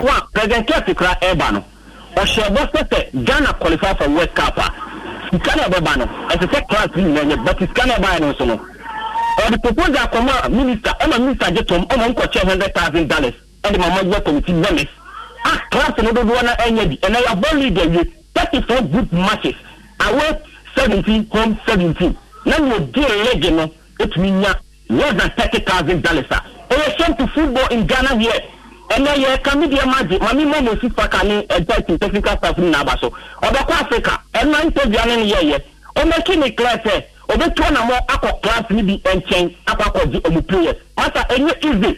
wa president kɛse kura ɛɛba no ɔhyɛ bɔ sɛ sɛ ghana qualify for world cup a sika na ɛbɛba no ɛsɛ sɛ class bi nyinaa nyɛ but sika na ɛbaa no nso no ɔde propose akɔmɔ a minister ɛma minister gye tom ɔma nkɔkyɛ hundred thousand dollars ɛde ma ɔmɔdua committee members ah, a class no dodoɔ na ɛnyɛ bi ɛnna yɛabɔ league awie thirty four group matches away seventeen home seventeen na nea odi elege no etumi nya less than thirty thousand dollars a ɔyɛ sent to football in ghana here ɛnɛ yɛ kami deɛ ma di maami mo mo six pack ani ɛjɛ ti technical staff na n'aba so ɔbɛkɔ africa ɛnna ntɛbia ne ni yɛyɛ ɔmɛki ni clear sɛ ɔbɛtu ɔnamɔ akɔ class ni bi ɛnkyɛn akɔ akɔgye ɔmu players masa enye easy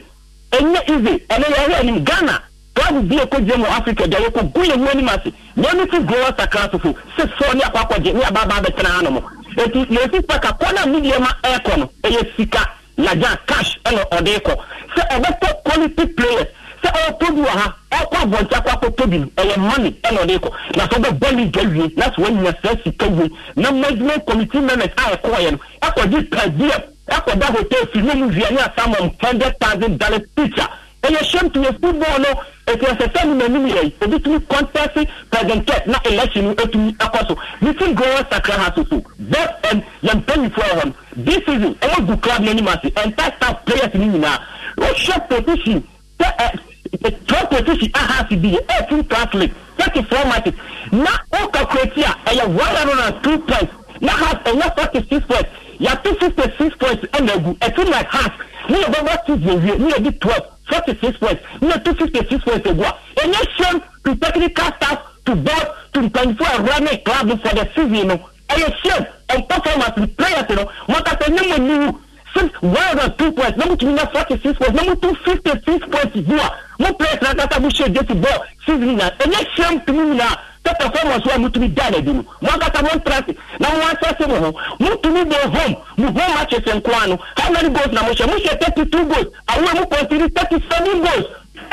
enye easy ɛnɛ yɛ ɛyɛ anim ghana club bi ekɔ gye mu africa deɛ yɛkɔ gu yɛ mu anim ase yɛn ti growers akrasofo sisɔ ni akɔ akɔgye ni ababa abɛtena hanom eti yɛn six pack akɔ na mi deɛ ma ɛɛkɔ no ɛyɛ sika lajan cash ɛna ɔde kɔ sɛ ɔbɛtɔ quality players sɛ ɔtɔ bi wɔ ha ɛkɔ abɔnten akɔ akɔtɔ bi ɛyɛ mɔni ɛna ɔde kɔ na sɛ ɔbɛbɔ ne gya wie na sɛ wɔnyina sɛ sika wie na management committee members a ɛkɔɔyɛ no ɛkɔgye kadeɛ ɛkɔda hotel fi ne mu wia ne asam ɔm hundred thousand dollar picture ɛyɛ hyɛm to yɛ football no ɛti ɛsɛ sɛ ne n'anim yɛ obi tumi contest president kɛt na election no etumi ɛkɔ so meeting goers sakra ha soso bɛt ɛn um, yɛn mpanyinfoɔ ɛwɔ no this season ɛwɔ gu club n'anim ase ɛnta staff players ne nyinaa wɔhyɛ position sɛ ɛ proposition aha si bi yɛ ɛfun catholic thirty four matches na o calculate a ɛyɛ one hundred and two points na half ɛyɛ forty six points yàtò fifty six points ɛna egu ɛtu like half ne yɛ bɛ bá two zero zero ne yɛ di twelve forty six points ne yɛ two fifty six points egu a ɛnyɛ shame to technical staff to board to mpanyinfo ɛwura ne club for the season no ɛyɛ shame and performance players no wɔn kasa ne mo niwu six one and two points na mo tumi na forty six points na mo tún fifty six points bu a mo players na tata mo ṣe jesi ball season na ẹnyẹ sẹm tumi nyinaa tata fọmọsọ a mo tumi da na ebimu mo akata mo n trasi na mo asa se mo ho mo tumi de home mo home matches nko ano how many goals na mo ṣe mo ṣe thirty two goals awo e mo kọntiri thirty seven goals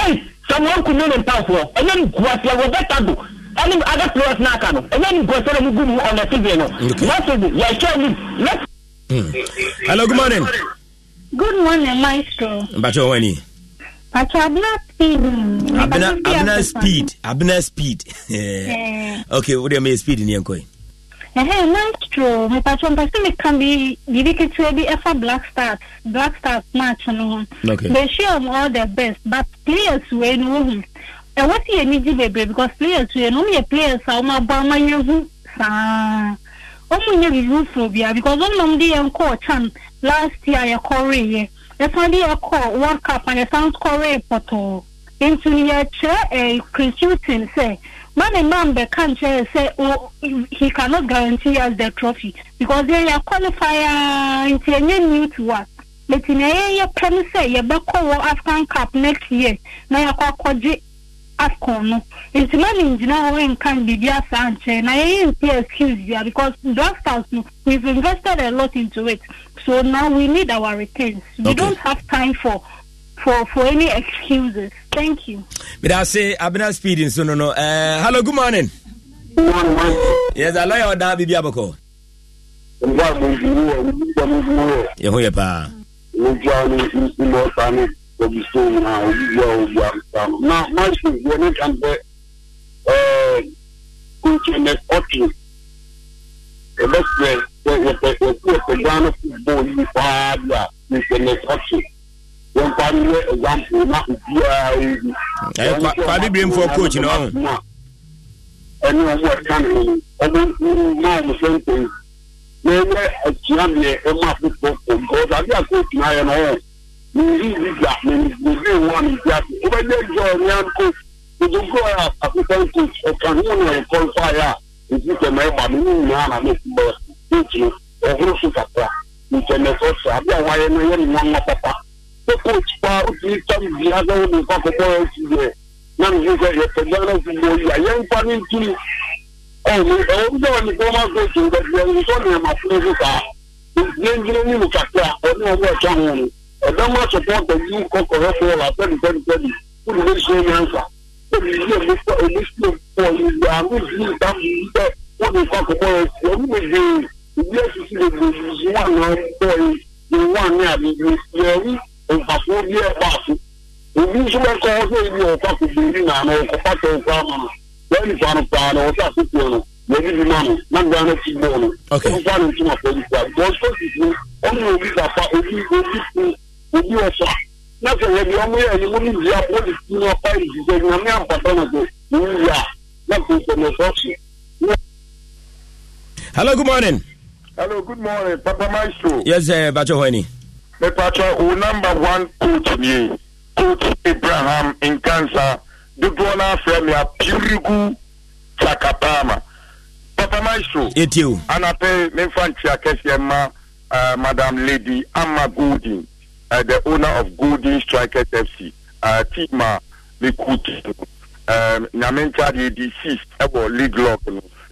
eight samuel kunu ne ntanfoɔ ɛnyɛ ne guasi a wɔbɛ ta do ɛne other players n'aka no ɛnyɛ ne guasi a wɔn gu mu ɔnɛti bi no last season yɛhyɛ league last. Hello, good morning. Good morning, Maestro. Bacho, when you? Bacho, Speed. Abna, Abna Speed. Abna Speed. Okay, what do you mean speed in your coin? ɛhɛ maestro mepatro mpɛ me ka bi biribi ketewa bi ɛfa black stars black stars match no Be bɛhyia m all the best but players wei no wohu ɛwɔ si yɛ anigye bebree because players wei no womyɛ players a womabɔ ama yɛhu saa ọmụ nye rịrụfụ bịa because ọnụ m dị ya nkọ chan last year ya kọrọ ihe yɛsan de yɛkɔ world cup and yɛsan kɔre pɔtɔɔ nti yɛkyerɛ ɛɛ chris hilton sɛ na ne man bɛka nkyɛn sɛ o he cannot guarantee us the trophy because yɛ yɛ qualifier nti yɛnyɛ new to us bɛti na yɛ yɛ pɛm sɛ yɛbɛkɔ wɔ african cup next year na yɛkɔ akɔgye akɔ no nti na ne ngyina hɔ nka biribi asaa nkyɛn na yɛyɛ mpe excuse bia because drafters no we've invested a lot into it so now we need our returns okay. we don't have time for for for any excuses thank you. bidà se abena speed nso no no ɛɛ uh, hello good morning. good morning. yes alɔyɛ ɔda bibi abɔkɔ. nfa mo n fi wo n fa mo n fi wo. yẹ ho yẹ paa. mo jẹ́ àwọn ìṣúná sani obi so na obi bia obi akpa no na maasi deɛ ne kan sɛ ɛɛ kookyɛnɛ ɔtwe ɛbɛsɛ yɛ yɛpɛ yɛpɛ yɛpɛ ghana football yi paa bi a kookyɛnɛ ɔtwe yɛn pa ne yɛ example na obiara obi. ɛɛ pa bibire nfɔ coach na ɔmo. ɛne ɔmo ɛka ne ho ɔmo mmaa ɔmo sɛ ntɛn na ɛyɛ akyia deɛ ɛma football kɔ nkɔ ɔdade a coach na ayɛ no ɔmo nìyí ìgbà nìyí ìwọ̀n ìgbà tó bá jẹ́ ìjọ ọ̀rẹ́àn kò gbogbo ẹ̀ àfikún kò ọ̀kan nínú ẹ̀kọ́ ifá yà èyí tẹ̀mẹ̀ mi ní ìmọ̀ àná mi bọ̀ ètò ọ̀húrú sí kàkà ìtẹ̀mẹ̀ sọ̀tọ̀ àbí àwọn ayẹyẹ náà yẹ ni wọ́n pápá tó kó tipa ó ti tán bí agbẹ́wò ní nǹkan kọ́kọ́ ẹ̀ náà ní ìtúni ɛdɔm asopɔ ɔtɔnyi nkɔkɔrɔ bɔɔl atɛnitɛnitɛni kúrò lè ṣe yẹn fà ebi yíyẹ mi fọ èmi sí ọ̀pọ̀ ìlú àmì ìlú ìta mi ń bẹ wọn ní kakọ bọ ẹ fún ọdún méje ìdí sí gbogbo ìlú wà ní ọgbọ yìí wà ní àbíyí yẹrí ọ̀fàfọ́ bí ẹ bá fún òbí súnmọ́ kọ́ ọ́ sẹ́yìn ní ọ̀fà kò gbé ní nàánú ọkọ̀ pàtó ọ̀fà mọ̀ wọ́n ní fanu paanu ọ̀fà àkókò ọ̀nà yẹbi obi ọsọ na sọ yẹ di ọmọ yẹ ni mo ní ìyá pọlì tí wọn pa ìdíje ní ọmọ yẹn bàtà náà dé ní ìyá láti ìṣẹlẹ sọọsì. hello good morning. hello good morning papa maestro. yes sir bàtọ hɔ ni. mepatɔ o number one coach ni e, coach abraham nkansa dodoɔ náà fẹ́ mi apirigu sakapama papa maestro. eti o. anapɛ mi nfa ntia kɛseɛ ma uh, eh, madam lady ama golding. uh, the owner of Golden Strikers FC, uh, Tima Mikuti, um, the deceased, about league lock.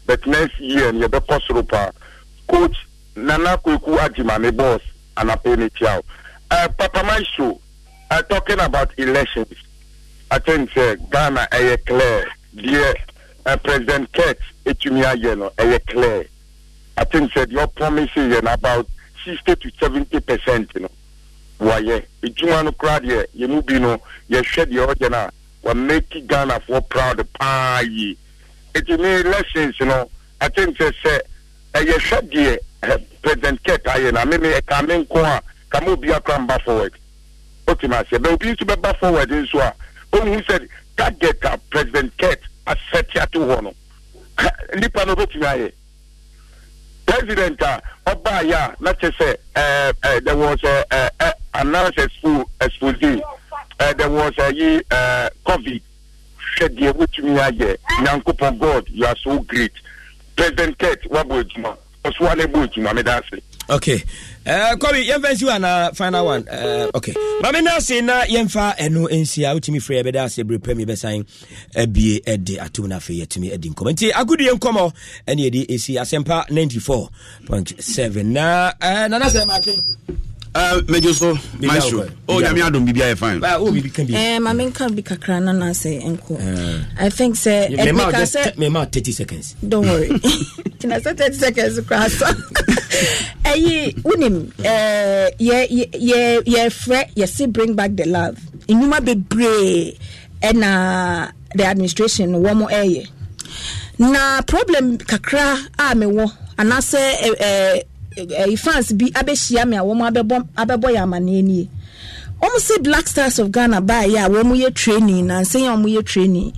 But next year, you're the cost Coach Nana Kuku Ajima, my boss, and I pay me chow. Uh, Papa uh, talking about elections, I think uh, Ghana, I clear, dear uh, President Kets Etumia Yeno, I clear. I think uh, your promises are about 60 to 70 percent, you know wɔayɛ edwuma no koraa deɛ yɛn mu bi no yɛhwɛ deɛ ɔyɛ no a wɔameki ghanafoɔ proud paa yie eti ne lessons no i think sɛ sɛ ɛyɛhwɛ deɛ president kɛt ayɛ na meme ɛka nko a kama obi akora mba forward otima aseɛ bɛ obi nso bɛba forward nso a ohun sɛ target a president kɛt asɛte ato hɔ no nipa no obetumi ayɛ president a ɔbaa yɛ a na sɛ ɛɛ ɛɛ there was ɛɛ ɛɛ. announce expo expose uh, there was a uh, uh, COVID. Said the able to me aye. Nyankopo God, you are so great. President Kurt, what would you know? Osu anebo you know, me dance. Okay. Uh, Kobe, yɛmfa nsi ana final one uh, okay mame no ase na yɛmfa ɛno nsi a wotumi frɛ yɛbɛda ase bere pɛ mi bɛsan abie eh, ɛde eh, atom no afei yɛtumi adi nkɔmmɔ nti agodie nkɔmmɔ ɛne yɛde ɛsi asɛmpa 94.7 na uh, eh, nanasɛ maake Eh, mɛdwo so maestro onyame oh, adom biribia yɛ fine oh, eh, ma menka bi kakra na na sɛ nko eh. i think sɛ ɛmeka sɛ mema 30 seconds don't worry tina sɛ 30 seconds koraa so ɛyi wonim yɛfrɛ yɛse bring back the love nnwuma bebree ɛna the administration no wɔn ɛyɛ na problem kakra a mewɔ anaasɛ ɛyi eh, fans bi abɛhyia mi a wɔn abɛbɔ abɛbɔ yɛ amaneɛ nie wɔn si black stars of ghana baayɛ hmm. a wɔn yɛ training nansan yɛ wɔn yɛ training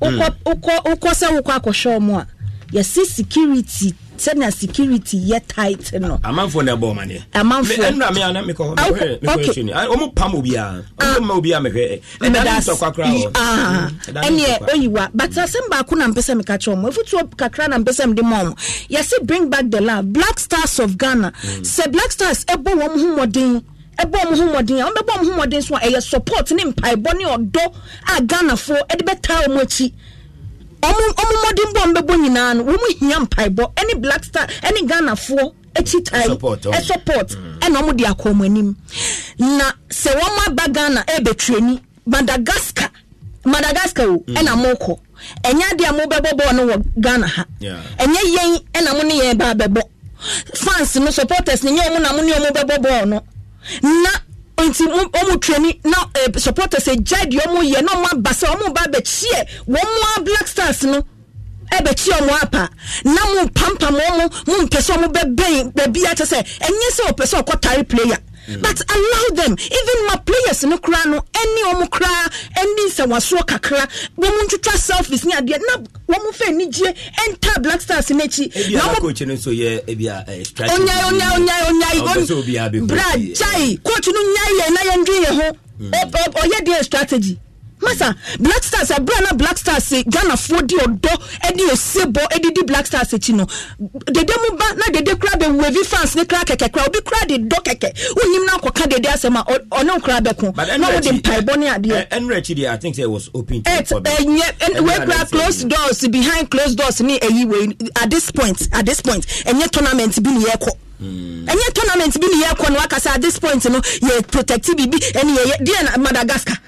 wokɔ wokɔ wokɔ sɛ wokɔ akɔhwɛ wɔn a yɛsi security sɛnea security yɛ tight no. amanfo na ɛbɔ ɔmaneɛ. amanfo ɛnna mi ana mi kɔ mi kɔ mi kɔ esu ni ɔmu pam obiara ɔmu ah. ma obiara mi hwɛ ɛna mi tɔ kakra wɔ. ɛnni ɛ oyiwa but asɛm baako na mpɛsɛ mi kakyɛ ɔmo efutuo kakra na mpɛsɛ mi di mu ɔmo yɛsi bring back the love. black stars of ghana mm. sɛ black stars ɛbɔ wɔn ho mɔden ɛbɔ ɔmo ho mmɔden a ɔmo bɛbɔ ɔmo ho mmɔden so a ɛyɛ support ne mpaebɔ ne ɔdɔ a ghanafoɔ ɛde bɛtaa ɔmo akyi. ɔmomɔden bɔ mbɛbɔ nyinaa no wɔmu hia mpaebɔ ɛne black star ɛne ghanafoɔ akyi tae ɛsupport ɛna e mm. ɔmo de akɔ ɔmo anim na sɛ wɔn aba ghana e ni madagascar madagascar o ɛna mm. mo kɔ ɛnyɛ adeɛ a mo bɛbɔ bɔɔl no wɔ ghana ha ɛnyɛ yɛn ɛna mo ne yɛn ba bɛbɔ fans no supporters ne nyɛ ɔmo na mo ne ɔmo bɛbɔ bɔɔl no na nti wɔn twani na uh, supporters gya deɛ wɔn yɛ na wɔn aba sɛ wɔn ba abɛkyiɛ wɔn a black stars no ɛbɛkyi wɔn apa na mu pampam wɔn mu mpɛ sɛ wɔn bɛbɛn baabi akyɛ sɛ ɛnyɛ sɛ ɔpɛ sɛ ɔkɔ tare player. Mm. But allow them, even my players no kra no any omo kra any nsawaso kakra, wɔn self is ni adeɛ na wɔn fɛ anigye enter black stars n'akyi. Ebi a coach eh, no nso yɛ ebi a strategy. Onya onya onya onya Ɔbɛ sɛ obi a bɛ coach. Bra jai coach no nyaa yɛ na yɛn dwi yɛ ho. Ɔyɛ mm. strategy masa black stars ɛbrɛ na black stars ghanafoɔ di ɔdɔ de osebɔ de di black stars akyi no dede mu ba na dede kura bɛ wevi fans ne kura kɛkɛ kura obi kura de dɔ kɛkɛ wonim na akɔka dede asɛm a ɔne nkura bɛko na wode mpaebɔ ne adeɛ ɛnura akyi deɛ i think say it was open to the public ɛnyɛ eh, wei kura closed doors behind closed doors ne ɛyi wei at this point at this point ɛnyɛ tournament bi ne yɛkɔ hmm. ɛnyɛ tournament bi ne yɛkɔ no wakasa at this point no yɛ protective bi ɛne yɛyɛ deɛ madagascar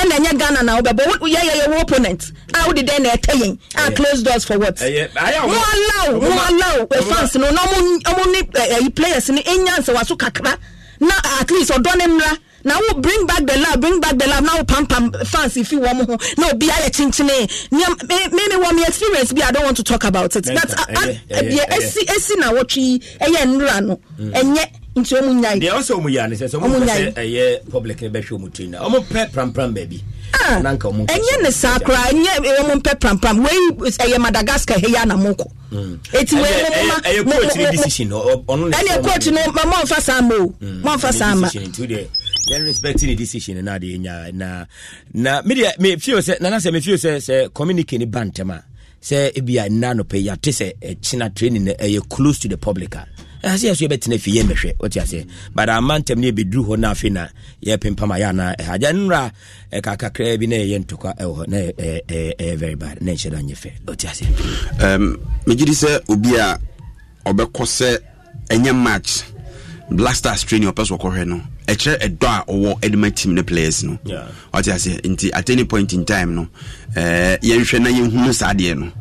ɛna ɛnyɛ ghana na wobɛbɔ yɛyɛ yɛwɔ opponent a wode dɛn na ɛtɛ yɛn a close doors for what mo allow mo allow fans no na ɔmo players no ɛnya nsɛwaso kakra na at least ɔdɔ ne mmra na wo bring back the lab bring back the lab na wo pampam fans ifi wɔn ho na obi ayɛ kyenkyene me wɔn mi experience bi i don't want to talk about it But ɛbi ɛsi ɛsi na wɔtwi ɛyɛ nwura no mm. ɛnyɛ nti ɔmu nyae deɛ ɔsɛ ɔmu yaa ne sɛ sɛ ɔmu sɛ ɛyɛ public ne bɛhwɛ ɔmu tiri na ɔmu pɛ prampram baabi ah, nanka ɔmu ɛnyɛ ne saa koraa ɛnyɛ ɔmu eh, pɛ prampram wei ɛyɛ madagascar hɛ yaa na mo kɔ mm. eti wei mo ma ɛyɛ coach ne decision ɔno ne ɛnyɛ coach no ma mo nfa saa ma o mo mm, nfa saa ma yɛn respect ne decision na de nya na na me deɛ me feel sɛ nana sɛ me feel sɛ sɛ communicate ne ba ntɛm a sɛ ebi a nna yate sɛ ɛkyina eh, training ɛyɛ eh, close to the public a ase yɛ so yɛbɛtena fie yɛmmɛhwɛ wote aseɛ but ama ntɛm no yɛbɛduru hɔ no afei na yɛpempam ayɛ anaa ɛha agya nnora ɛka kakraa bi na ɛyɛ ntokwa ɛwɔ hɔ na ɛyɛ very bad na ɛnhyɛ da nyɛ fɛ wote aseɛ megye di sɛ obi a ɔbɛkɔ sɛ ɛnyɛ match blaster training ɔpɛ so ɔkɔhwɛ no ɛkyerɛ ɛdɔ a ɔwɔ ɛde team ne players no ɔte aseɛ nti at any point in time no yɛnhwɛ na yɛnhunu saa adeɛ no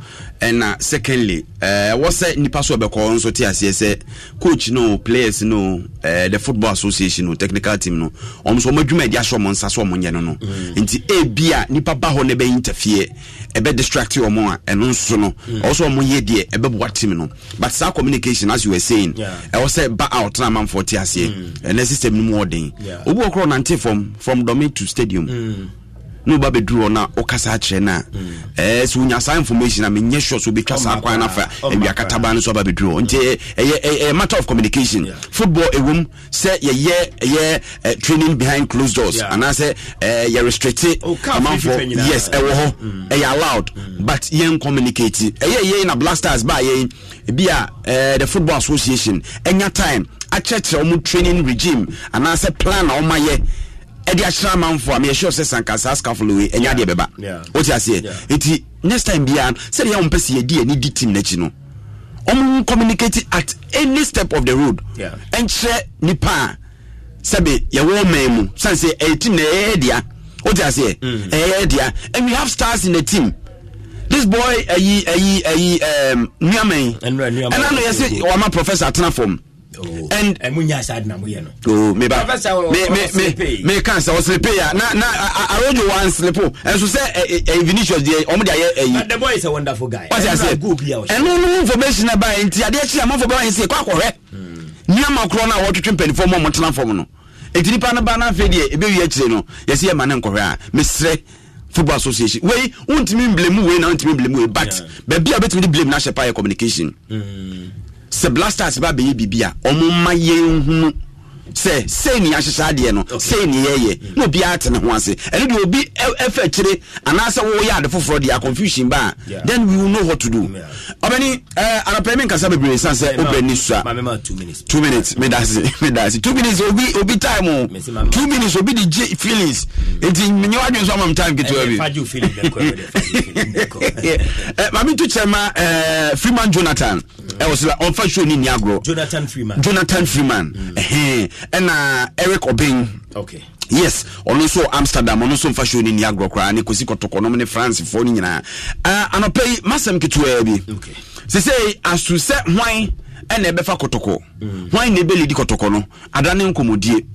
ɛna secondly ɛwɔ sɛ nipa so ɛbɛkɔ nso te aseɛ sɛ coach no players no ɛɛ the football association no technical team no wɔn nso wɔn adwuma ɛdi aso wɔn nsa so wɔn nyɛ no no mm. nti ebi a nipa ba hɔ na ɛbɛ interfere ɛbɛ distract wɔn a ɛno nso no mm. ɔwɔsɔ wɔn yɛ deɛ ɛbɛ bua team no but saa communication as you were saying ɛwɔ sɛ ba a ɔtena amanfoɔ te aseɛ mm. ɛnɛ system no mu ɔden obi wɔ korɔ nante fam from domain to stadium. Mm na woba bɛduru hɔ no wokasa akyerɛ no mm. eh, a sɛ wonya saa information a menyɛ sure sɛ wobɛtwa saa kwan no afa awiakataba no so aba bɛduru hɔ nti ɛyɛ eh, eh, matter of communication yeah. football ɛwom sɛ yɛyɛ ɛyɛ training behind closed doors yeah. anaasɛ uh, oh, amanfoɔ yes ɛwɔ hɔ mm. ɛyɛ allowed mm. but yɛn communicate ɛyɛ yɛn na blasters ba yɛn bi a the football association ɛnya time akyerɛkyerɛ wɔn training regime anaasɛ plan a wɔn ɛde akyerɛ amanfo a meyɛsure sɛ sanka saa scaffold wei ɛnyɛ adeɛ bɛba wote aseɛ nti next time biara sɛdeɛ wompɛ sɛ yɛdi ani di team n'akyi no ɔmo communicate at any step of the road ɛnkyerɛ nipa a sɛbe yɛwɔ man mu sane sɛ ɛyɛ eh, team na ɛyɛ dea wote aseɛ ɛyɛ dea and we have stars in the team this boy ayi ayi ayi nuaman ɛna no yɛsɛ wama professor atena fam Oh, and ɛmu eh, nya saa dina mu yɛ no. o oh, mi ba mi mi mi mi kan sɛ ɔsiri pe ya na na arojo wa nsiripo ɛnso sɛ ɛ ɛ vinicius deɛ ɔmu de ayɛ ɛyi. the boy is a wonderful guy. wọ́n ti ase ɛnu nu information hmm. na ba yɛ nti adeɛ kyi amafo bɛ wa yɛ se kɔ akɔhɛ. ní ama korɔ na wɔtwitwi mpanyinfoɔ mu ɔmu tena fam no eti nipa no ba n'afɛ deɛ ebi wi akyire no yɛsi yɛ ma ne nkɔhɛ a ah, mesrɛ football association wei wontumi mblemu wei na wontumi mblemu wei but baabi a wobɛtumi de blame no ahyɛ pa yɛ communication. Hmm sɛ blasters ba bɛyɛ biribi a ɔmo ma yɛn hunu sɛ sei ni yɛahyehyɛ adeɛ no sei ne yɛyɛ mm. na obiara te ne ho ase ɛno deɛ obi ɛfa akyire anaasɛ woyɛ ade foforɔ deɛ confusion ba a then we will know what to do ɔbɛni anɔpɛ me nkasa bebree san sɛ wobɛni sua two minutes medase medase two minutes obi obi time o two minutes obi de gye feelings mm. nti menyɛ wadwen so amam time ketewa bi eh, mame eh, to kyerɛ ma eh, freeman jonathan mm ɛwɔ so la ɔmfa show ni ni agorɔ jonathan freeman jonathan freeman ɛhɛn mm. ɛna eric obin okay. yes ɔno nso amsterdam ɔno nso mfa show ni ni agorɔ koraa ne kɔsi kɔtɔkɔ nom ne france foɔ no nyinaa uh, anɔpɛ yi masɛm ketewaa bi okay. sesei asu sɛ hwan ɛna ɛbɛfa kɔtɔkɔ mm. hwan na ɛbɛlidi kɔtɔkɔ no ada ne nkɔmmɔdie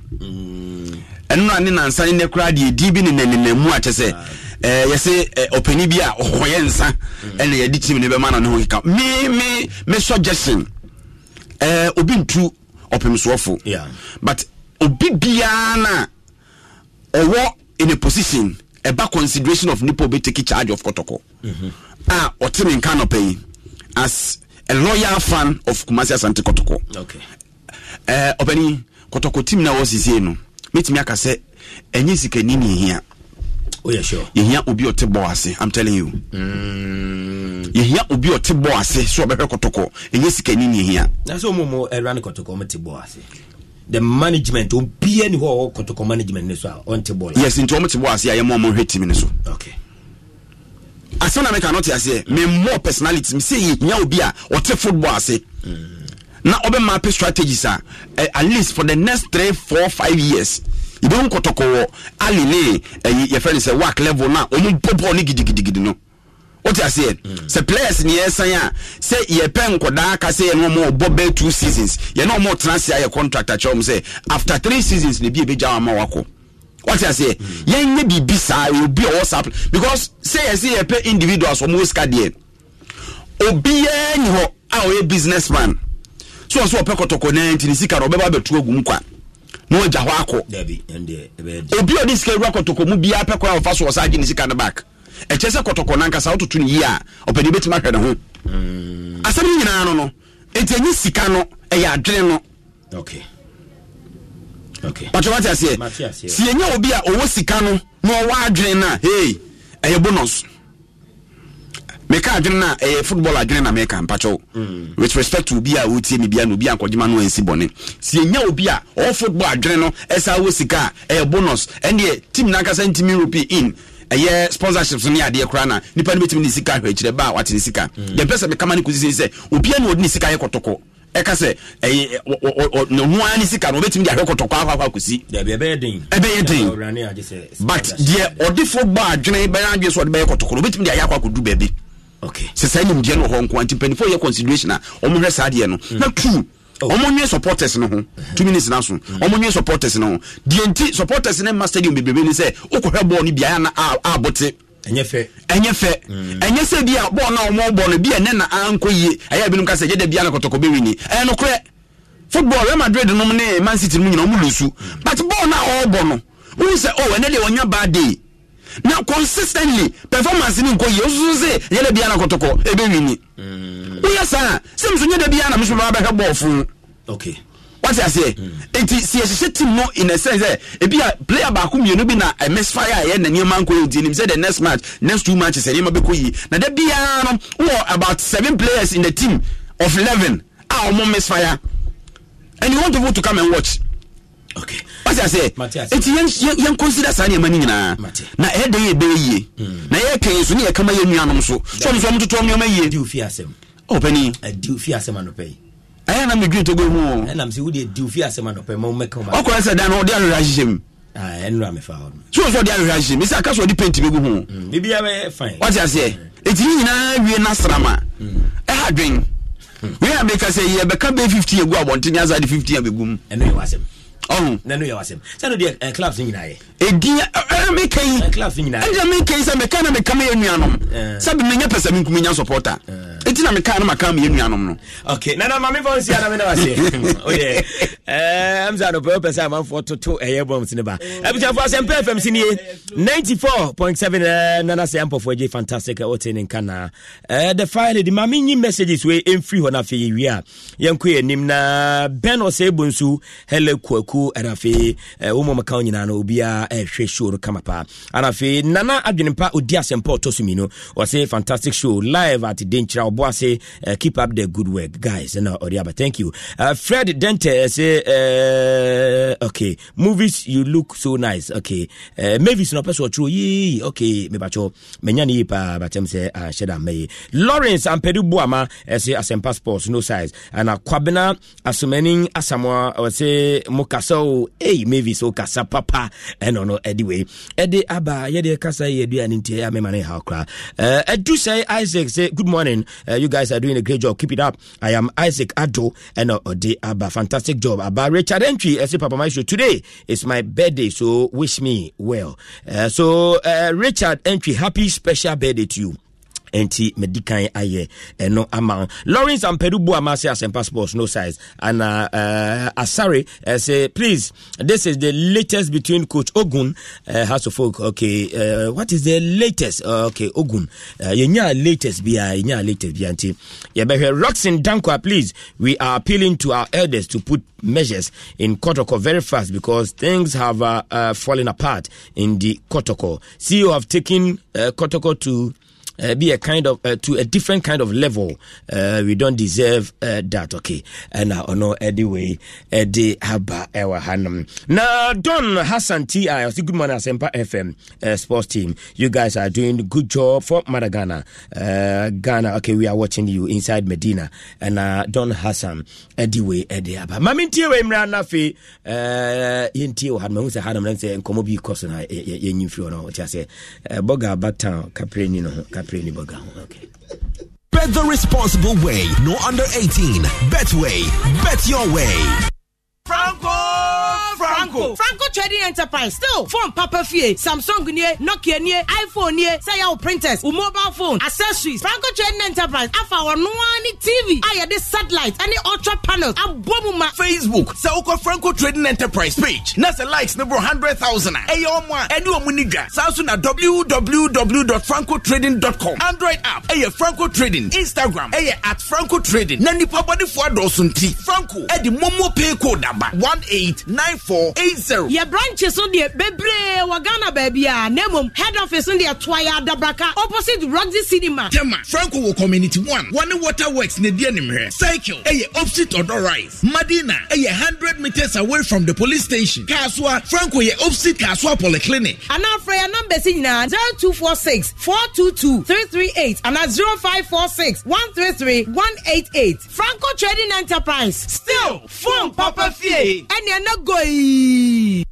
ɛno mm. na ne nansa ne nɛ koraa deɛ di bi ne naninamu akyɛ sɛ Eh, yɛsɛ ɔpani eh, bi a ɔhɔyɛ nsa mm. ɛna yɛde tim ne bɛma na ne ho keka me me me suggestion eh, obi ntu ɔpemsoɔfo but obi biara na ɔwɔ in a position ɛba consideration of nipa obi take charge of kɔtɔkɔ mm-hmm. a ɔte ne nka nɔpɛ yi as a loyal fan of kumasi asante kɔtɔkɔ ɔpɛni kɔtɔkɔ team na wɔ sisie no metumi aka sɛ ɛnyɛ sikani ne hia oh, yeah, sure. yɛhia obi ɔte bɔ ase I'm telling you mm. yɛhia obi ɔte bɔ ase so ɔbɛhwɛ kɔtɔkɔ ɛnyɛ sikani ne yɛhia na sɛ ɔmom ɛra ne kɔtɔkɔ ase the management obia ni hɔ kɔtɔkɔ management ne so a ɔnte bɔ yes nti ɔmte bɔ ase a yɛma ɔmɔhwɛ timi ne so okay asɛm na meka no te aseɛ memmɔ personality me sɛ yɛhia obi a ɔte football ase mm. na ɔbɛma pɛ strategies a eh, at least for the next three four five years ebi nkɔtɔkɔ wɔ ali ne eh, ɛyi yɛfrɛ ne sɛ work level na ɔmo bɔ bɔɔl ne gidigidigidi no wote aseɛ mm. sɛ players ne yɛsan a sɛ yɛpɛ nkɔdaa ka sɛ yɛne ɔma ɔbɔ bɛɛ two seasons yɛne ɔma ɔtena se ayɛ contract akyerɛ m sɛ after three seasons ni bi ɛbɛgya e wa ma wakɔ wote aseɛ mm. nye biribi saa e obi a ɔwɔ saa because sɛ yɛse yɛpɛ individuals ɔmowɔ sika deɛ obiaa ni hɔ a ɔyɛ businessman so ɔsɛ ɔpɛ kɔtɔkɔ naa nti ne sika no ɔbɛba bɛtu agu mu kwa na wagya hɔ akɔ obi ɔde sika awura kɔtɔkɔ mu biaa pɛ kora ɔfa so ɔsa agye ne sika no back ɛkyɛ sɛ kɔtɔkɔ no wototo no yi a ɔpɛde bɛtumi ahwɛ ne ho asɛm no nyinaa no no enti ɛnye sika no ɛyɛ adwene no ɔkyɛ wate aseɛ sɛ yɛnya obi a ɔwɔ sika no na ɔwɔ adwene no a hei ɛyɛ bonus meka adwene no a ɛyɛ eh, football adwene na meka mpakyɛw mm. with respect to obi a wotie me bia na obi a nkɔgyema no ansi bɔne sɛ ɛnya obi a ɔwɔ football adwene no ɛsa wɔ sika a ɛyɛ bonus ɛneɛ team nankasa ntimi ropi in ɛyɛ sponsorships ne adeɛ koraa na nipa no bɛtumi ne sika hwɛ akyirɛ ba a wate ne sika mm. deɛ mpɛ sɛ mekama no kɔsi sen sɛ obia ne ɔde ne sika yɛ kɔtɔkɔ ɛka sɛ ɛyɛ ho ara ne sika no obɛtumi de ahwɛ kɔtɔkɔ akɔ akɔ akɔsi ɛbɛyɛ den but deɛ ɔdefoɔ bɔ adwene bɛyɛ adwene so ɔde bɛyɛ kɔtɔkɔ no obɛtumi de ayɛ akɔ akɔdu baabi sɛ saa nimdeɛ no wɔ hɔ nko nti mpanifoɔ yɛ consideration a sa no hmm. na tu oh. ɔmo nwe supporters no ho two minutes na so hmm. ɔmo supporters no ho supporters ma stadium bebrebe ni sɛ bɔɔl ɛnyɛ fɛ ɛnyɛ fɛ hmm. ɛnyɛ bi a bɔɔl no a bɔ no bi ne na yie ɛyɛ ka sɛ na kɔtɔkɔ football real madrid man city but bɔɔl a ɔrebɔ no na consistently performance ni nkɔ yie osusu se yɛ dɛ biara kɔtɔkɔ ebe wini woyɛ mm. saa sɛm so nyɛ dɛ biara na musu baba bɛhwɛ bɔɔfo wɔte aseɛ nti si ɛhyehyɛ e team no in a sense sɛ eh, ebi a player baako mmienu bi na fire a yɛ na nneɛma nkɔ yɛ di nim sɛ the next match next two matches eh, nneɛma bɛkɔ yie na dɛ biara no wɔ about seven players in the team of eleven a wɔn fire? and you want people to come and watch wasa sɛ nti yɛnkɔnsida saa nneɛma no nyinaa e na ɛyɛ dɛn yɛbɛyɛ yie na yɛka yɛ so ne yɛkama yɛ nuanom so sɛ ɔmo so ɔmo totɔ nneɛma yie ɔpani ɛyɛ na medwene togo mu ɔkɔɛ sɛ da no ɔde anwerɛ ahyehyɛ mu so sɛ ɔde anwerɛ ahyehyɛ mu ɛsɛ aka sɛ ɔde penti bɛgu ho wate aseɛ ɛti ne nyinaa wie no asrama ɛha dwen wei a meka sɛ yɛbɛka bɛɛ 15 agu abɔntene asa de 15 abɛgu mu na no yɛ wasɛm sɛ no deɛ clubs nyinayɛ ɛdin meka yi ɛgya meka yi sɛ meka na meka meyɛ nuanom sɛ bemenya pɛ sɛ menkumi nya supporta ɛti na meka na maka meyɛ nuanom no ok nana ma mefa nsia na mena waseɛ wodeɛ ɛm sɛ anɔpɛ wopɛ sɛ amanfoɔ toto ɛyɛ bombs ne ba abusuafoɔ asɛm pɛ fm se nie 94.7 nana sɛ ampɔfoɔ agye fantastic wote ne nka naa the fire lady ma menyi messages wei ɛmfiri hɔ no afei yɛwie a yɛnkɔ yɛ anim na bɛn ɔsɛ aku ɛna afei wɔn a wɔka nyinaa no obiara ɛrehwɛ show no kama paa ɛna afei nana adwenempa odi asɛmpa ɔtɔ so mmienu ɔse fantastic show live at denkyira ɔbɔ ase uh, eh, keep up the good work guys ɛna ɔde aba thank you uh, fred dente ɛsɛ uh, eh, okay movies you look so nice okay uh, mavis na ɔpɛ so ɔtwerɛ yii okay mebatwɛ manya ne yie paa batɛm sɛ ahyɛ da mma yi lawrence ampedu boama ɛsɛ asɛmpa sports no size ɛna kwabena asomani asamoa ɔsɛ mokas so hey maybe so, wokasa papa And no anyway, Eddie, abba, aba yɛde ɛkasa yɛ aduane nti ɛyɛ mema no ɛhaw koraa eh, isaac say good morning uh, you guys are doing a great job keep it up i am isaac ado ɛna Eddie, abba, fantastic job Abba, richard entry eh, say papa show today is my birthday so wish me well uh, so uh, richard entry happy special birthday to you Anti medical kan ayɛ ɛno ama lawrence and ama se asempa passports no size and uh, eh, asare uh, say please this is the latest between coach ogun uh, house of okay uh, what is the latest uh, okay ogun uh, latest bia yɛnya latest bia nti yɛbɛhwɛ roxin dankwa please we are appealing to our elders to put measures in Kotoko very fast because things have uh, uh, fallen apart in the Kotoko. CEO have taken uh, Kotoko to uh, be a kind of uh, to a different kind of level. Uh, we don't deserve uh, that, okay? And I know anyway, Eddie Haba Ewa Hanum. Now, Don Hassan TI, I good morning, Asempa FM uh, sports team. You guys are doing good job for Madagana, Ghana. Uh, Ghana, okay, we are watching you inside Medina. And Don Hassan, anyway, Eddie Haba. Mami Tiwe Imran Nafi, Yinti Ohanum, who a Hanum, and say, Komobi Kosun, Yenifio, no, just say, Boga Backtown, Caprini, no, Okay. Bet the responsible way. No under 18. Betway. Bet your way. Franco! franco franco trading enterprise still phone papa fie samsung nie nokia nie iphone nie say yɛ printers wo mobile phone accessories franco trading enterprise afa wɔn noa ne tv a the satellite any ultra panels abɔ mu ma. facebook sɛ wokɔ franco trading enterprise page na likes number boro hundred thousand a ɛyɛ ɔmo Samsung at ɔmo ni www.francotrading.com android app ɛyɛ franco trading instagram ɛyɛ at franco trading Nani nipa bɔdefoɔ adɔɔso franco Edi momo pay code aba one eight nine four eight. 080. Your branches on the Bebre Wagana baby. Ah, Nemom. head office on the Twaya Dabraka opposite Roxy Cinema. Tema Franco Community One. One Waterworks ne deɛ nim hɛ cycle ɛyɛ opposite ɔdɔ rise madina ɛyɛ hundred meters away from the police station kaasua franco yɛ opposite kaasua polyclinic. anafra yɛ namba si nyinaa zero two four six four two two three three eight ana zero five four six one three three one eight eight franco trading enterprise still phone papa fie ɛni ɛna goyi. Bye.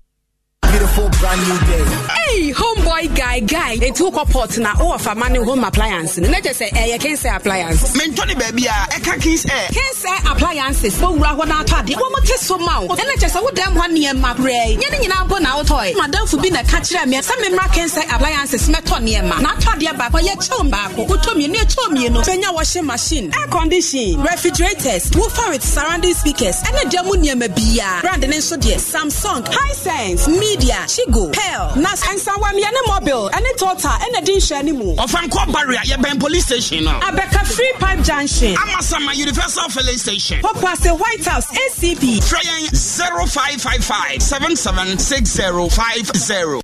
beautiful brand new day. Hey, homeboy guy, guy, They took a two pot na oh for money home appliance. And I just say, eh, you can't say appliance. Men Johnny baby, I can't kiss eh. Can't say appliances. Well, we're one out of the one more so mouth. And I just say, would damn one near my brain. You in even go now toy. Madame for being a catcher, me some member can't say appliances met on near ma. Not toddy back or you're chum back. Who told me e near chum, you know, Fenya washing machine, air conditioning, refrigerators, woofer with surrounding speakers, and a jamu near me beer. Brandon and so dear, Samsung, Hisense, Media. Abia, Chigo, Pell, Nas, and Sawam Yana Mobile, and a total, and a dish animal. Of Anko Barrier, ben Police Station. Abeka Free Pipe Junction. Amasama Universal Filling Station. Papa, the White House, ACP. Train 0555 776050.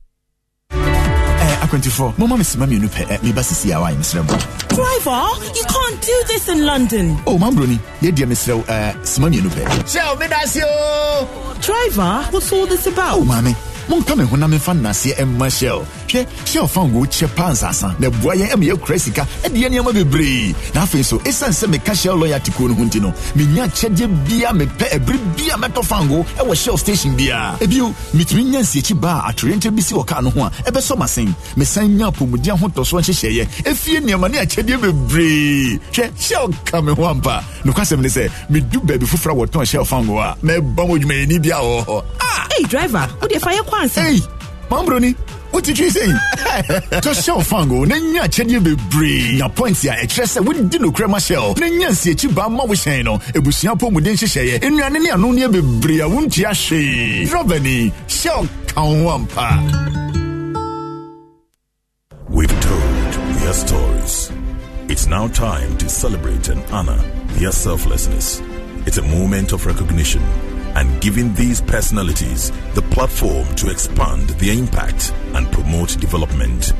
Eh, akwantufoɔ moma eh, me sima mmienu pɛ meba sisi awa ayɛ eh, mesrɛ driver you can't do this in london oh mambroni yɛdeɛ mesrɛ wo sima mmienu Show me wobɛdase o oh. driver what's all this about oh mommy. monka me honam mfa nnaseɛ ɛmma shell hwɛ shell fa ngo kyɛ pa ansasa na ɛboa yɛn ɛma yɛkura sika ɛdeɛ nneɛma bebree na afei so ɛsiane sɛ meka shell loyalty kuo no ho nti no menya kyɛdeɛ bia mepɛ ɛbere bia mɛtɔ fa ngo ɛwɔ shell station biara ebio metumi nya nsiakyi ba a atoyɛnkyɛ bi si wɔ kaa no ho a ɛbɛsɔ masen mesan nya apɔmuden ahotosoɔ nhyehyɛeɛ ɛfie nneɛma ne akyɛdeɛ bebree hwɛ shell ka me ho ampa nokwasɛm ne sɛ medu baabi foforɔ a wɔtɔn shell fa ngo a mɛba mɔ adwumayɛni bia wɔ hɔ driver wode fa yɛkɔ fancy. Hey, Mambroni. What did you say? Just show fango, nenya chenye bebree. Nya points ya ɛkyerɛ sɛ wodi no krema shell. Nenya nsiekyi ba ma wo hyɛn no. Ebusua pɔ mu den hyehyɛeɛ. Nnuane ne ano ne bebree a wontua hwee. Robani, shell kawampa. We've told their stories. It's now time to celebrate and honor their selflessness. It's a moment of recognition and giving these personalities the platform to expand their impact and promote development.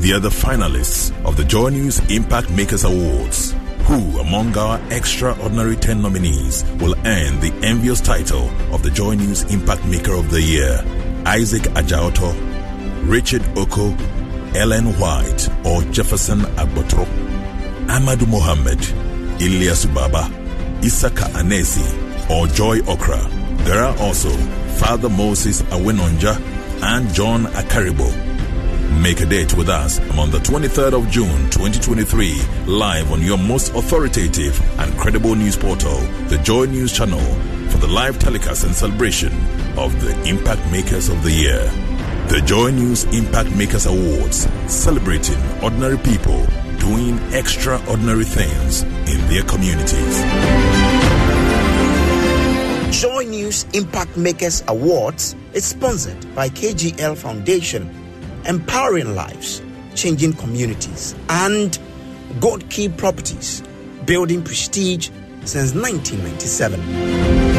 They are the finalists of the Joy News Impact Makers Awards, who, among our extraordinary 10 nominees, will earn the envious title of the Joy News Impact Maker of the Year Isaac Ajaoto, Richard Oko, Ellen White, or Jefferson Abotro? Ahmadu Mohammed, Ilyas Baba, Isaka Anesi, or Joy Okra. There are also Father Moses Awinonja and John Akaribo. Make a date with us on the 23rd of June 2023, live on your most authoritative and credible news portal, the Joy News Channel, for the live telecast and celebration of the Impact Makers of the Year. The Joy News Impact Makers Awards, celebrating ordinary people doing extraordinary things in their communities. Joy News Impact Makers Awards is sponsored by KGL Foundation, empowering lives, changing communities, and Gold Key Properties, building prestige since 1997.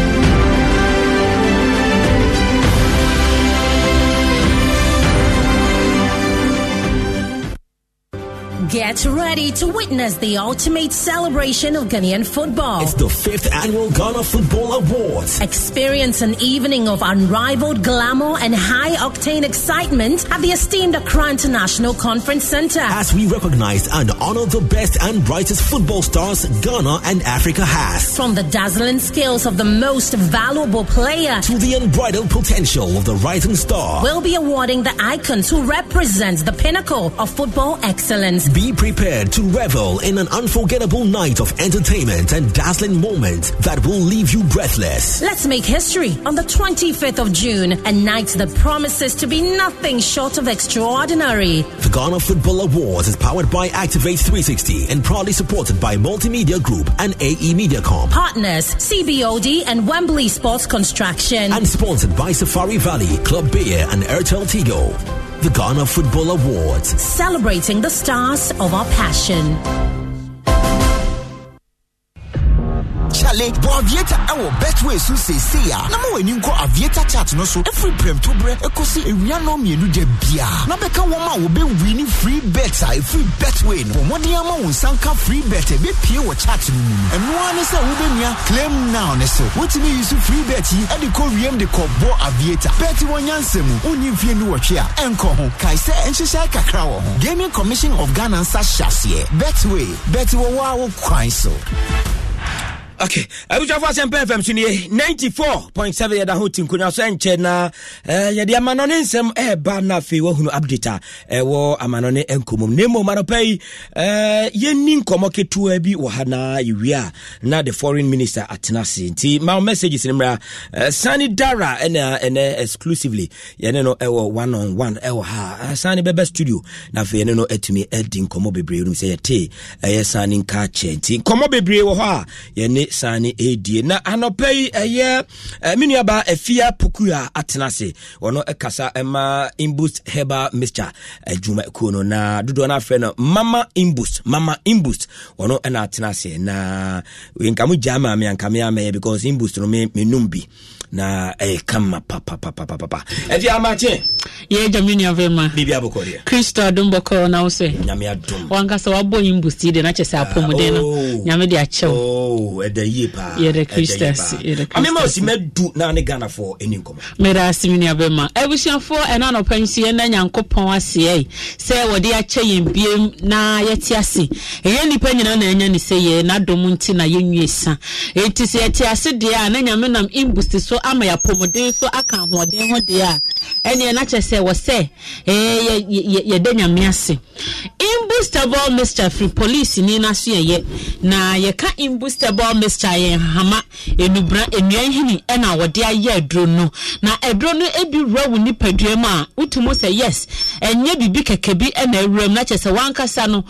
Get ready to witness the ultimate celebration of Ghanaian football. It's the fifth annual Ghana Football Awards. Experience an evening of unrivaled glamour and high octane excitement at the esteemed Accra International Conference Center. As we recognize and honor the best and brightest football stars Ghana and Africa has. From the dazzling skills of the most valuable player to the unbridled potential of the rising star, we'll be awarding the icons who represent the pinnacle of football excellence. Be be prepared to revel in an unforgettable night of entertainment and dazzling moments that will leave you breathless. Let's make history on the 25th of June, a night that promises to be nothing short of extraordinary. The Ghana Football Awards is powered by Activate 360 and proudly supported by Multimedia Group and AE Mediacom. Partners CBOD and Wembley Sports Construction. And sponsored by Safari Valley, Club Beer, and Airtel Tigo the Ghana Football Awards, celebrating the stars of our passion. Charlie, bɔ aviator ɛwɔ Betway so seesei a, na ma w'ani nkɔ aviator chart no so prem to berɛ ɛkɔsi ewia nnɔɔ mmienu da bia. Na bɛka wɔn a wɔbɛwi ne free bet a ɛfiri Betway no, wɔmmɔden ama wɔn nsanka free bet ɛbɛpie wɔ chart no mu. Ɛnoa ne sɛ wobɛnua claim now ne so. Wotumi yi so free bet yi ɛde kɔ wiem de kɔbɔ aviator. Bet wɔ nyansa mu, wonni mfie nu wɔtwe a, ɛnkɔ ho. Kae sɛ kakra wɔ ho. Gaming Commission of Ghana nsa hyɛ aseɛ. Betway, bet wɔ wɔ okay abusafo eh, asɛmpa fm so nie 94.7 yɛda ho ti nkonnwa so ɛnkyɛ na eh, yɛde amanɔne nsɛm ɛɛba na afei wahunu update a ɛwɔ amanɔne nkɔmmɔm na mmom anɔpa yi eh, yɛnni nkɔmmɔ ketewa bi wɔ ha na yɛwie a na the foreign minister atena se nti ma wo messages no mmra sane dara ɛna ɛnɛ exclusively yɛne no ɛwɔ one on one ɛwɔ ha ah, sane bɛbɛ studio na afei yɛne no atumi adi nkɔmmɔ bebree nom sɛ yɛte ɛyɛ sane nka kyɛ nti nkɔmmɔ bebree wɔ hɔ a yɛne saa ne ɛdie na anɔpɛ yi ɛyɛ me nuaba afia poku a atena ase ɔno ɛkasa ɛma imbus heba mixture adwuma kuo no na dodoɔ no afrɛ no mama imbus mama imbus ɔno ɛna atena se na nka mo gyaa maame anka me amɛyɛ because imbus no menum bi na ɛyɛ eh, kama papapapapapa ɛdi eh, amakye yɛ dwamini avɛma biribi abɔkɔ deɛ kristo adom bɔkɔ na wo sɛ nyame adom wankasa wabɔ yi mbusi de na kyɛ sɛ ah, apɔmuden no oh. nyame oh, de akyɛw ɛda yie paa yɛdɛ kristo ase yɛdɛ kristo ase amema osi mɛdu na ne ghanafoɔ ani nkɔmɔ mɛda asemini avɛma abusuafoɔ ɛna anɔpa nso yɛn na nyankopɔn aseɛ sɛ wɔde akyɛ yɛn biem na yɛte ase ɛyɛ nipa nyinaa na ɛnyɛ ne sɛ yɛ n'adɔm nti na yɛnwie sa ɛnti eh, sɛ yɛte ase deɛ a na nyame nam imbusi so ama ya apɔmuden nso aka ahoɔden ho deɛ a ɛneɛ na kyerɛ sɛ wɔ sɛ yɛda nyame ase imbustable mr firi policeni no na yɛka imbustable mr hama enubra ɛna wɔde ayɛ aduro no na aduro no ebi wura wo nipadua mu a mu sɛ yes ɛnyɛ kɛkɛ bi ɛna ewura mu na sɛ wankasa no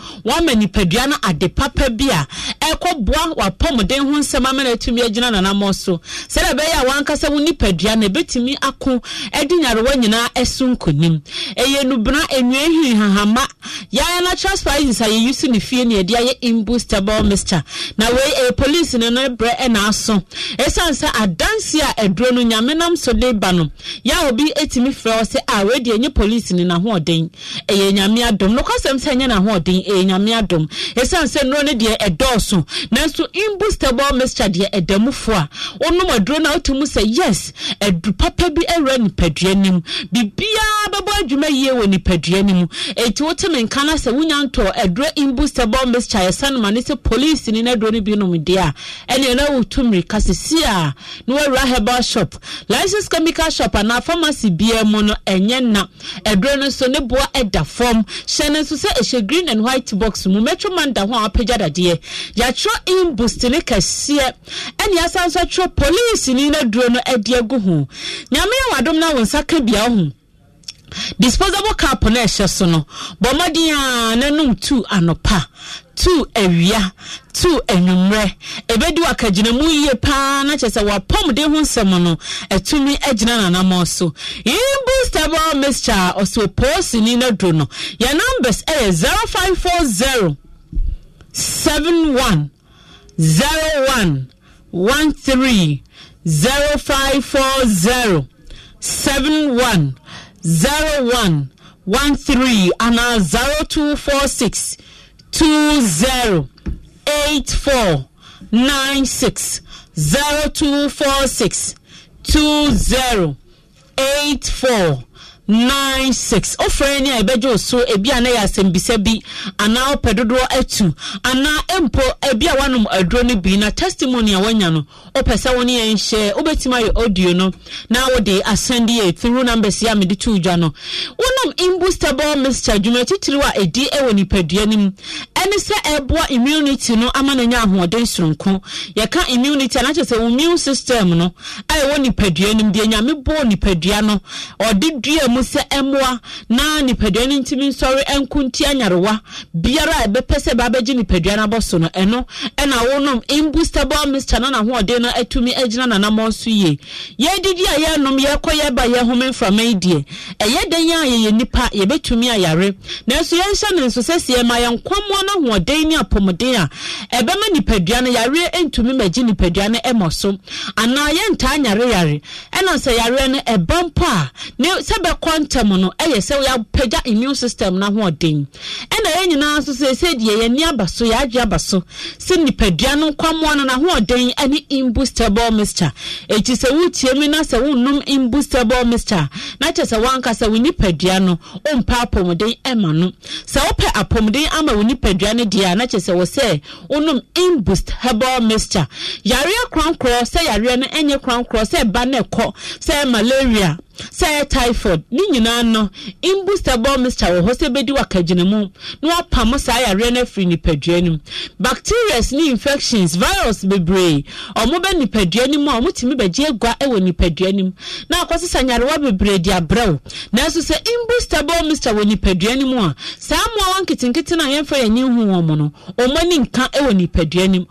papa bi a ɛkɔboa wapɔmuden ho nsɛm ama na etumi nanamɔ so sɛdeɛ ɛbɛyɛ a wankasa sɛ wo nipadua na ɛbɛtumi ako de nyarewa nyinaa so nkonim ɛyɛ nubena nnua hiri hahama yɛayɛ natural spices a yɛyi so ne fie ne yɛde ayɛ imbustable mixture na wei ɛyɛ police no no berɛ ɛna aso ɛsiane sɛ adansi a aduro no nyame nam so de ba no yɛ obi tumi frɛ wɔ sɛ a wei deɛ ɛnyɛ police ne n'ahoɔden ɛyɛ nyame adom nokɔsɛm sɛ ɛnyɛ n'ahoɔden ɛyɛ nyame adom ɛsiane sɛ nnuro no deɛ ɛdɔɔso nanso imbustable mixture deɛ ɛda mu fo a wonom aduro no a wotu mu yes ɛdu papa bi ɛwura nipadua no mu biribiara bɛbɔ adwuma yie wɔ nipadua no mu eti wote mi nka na sɛ wonya ntɔ ɛduro imbustable mixture yɛsan ma ne sɛ polisi ne na duro bi nom deɛ a ɛne ɛna wotu mirika sisi a na wɔawura herbal shop license chemical shop anaa pharmacy biara mu no ɛnyɛ na ɛduro no nso ne boa ɛda fam hyɛn no nso sɛ ɛhyɛ green and white box mu mɛtwe man da ho a apagya dadeɛ yɛatwerɛ imbust ne kɛseɛ ɛne asan so atwerɛ polisi ne na no adi agu ho nyame yɛ wadom na wo nsa ka bia ho disposable cup na ɛhyɛ so no bɔ mmɔden a nanom tu anɔpa tu awia tu anwummerɛ ɛbɛdi wakagyinamu yie paa na kyɛ sɛ wapɔm de ho nsɛm no atumi agyina nanamɔ so imbustable mixture a ɔsɛ opoosini no aduro no yɛ numbers ɛyɛ zero one one three. zero five four zero seven one zero one one three and ana zero two four six two zero eight four nine six zero two four six two zero eight four nine six ofra oh, ni eh, a ɛbɛgye so ebi a ne yɛ asɛmbisa bi anaa ɔpɛ dodoɔ atu anaa mpo ebi a wanom aduro no bi na testimony a wanya no wopɛ sɛ wo ne yɛn hyɛ wobɛtumi ayɛ audio no na wode asɛnde yɛ through numbers yɛ a mede to dwa no wonom imbustable mixture dwuma titiri a ɛdi wɔ nipadua no mu ɛne sɛ ɛboa immunity no ama no nya ahoɔden soronko yɛka immunity a nakyɛ sɛ wo immune system no a ɛwɔ nipadua no mu deɛ nyame bɔɔ nipadua no ɔde dua mu sɛ ɛmmoa na nipadua no ntumi nsɔre nko anyarewa biara a ɛbɛpɛ sɛ ɛbɛabɛgye nipadua no abɔ so no ɛno ɛna wonom imbustable mixture no nahoɔden no atumi agyina nanamɔ so yie na a yɛnom yɛkɔ yɛba yɛhome mframa yi deɛ ɛyɛ dan a yɛyɛ nipa yɛbɛtumi ayare nanso yɛnhyɛ ne nso sɛ sɛ yɛma yɛn nkɔmmoa no ahoɔden ne apɔmuden a ɛbɛma nipadua no yare ntumi magye nipadua no ɛmɔ so anaa yɛntaa nyare yare ɛna sɛ yare no mpo a ne sɛ bɛkɔ ntɛm no sɛ immune system no ahoɔden ɛna imbustable mixture eti sɛ wotie mi na sɛ wonnom imbustable mixture na kyɛ sɛ wankasa wo nipadua no wompɛ apɔmuden ɛma no sɛ wopɛ apɔmuden ama wo nipadua no deɛ a na kyɛ sɛ wɔ sɛ wonom imbustable mixture yareɛ korankorɔ sɛ yareɛ no ɛnyɛ korankorɔ sɛ ɛba na ɛkɔ sɛ malaria sɛ typhoid ne nyinaa no imbustable mixture wɔ hɔ sɛ bɛdi wakagyina mu na wapam saa yareɛ no afiri nipadua no mu bacterias ne infections virus bebree ɔmo bɛ nipadua no mu a ɔmotumi bɛgye agua wɔ nipadua no mu na akɔsesa nyarewa bebree di abrɛw nanso sɛ imbustable mixture wɔ nipadua no mu a saa nketenkete hu wɔn mo no nka nipadua no mu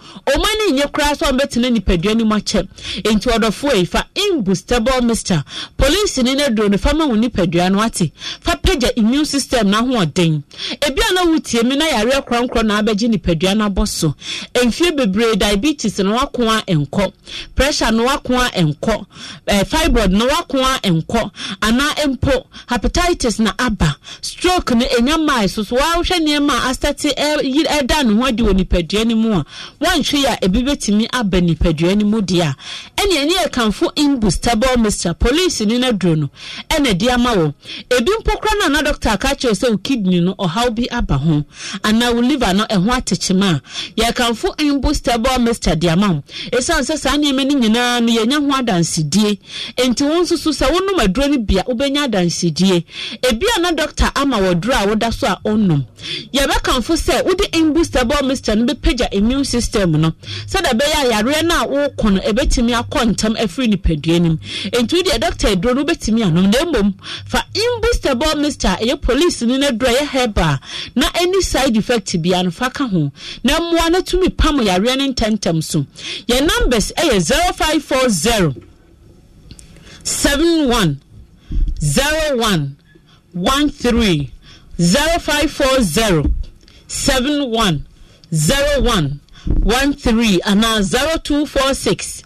ɔmo nti medicine no aduro no fa ma wo nipadua no ate fa pagya immune system no ahoɔden ebi a na wotie mi na yareɛ korɔnkorɔ na abɛgye nipadua no abɔ so mfie bebree diabetes no wako a nkɔ pressure no wako a nkɔ eh, fibroid no wako a nkɔ ana mpo hepatitis na aba stroke no ɛnya maa so so wahwɛ nneɛma a asɛte ɛda ne ho adi wɔ nipadua no mu a wɔntwe a ebi bɛtumi aba nipadua no mu deɛ a ɛnneɛ ne yɛ kanfo imbu stable mixture polisi no na ahodoɔ no ɛna ɛde ama wɔ ebi mpo kora no ana dɔkta aka kyerɛ sɛ wo kidney no ɔhaw bi aba ho anaa wo liver no ɛho atekyema a yɛkamfo imbo stable mr de ama wo ɛsiane sɛ saa nneɛma no nyinaa no yɛnya ho adansedie enti wo nso so sɛ wonom aduro no bia wobɛnya adansedie ebi ana doctor ama wɔ duro a woda so a ɔnom yɛbɛkamfo sɛ wode imbo stable mr no bɛpagya immune system no sɛdeɛ ɛbɛyɛ a yareɛ no a wokɔ no ɛbɛtumi akɔ ntɛm afiri nipadua no mu enti wodeɛ dɔkta aduro no wobɛtumi anom na mmom fa imbustable mixture ɛyɛ police no no durɛ ɛyɛ herba na any side effect bia no fa ka ho na mmoa no tumi pam yareɛ no ntɛmtɛm so yɛn numbers ɛyɛ 0540 71 01 13 0540 71 01 13 anaa 0246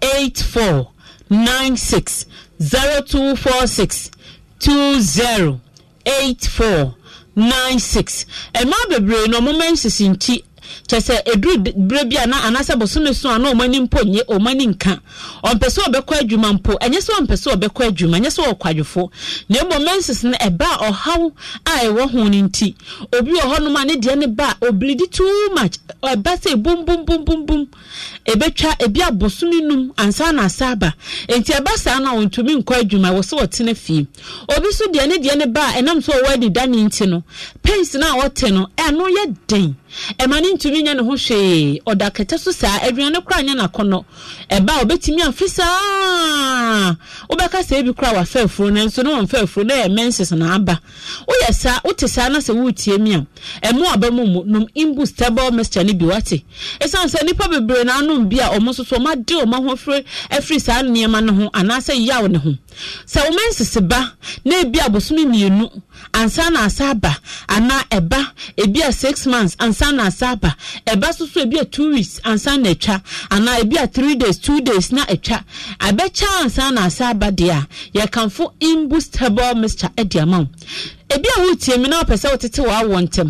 20 four nine six zero two four six two zero eight four nine six mmaa bebree na ọmụma nsisi nti kyɛ sɛ ɛduru berɛ bi ana anaasɛ bosome so a na ɔma ni mpo nye ɔma ni nka ɔmpɛ sɛ ɔbɛkɔ adwuma mpo ɛnyɛ sɛ ɔmpɛ sɛ ɔbɛkɔ adwuma ɛnyɛ sɛ ɔkɔ adwofo na mmom menses no ɛba a ɔhaw a ɛwɔ ho no nti obi wɔ hɔnom a ne deɛ ne ba a obiridi too much ɛba sɛ bumbumbumbumbum ɛbɛtwa ebi abosome num ansa na asa aba nti ɛba saa na ɔntumi nkɔ adwuma ɛwɔ sɛ ɔtena fie obi nso deɛ ne deɛ ne ba a ɛnam so ɔwɔ adida ne nti no pens no a ɔte no ɛno ɛma ne ntumi nyɛ ne ho hwee ɔda kɛtɛ so saa aduane kora nyɛ n'akɔnɔ ɛba a obetumi afi saa wobɛka sɛ ebi kora wafa afuo no nso ne wɔmfa afuo no yɛ menses na aba woyɛ saa wote saa na sɛ woretie mi a ɛmo aba mu mu nom imbu stable mixture no bi wate ɛsiane sɛ nnipa bebree na anom bi a ɔmo nso so ɔmade ɔmo ho afiri afiri saa nneɛma no ho anaasɛ yaw ne ho sɛ wo menses ba na ebi abosom mmienu ansa na asa aba anaa ɛba ebi a six months ansa ansa na asa aba ɛba soso ebi a two weeks ansa na ɛtwa anaa ebi a three days two days na ɛtwa abɛkya ansa na asa aba deɛ a yɛkanfo imbustable mixture ɛde ama wo ebi a wotie mi na ɔpɛ sɛ wotete wɔ awɔ ntɛm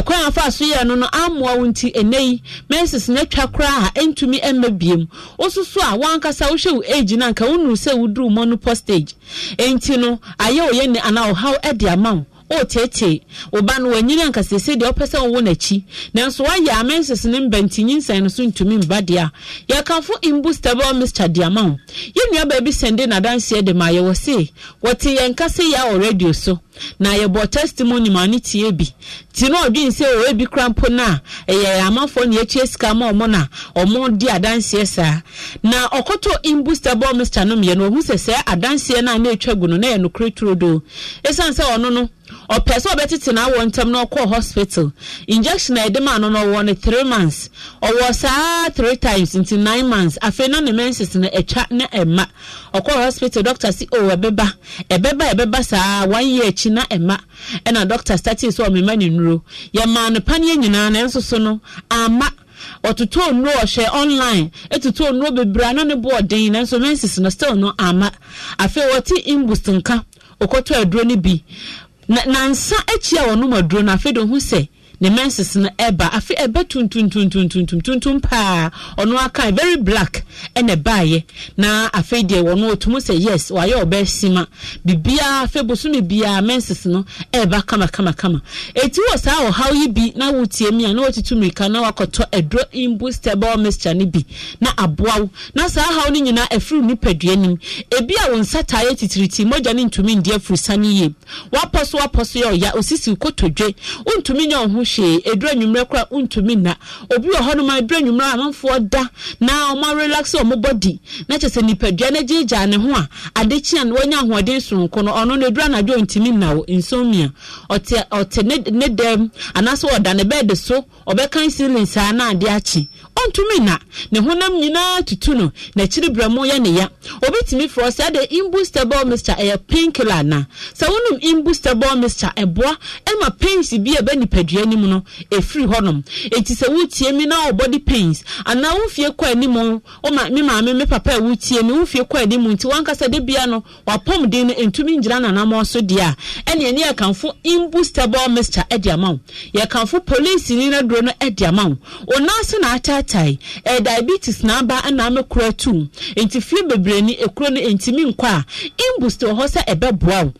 ɛkwan afa so yɛ no no amoa wo nti ɛnɛ yi mensis na atwa koraa a ɛntumi mma biem wososo a wankasa wohwɛ wo age no anka wonuu sɛ woduru mɔ no postage ɛnti no ayɛ wo yɛ ne anaa ɔhaw de ama wo otietie ɔba no wanyini ankasa ese deɛ ɔpɛ sɛ ɔwɔ n'akyi nanso wayɛ amensis ne mbɛntinyi nsan no so ntumi mba deɛ a yɛkanfo imbu stable mixture de ama ho yɛn nua baabi sɛnde n'adanseɛ de ma yɛwɔ se wɔte yɛn kasa yi awɔ radio so na yɛbɔ testimony ma ne tie bi ti na ɔdwi nsɛ ɔwɔ ebi kura mpo na ɛyɛ amanfoɔ na yɛtua sika ma ɔmo na ɔmo di adanseɛ saa na ɔkoto imbu stable mixture no mmienu sɛ sɛ adanseɛ na na etwa gu no na yɛ no turo do esan sɛ ɔno no ɔpɛ sɛ ɔbɛtete na awɔ ntɛm na ɔkɔ hospital injection a yɛde maa no no ɔwɔ no three months ɔwɔ saa three times nti nine months afei na ne menses no atwa na ɛma ɔkɔ hospital doctor si o oh, ɛbɛba ɛbɛba ɛbɛba saa one year akyi na ɛma ɛna doctor starting sɛ ɔmema ne nnuro yɛmaa no paneɛ nyinaa na so no ama ɔtoto nnuro ɔhyɛ online ɛtoto nnuro bebree ano ne bo na nanso menses na still no ama afei wɔte imbus nka ɔkɔtɔ aduro no bi nansa akyi a wɔnom aduro no afei de ho sɛ ne menses no ɛba afei ɛbɛ tuntum tuntum paa ɔno aka very black ɛna ɛbaayɛ na afei deɛ wɔn otum sɛ yes wayɛ ɔbɛ bibia bibiara afei bosomi biara menses no ɛba kama kama kama eti wɔ saa ɔhaw yi bi na wotie mi a na wotutu mirika na wakɔtɔ ɛduro imbu stable mixture ne bi na aboawo na saa haw no nyinaa ɛfiri nipadua nim ebi a wɔn nsa taayɛ titiriti mogya ne ntumi ndi afuru sani yie wapɔ so wapɔ so yɛ ɔya osisi kotodwe ntumi nyɛ ɔho hwee ɛdura anwummerɛ kora wontumi nna obi wɔ hɔ nom a ɛdura anwummerɛ a amanfoɔ da na ɔmo relax ɔmo body na kyɛ sɛ nipadua no gyegyaa ne ho a adekyia no wanya ahoɔden soronko no ɔno na ɛdura anadwo ntumi na wo nsomia ɔte ɔte ne ne dɛm anaasɛ ɔda ne bɛɛde so ɔbɛkan ceiling saa na ade akye ɔntumi na ne ho honam nyinaa tutu no n'akyiri berɛ mu yɛ ne ya obi tumi frɔ sɛ ɛde imbustable mixture ɛyɛ painkiller na sɛ wonom imbustable mixture ɛboa ɛma pains bi a ɛbɛ nipadua no mu no ɛfiri hɔnom ɛnti sɛ wotie mi na wɔ body pains anaa wofie kɔ anim woma me maame me papa a wotie me wofie kɔ anim nti wankasa de bia no wapɔm den no ɛntumi ngyina nanamɔ so deɛ a ɛneɛ ne yɛkamfo imbustable mixture ɛdi ama wo yɛkamfo polisi no aduro no ɛdi ama wo ɔnaase na ataatae ɛyɛ diabetes na aba na me kora tum nti fie bebree ni ekuro no ntumi nkɔ a imbust hɔ sɛ ɛbɛboa wo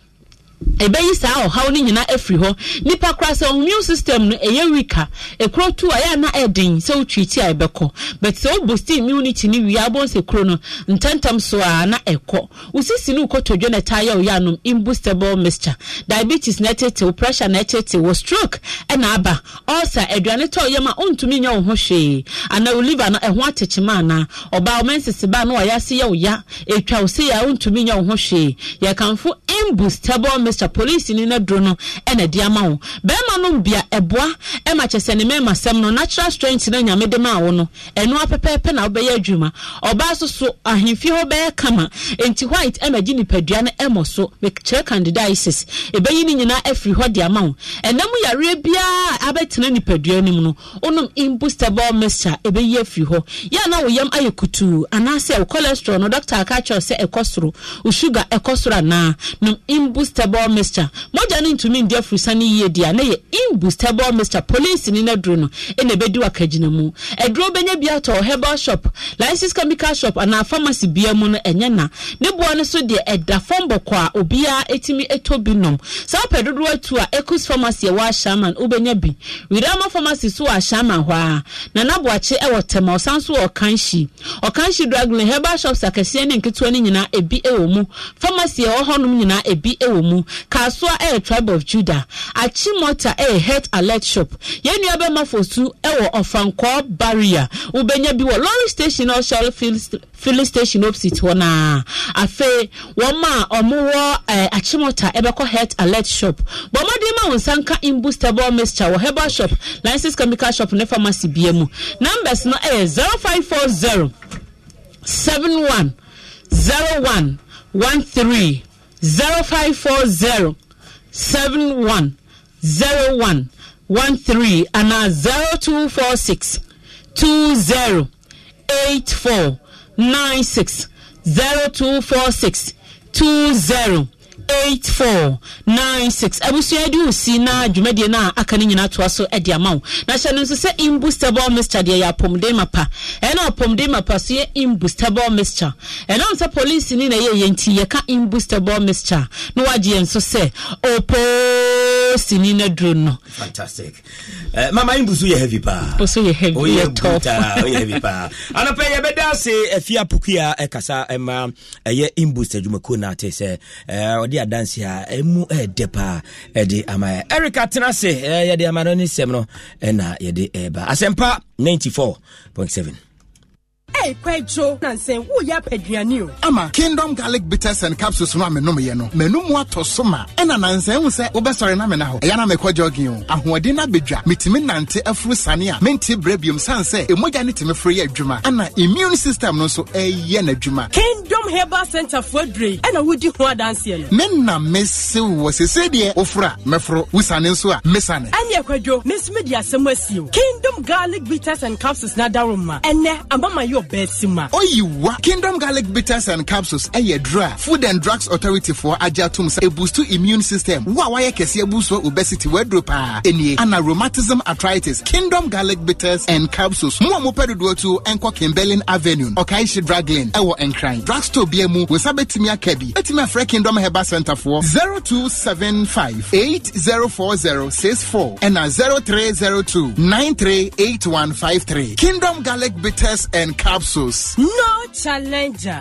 ɛbɛyi saa ɔhaw no nyinaa afiri hɔ nipa kora sɛ immune system no ɛyɛ wika ekuro tu a ɛyɛ ana ɛden sɛ wotwirikyi a ɛbɛkɔ but sɛ wobo sti immunity no wie abɔ sɛ kuro no ntɛntɛm so a na ɛkɔ wo sisi no wokɔtɔdwa no ɛtaa yɛ wo yɛ anom imbustable mixture diabetes na ɛtete wo pressure na ɛtete wo stroke ɛna aba ulcer aduane tɔ yɛ ma wontumi nyɛ wo ho hwee anaa wo liver no ɛho atekyema ana ɔbaa wɔma nsisi ba no ɔyɛ ase yɛ ya ɛtwa wo se yɛ a wontumi nyɛ wo ho hwee yɛkamfo imbustable mr polisi ni ne duro no ɛna ɛde ama wo bɛrima no bia ɛboa ɛma kyɛ sɛ ne mɛma sɛm no natural strength na nyame de maa wo no ɛno apɛpɛɛpɛ na wobɛyɛ adwuma ɔbaa so so ahemfie hɔ bɛyɛ kama nti white ɛma gye nipadua no ɛmɔ so mekyerɛ candidiasis ɛbɛyi no nyinaa afiri hɔ de ama wo ɛnam yareɛ biara abɛtena nipadua no mu no wonom imbustable mixture ɛbɛyi afiri hɔ yɛ na wo yam ayɛ kutuu anaasɛ wo cholesterol no dɔctor aka sɛ ɛkɔ soro wo ɛkɔ soro anaa nom imbustable imbustable mixture mogya no ntumi ndi afurisa no yie deɛ na yɛ imbustable mixture police ni na duro no ɛna ɛbɛdi wakagyina mu aduro e bɛnya bi atɔ herbal shop license chemical shop anaa pharmacy bia mu no ɛnyɛ na ne boa no so deɛ ɛda e fam bɔkɔ a obiara ɛtumi ɛtɔ bi nom saa pɛ dodoɔ atu a ecos pharmacy ɛwɔ ahyaman wobɛnya bi wirama pharmacy so wɔ ahyaman hɔ a nana boakye ɛwɔ e tɛm a ɔsan so wɔ ɔkanhyi ɔkanhyi draglin herbal shops akɛseɛ ne nketewa no nyinaa ebi ɛwɔ mu pharmacy ɛwɔ hɔnom nyinaa ebi ɛwɔ mu kasoa ɛyɛ eh, tribe of judah akyimɔta ɛyɛ eh, health alert shop yɛn nua bɛma fosu ɛwɔ eh, ɔfankɔɔ barrier wobɛnya bi wɔ lorry station ɔhyɛl filling station opposite hɔ naa afei wɔn a wɔwɔ ɛɛ akyimɔta ɛbɛkɔ health alert shop bɔmmɔden ma wɔn nsa nka imbustable mixture wɔ herbal shop license chemical shop ne pharmacy bia mu numbers no ɛyɛ zero five four zero seven one zero one one three zero five four zero seven one zero one one three and ana zero two four six two zero eight four nine six zero two four six two zero eight four nine six abusua de osi na dwumadie no a aka no nyinaa toa so de ama wo na hyɛ no nso sɛ imbustable mixture deɛ yɛ apɔmuden mapa ɛna apɔmuden mapa so yɛ imbustable mixture ɛnam sɛ police ni na ɛyɛ yɛ nti yɛka imbustable mixture na wagye yɛn nso sɛ opoo sini na duro no. fantastic eh, mama imbu so yɛ heavy paa. o so yɛ heavy yɛ tough o yɛ heavy paa anapa eh, eh, yɛ bɛ da ase efi apukia ɛkasa ɛma ɛyɛ imbusta dwumakuo na ate sɛ ɛɛ ɔde adanse a ɛmu ɛdɛ paa ɛde ama yɛ erika tena ase yɛde ama no ne sɛm no ɛna yɛde ɛba asɛmpa 94.7 ɛɛkɔ na nsɛn woyɛ apɛduane o. ama kingdom garlic bitters and capsules no a menom no menu mu atɔ so ma ɛna nansɛn ho sɛ wobɛsɔre na mena hɔ ɛyɛ na mekɔ jɔgin o ahoɔden no abɛdwa metumi nante afuru sane a mente berɛ biom sane sɛ ɛmogya ne tumi foro yɛ adwuma ana immune system no nso ɛyɛ n'adwuma kingdom herbal centerfoɔ adurei ɛna wodi ho adanseɛ no me na mesew wɔ sesei deɛ woforo a mɛforo wosane nso a mesane ɛne ɛkwadwo mesome de asɛm asi o kingdom garlic bitters and capsules na adaro ma ɛnɛ ama ɔbɛ si ma. oyi kingdom garlic bitters and capsules ɛyɛ dura food and drugs authority for agya tum sɛ ebustu immune system wo a wayɛ kɛseɛ busua obesity wɛduro paa enie ana rheumatism arthritis kingdom garlic bitters and capsules mu a mo pɛ tu ɛnkɔ kimberlin avenue ɔkaehye drug lane ɛwɔ nkran Drugstore store bia mu wosa betumi aka bi betumi afrɛ kingdom herbal center foɔ zero two seven five eight zero four zero six four ɛna zero three zero two nine three eight one five three kingdom garlic bitters and capsules capsules. No challenger.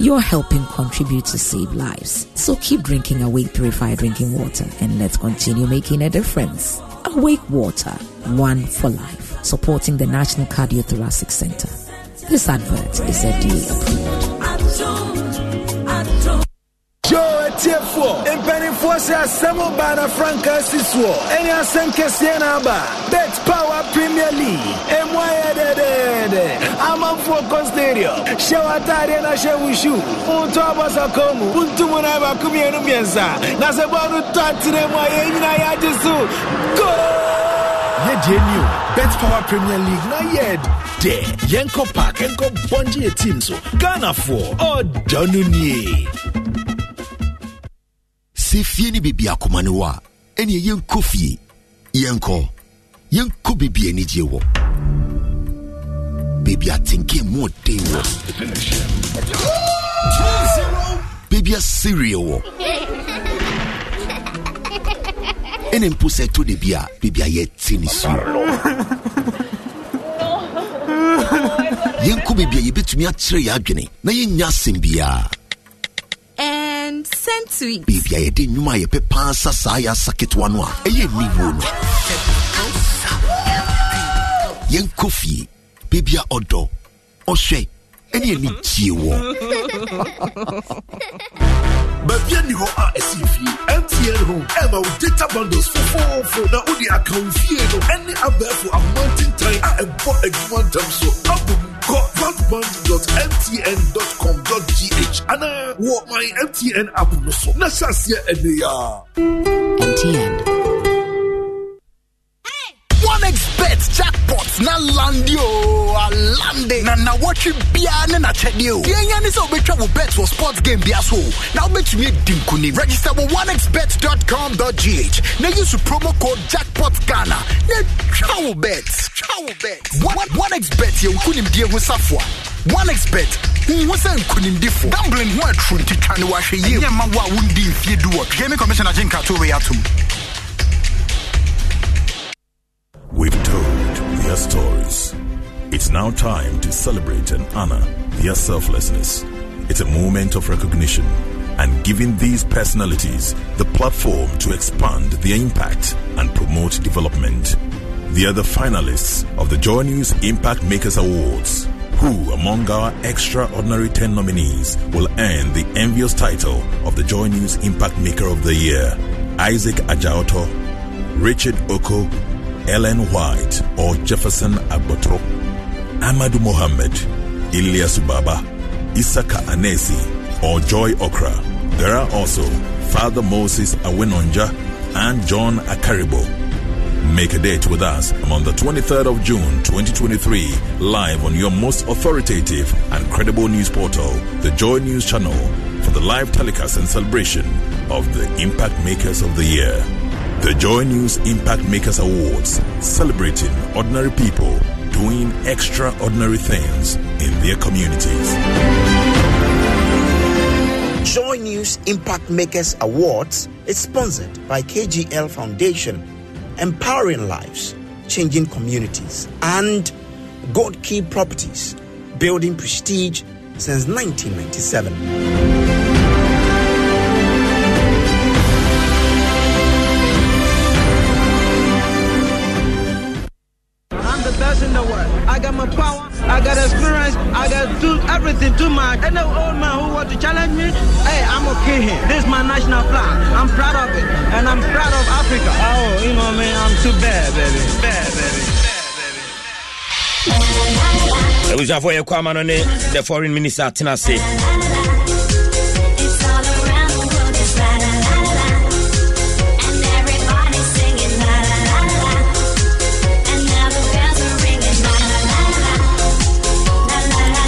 you're helping contribute to save lives. So keep drinking Awake Purified Drinking Water and let's continue making a difference. Awake Water, one for life, supporting the National Cardiothoracic Center. This advert is FDA approved. atiefoɔ mpanimfoɔ sɛ asɛm baa na frankaa si soɔ ɛne asɛm kɛseɛ na aba bet power premier league ɛmu ayɛ Ende, Amanfo Con Stadium, Shewatari na Shewushu, Untoba Sakomu, Untumuna Bakumi and Umienza, Nasabanu Tatine Moyena Yajisu. Go! yɛdeɛnio bet power premier league na yɛ dɛ yɛnkɔ park ɛnkɔ bɔngye yɛ team so ghanafoɔ ɔdɔ no nie sɛ fie ne biribi akoma ne wɔ a ɛneɛ yɛnkɔ fie yɛnkɔ yɛnkɔ biribi anigyeɛ wɔ Baby, I think him more day. Finish Baby, a cereal. And then pussy to the beer, baby, I yet tin is you. baby, you bet me a tree agony. Na yenya simbia. And sent Baby, I didn't know my pepper, sasaya, socket one. A yen ni wono. Yenko fee beebi a ɔdɔ ɔhwɛ ɛne ani gyee wɔ baabi ani hɔ a ɛsi fie mtn ho ɛma wo data bundles fofoofo na wode akamfie no ɛne abɛɛfo ahomantentan a ɛbɔ adwuma ntam so com dot gh. anaa wɔ my mtn app no so na hyɛ aseɛ ɛnɛ yi mtn jackpot na landi o alande na nawɔtwe biara ne n'akyɛdeɛ o deɛ nya ne sɛ wobɛtwa wo bet for sports game bia so na wobɛtumi Dinku ni. register wɔ onexbet.com.gh na use promo code jackpot ghana na twa wo bet twa wo bet onexbet yɛ nkonimdie ho safoa onexbet nhu sɛ nkonimdifo gambling ho aturo ntitwa ne wahwɛ yie ɛnyɛ ma wo a wondi mfie du wɔ twɛ me commissioner gye nkatowei atom We've told their stories. It's now time to celebrate and honor their selflessness. It's a moment of recognition and giving these personalities the platform to expand their impact and promote development. They are the finalists of the Joy News Impact Makers Awards, who among our extraordinary 10 nominees will earn the envious title of the Joy News Impact Maker of the Year. Isaac Ajaoto, Richard Oko, Ellen White or Jefferson Abotro, Ahmadu Mohammed, Ilyas Baba, Isaka Anesi or Joy Okra. There are also Father Moses Awinonja and John Akaribo. Make a date with us on the 23rd of June 2023, live on your most authoritative and credible news portal, the Joy News Channel, for the live telecast and celebration of the Impact Makers of the Year. The Joy News Impact Makers Awards, celebrating ordinary people doing extraordinary things in their communities. Joy News Impact Makers Awards is sponsored by KGL Foundation, empowering lives, changing communities, and Gold Key Properties, building prestige since 1997. kill him. This is my national flag. I'm proud of it. And I'm proud of Africa. Oh, you know what I mean? I'm too bad, baby. Bad, baby. abusuafoɔ yɛkɔ ama no ne the foreign minister atena ase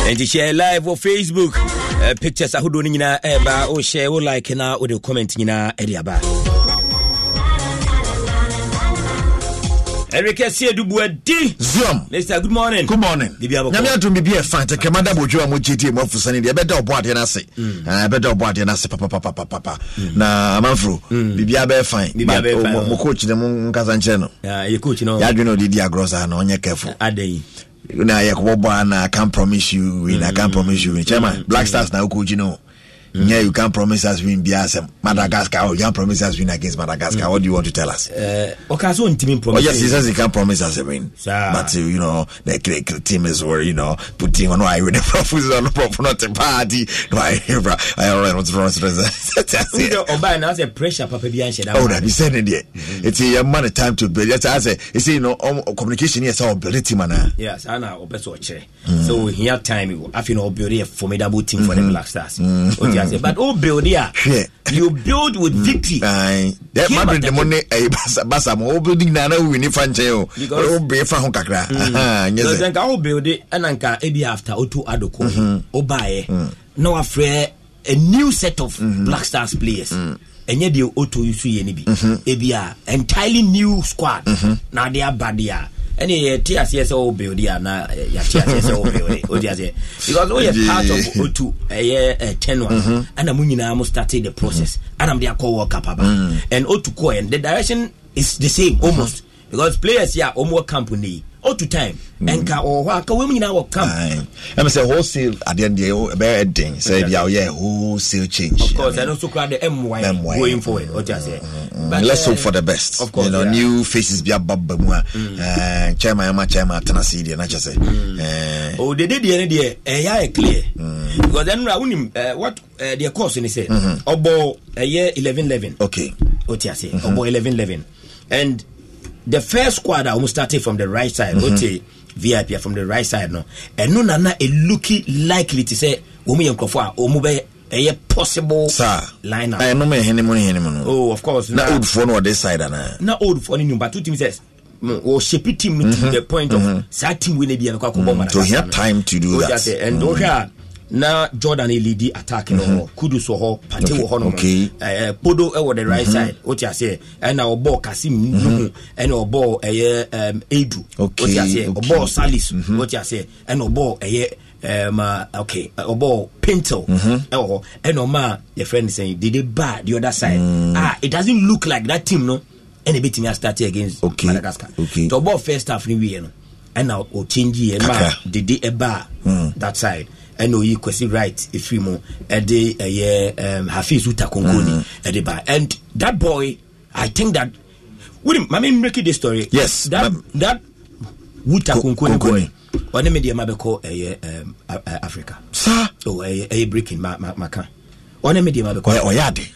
And to share live on Facebook. uh, eh, pictures ahodoɔ no nyinaa ɛɛba eh, wohyɛ wo oh, like na wode oh, comment nyinaa ɛde eh, aba ɛrekɛ dubuadi mr good morning good morning no ase ɛbɛda ɔbɔ adeɛ no ase papapapapapa na amafro biribia bɛɛfa mo coach ne mo nkasa ah, no na yɛ kɔbɔ bɔ ana i can promise you win i can mm-hmm. promise you win chairman black mm-hmm. stars na okɔ Mm. Yeah, you can't promise us win Biasem, Madagascar, or oh, you can't promise us win against Madagascar. Mm. What do you want to tell us? Uh, okay, so team promise. Oh, yes, he says he can't promise us a win. Sir. But, uh, you know, the, the, the team is where, you know, putting on why we're the on not a party. No, I hear, bro. I already want to promise us. You know, Oba, now pressure, Papa Bianchi. Oh, that be said in there. It's a man of time to build. Yes, I say, you see, you know, um, communication is our building team. Eh? Yes, I know, Obeso. Mm. So, here time, I feel, you build a formidable team for the mm-hmm. Black Stars. Mm-hmm ase but o build a you build with hmm. victory. dɛ madrid mu ni ɛyi basa mu o build nyinaa na wuli nifa nkyɛn o o build fa ho kakra. Hmm. nka o build ɛna nka ebi after o tu adoko mm-hmm. o ba yɛ na wa frɛ a new set of mm-hmm. black stars players. Mm. Mm-hmm. ɛnyɛ deɛ ɔtɔ yi so yɛ no bi ebia entirely new squad na ade aba deɛ a ɛne yɛte aseɛ sɛ wo build ana yɛte aseɛ sɛ wo build aseɛ because woyɛ part of otu ɛyɛ uh, tenua mm ana mo nyinaa mo started the process mm-hmm. ana mde akɔ world cup aba and otu mm. kɔɛ the direction is the same almost mm-hmm. because players yɛ Omo company, all to time ɛnka ɔwɔ hɔ a ka oh, wɔn nyinaa wɔ camp. ɛmɛ say wholesale at adeɛ deɛ ɛbɛyɛ ɛden sɛ ebi a ɔyɛ wholesale change. of course I don't talk kura de ɛmuwa yi going forward ɔtí ase. Mm, mm, mm. let's hope uh, for the best of course you know new faces be ababa mu uh, a chairman ama chairman atena se deɛ n'akyɛ sɛ. o dede deɛ ne deɛ eh, yeah, clear because ɛnu na him. what deɛ uh, course ni sɛ ɔbɔ ɛyɛ eleven eleven. okay ɔtí ase ɔbɔ eleven eleven and the first squad a wɔn starting from the right side mm-hmm. ote vip from the right side no ɛno na na eluki likely ti sɛ wɔn yɛ nkurɔfoɔ a wɔn bɛ ɛyɛ possible Sir, line up. ɛnum yɛ hɛnɛ mu ni hɛnɛ no. oh of course. na old fɔ no ɔde side ana. na old fɔ ni nyumba two teams sɛ mm, wɔhyɛpi team no to mhm. the point of mhm. saa team wey na bi yɛn kɔ akɔbɔ madagascar. Mhm. to hear time to do oh, that. o jà sɛ ɛn dɔw hwɛ a na jordan elidi attack no hɔ mhm. kudus wɔ hɔ pate wɔ hɔ no eh, eh, podo wɔ the right mhm. side wote aseɛ ɛna ɔbɔɔ kasim mhm. no mu ɛna ɔbɔɔ ɛyɛ edu wote aseɛ ɔbɔɔ salis wote aseɛ ɛna ɔbɔɔ ɛyɛ um, uh, okay ɔbɔ uh, pintel ɛwɔ hɔ ɛna friend is saying sɛn dede ba the other side mm. ah it doesn't look like that team no ɛna ebɛtumi astart against okay. madagascar okay. nti ɔbɔɔ first half no wieɛ no ɛna ɔchange yɛ ma dede ɛba mm. that side ɛna oyi e kwesi right efiri mu ɛde ɛyɛ ɛm um, hafiz uta konkoni ɛde mm. ba and that boy i think that wuli maame mbreki the story. yes that that uta konkoni boy ɔne mi deɛ ma bɛ kɔ ɛyɛ africa. saa o oh, ɛyɛ ɛyɛ breaking ma ma ma kan ɔne mi deɛ ma bɛ kɔ. ɔyɛ ade.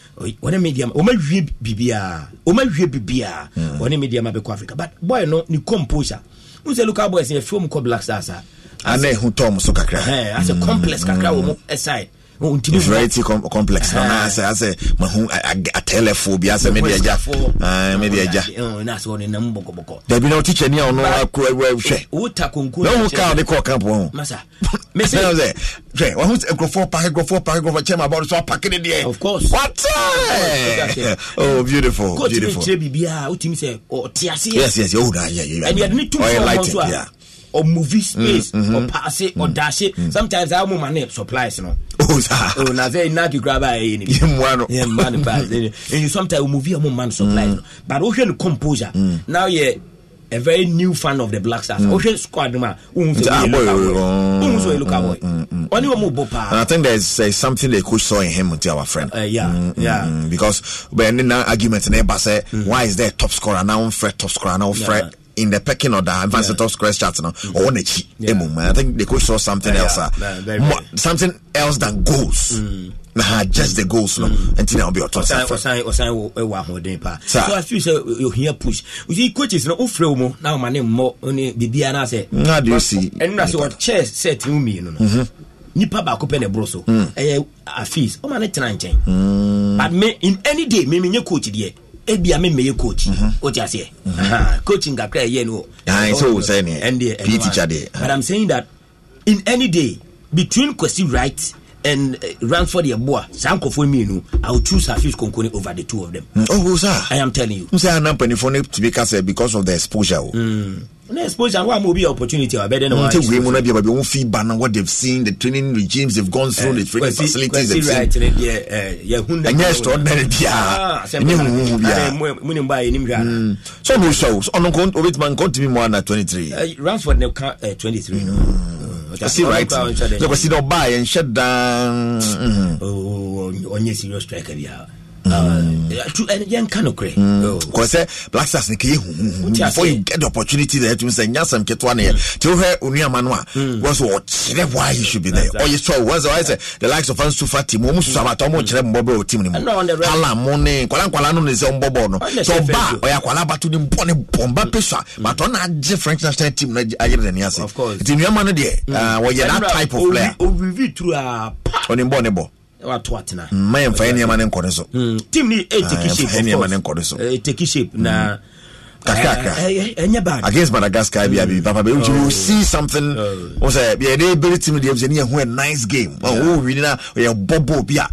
ɔne mi deɛ ma ɔma wie bibiya ɔma wie bibiya ɔne mm. mi deɛ ma bɛ kɔ africa but boy no ni composure n sɛ boy boys yɛ fiwom kɔ black stars a ana ɛho tɔ mo so kakra asɛ mm, complex kakra mm. wɔ mo aside variety com complex na na asɛ asɛ mahu atɛlɛfo bi asɛ mede agya mede agya dabi na wotikya ni a ɔno akora hwɛ na wohu kaa wode kɔɔ camp ho sɛ hwɛ wahu nkurɔfoɔ pake nkurɔfoɔ pake nkurɔfoɔ kyɛm aba so apake ne deɛ wata eh. oh beautiful beautiful oh, yes yes oh na yeah yeah yeah ɔyɛ lighting yeah or movie mm, space mm, hmm or pass it or mm. dash it. Mm. Sometimes I my name supplies, you know. Oh, oh na very not you grab a eh, yeah, man, Yeah, man. pass. And eh, eh, you sometimes movie a man supplies, mm. no. but ocean composure mm. now, yeah. A very new fan of the Black Stars. Mm. Ocean squad, man. Oh, mm, Only one more And I think there's uh, something the coach saw in him until our friend. Uh, yeah, mm-hmm. yeah. Because when in argument in say, why is there top scorer now? Fred top scorer now? Fred in the pecking order advanced yeah. top squares chart now mm-hmm. or chi yeah. mm-hmm. I think the coach saw something yeah, else uh, yeah. more, something else than goals mm. nah just the goals no until mm. I'll be your top osan osan ɛwɔ ahoɔden paa so as you say you hear push you see coaches no ofre mu na o ma ne mmɔ ne bibia na sɛ do you see And ɛnura sɛ ɔkyɛ set mu mmienu no nipa baako pɛ na ɛboro so ɛyɛ afis ɔma ne tena nkyɛn but me in any day me me nye coach deɛ ebi ame mmeye coach mhm. o ti aseɛ mhm. coaching kakra ɛyɛ no ah, o sɛ neɛ pe teacher deɛ but i'm saying that in any day between Kwesi Wright and uh, eh, Ransford Yeboah saa nkɔfoɔ mmienu I will choose Hafiz Konkone over the two of them. Mm. Oh, sir. I am telling you. n sẹ́ àná mpanyinfo ni tìbí kásẹ̀ because of the exposure o. Mm na exposure wa mo be opportunity wa better na wa we mo na be be won fee ban what they've seen the training regimes they've gone through the training facilities they've seen right yeah eh yeah hunda and yes to ordinary bia ni hu bia mo ni ba ni mwa so no shows on kon obit man kon timi mo na 23 Ramsford twenty-three. no see right because see no buy and shut down oh onye serious striker bia Uh, yɛnka nokorɛ mm. oh. kɔ sɛ black stars no kɛyɛ huhubefore get opportunity there tumi sɛ nya sɛm ketewa no yɛ mm. nti wohwɛ onuama no a mm. wɔ ɔkyerɛ why he should be there ɔyɛ sɔ wɔ wayɛ sɛ the likes of ansufa team ɔmu susabata ɔmu kyerɛ mbɔbɛ wɔ team no mu hala mo ne nkwala nkwala no ne sɛ ɔmbɔbɔ no sɛ ɔba ɔyɛ akwala bato ne mbɔ ne bɔmba pe a but ɔna agye french national team no ayere dani ase nti nnuama no deɛ uh, wɔyɛ that type of player ɔne mbɔ ne bɔ wato atena mma yɛmfa yɛ nneɛma ne nkɔde so mm, team eh, ah, ne ɛteki shape ɛnneɛma ne E teki shape na mm kakaka ɛnyɛ eh, eh, eh, bad against madagascar bi abi papa bɛ you mm. see something wɔn sɛ yɛ de bere team deɛ sɛ ne yɛ ho a nice game wɔn wo wi na yɛ bɔ bɔ bi a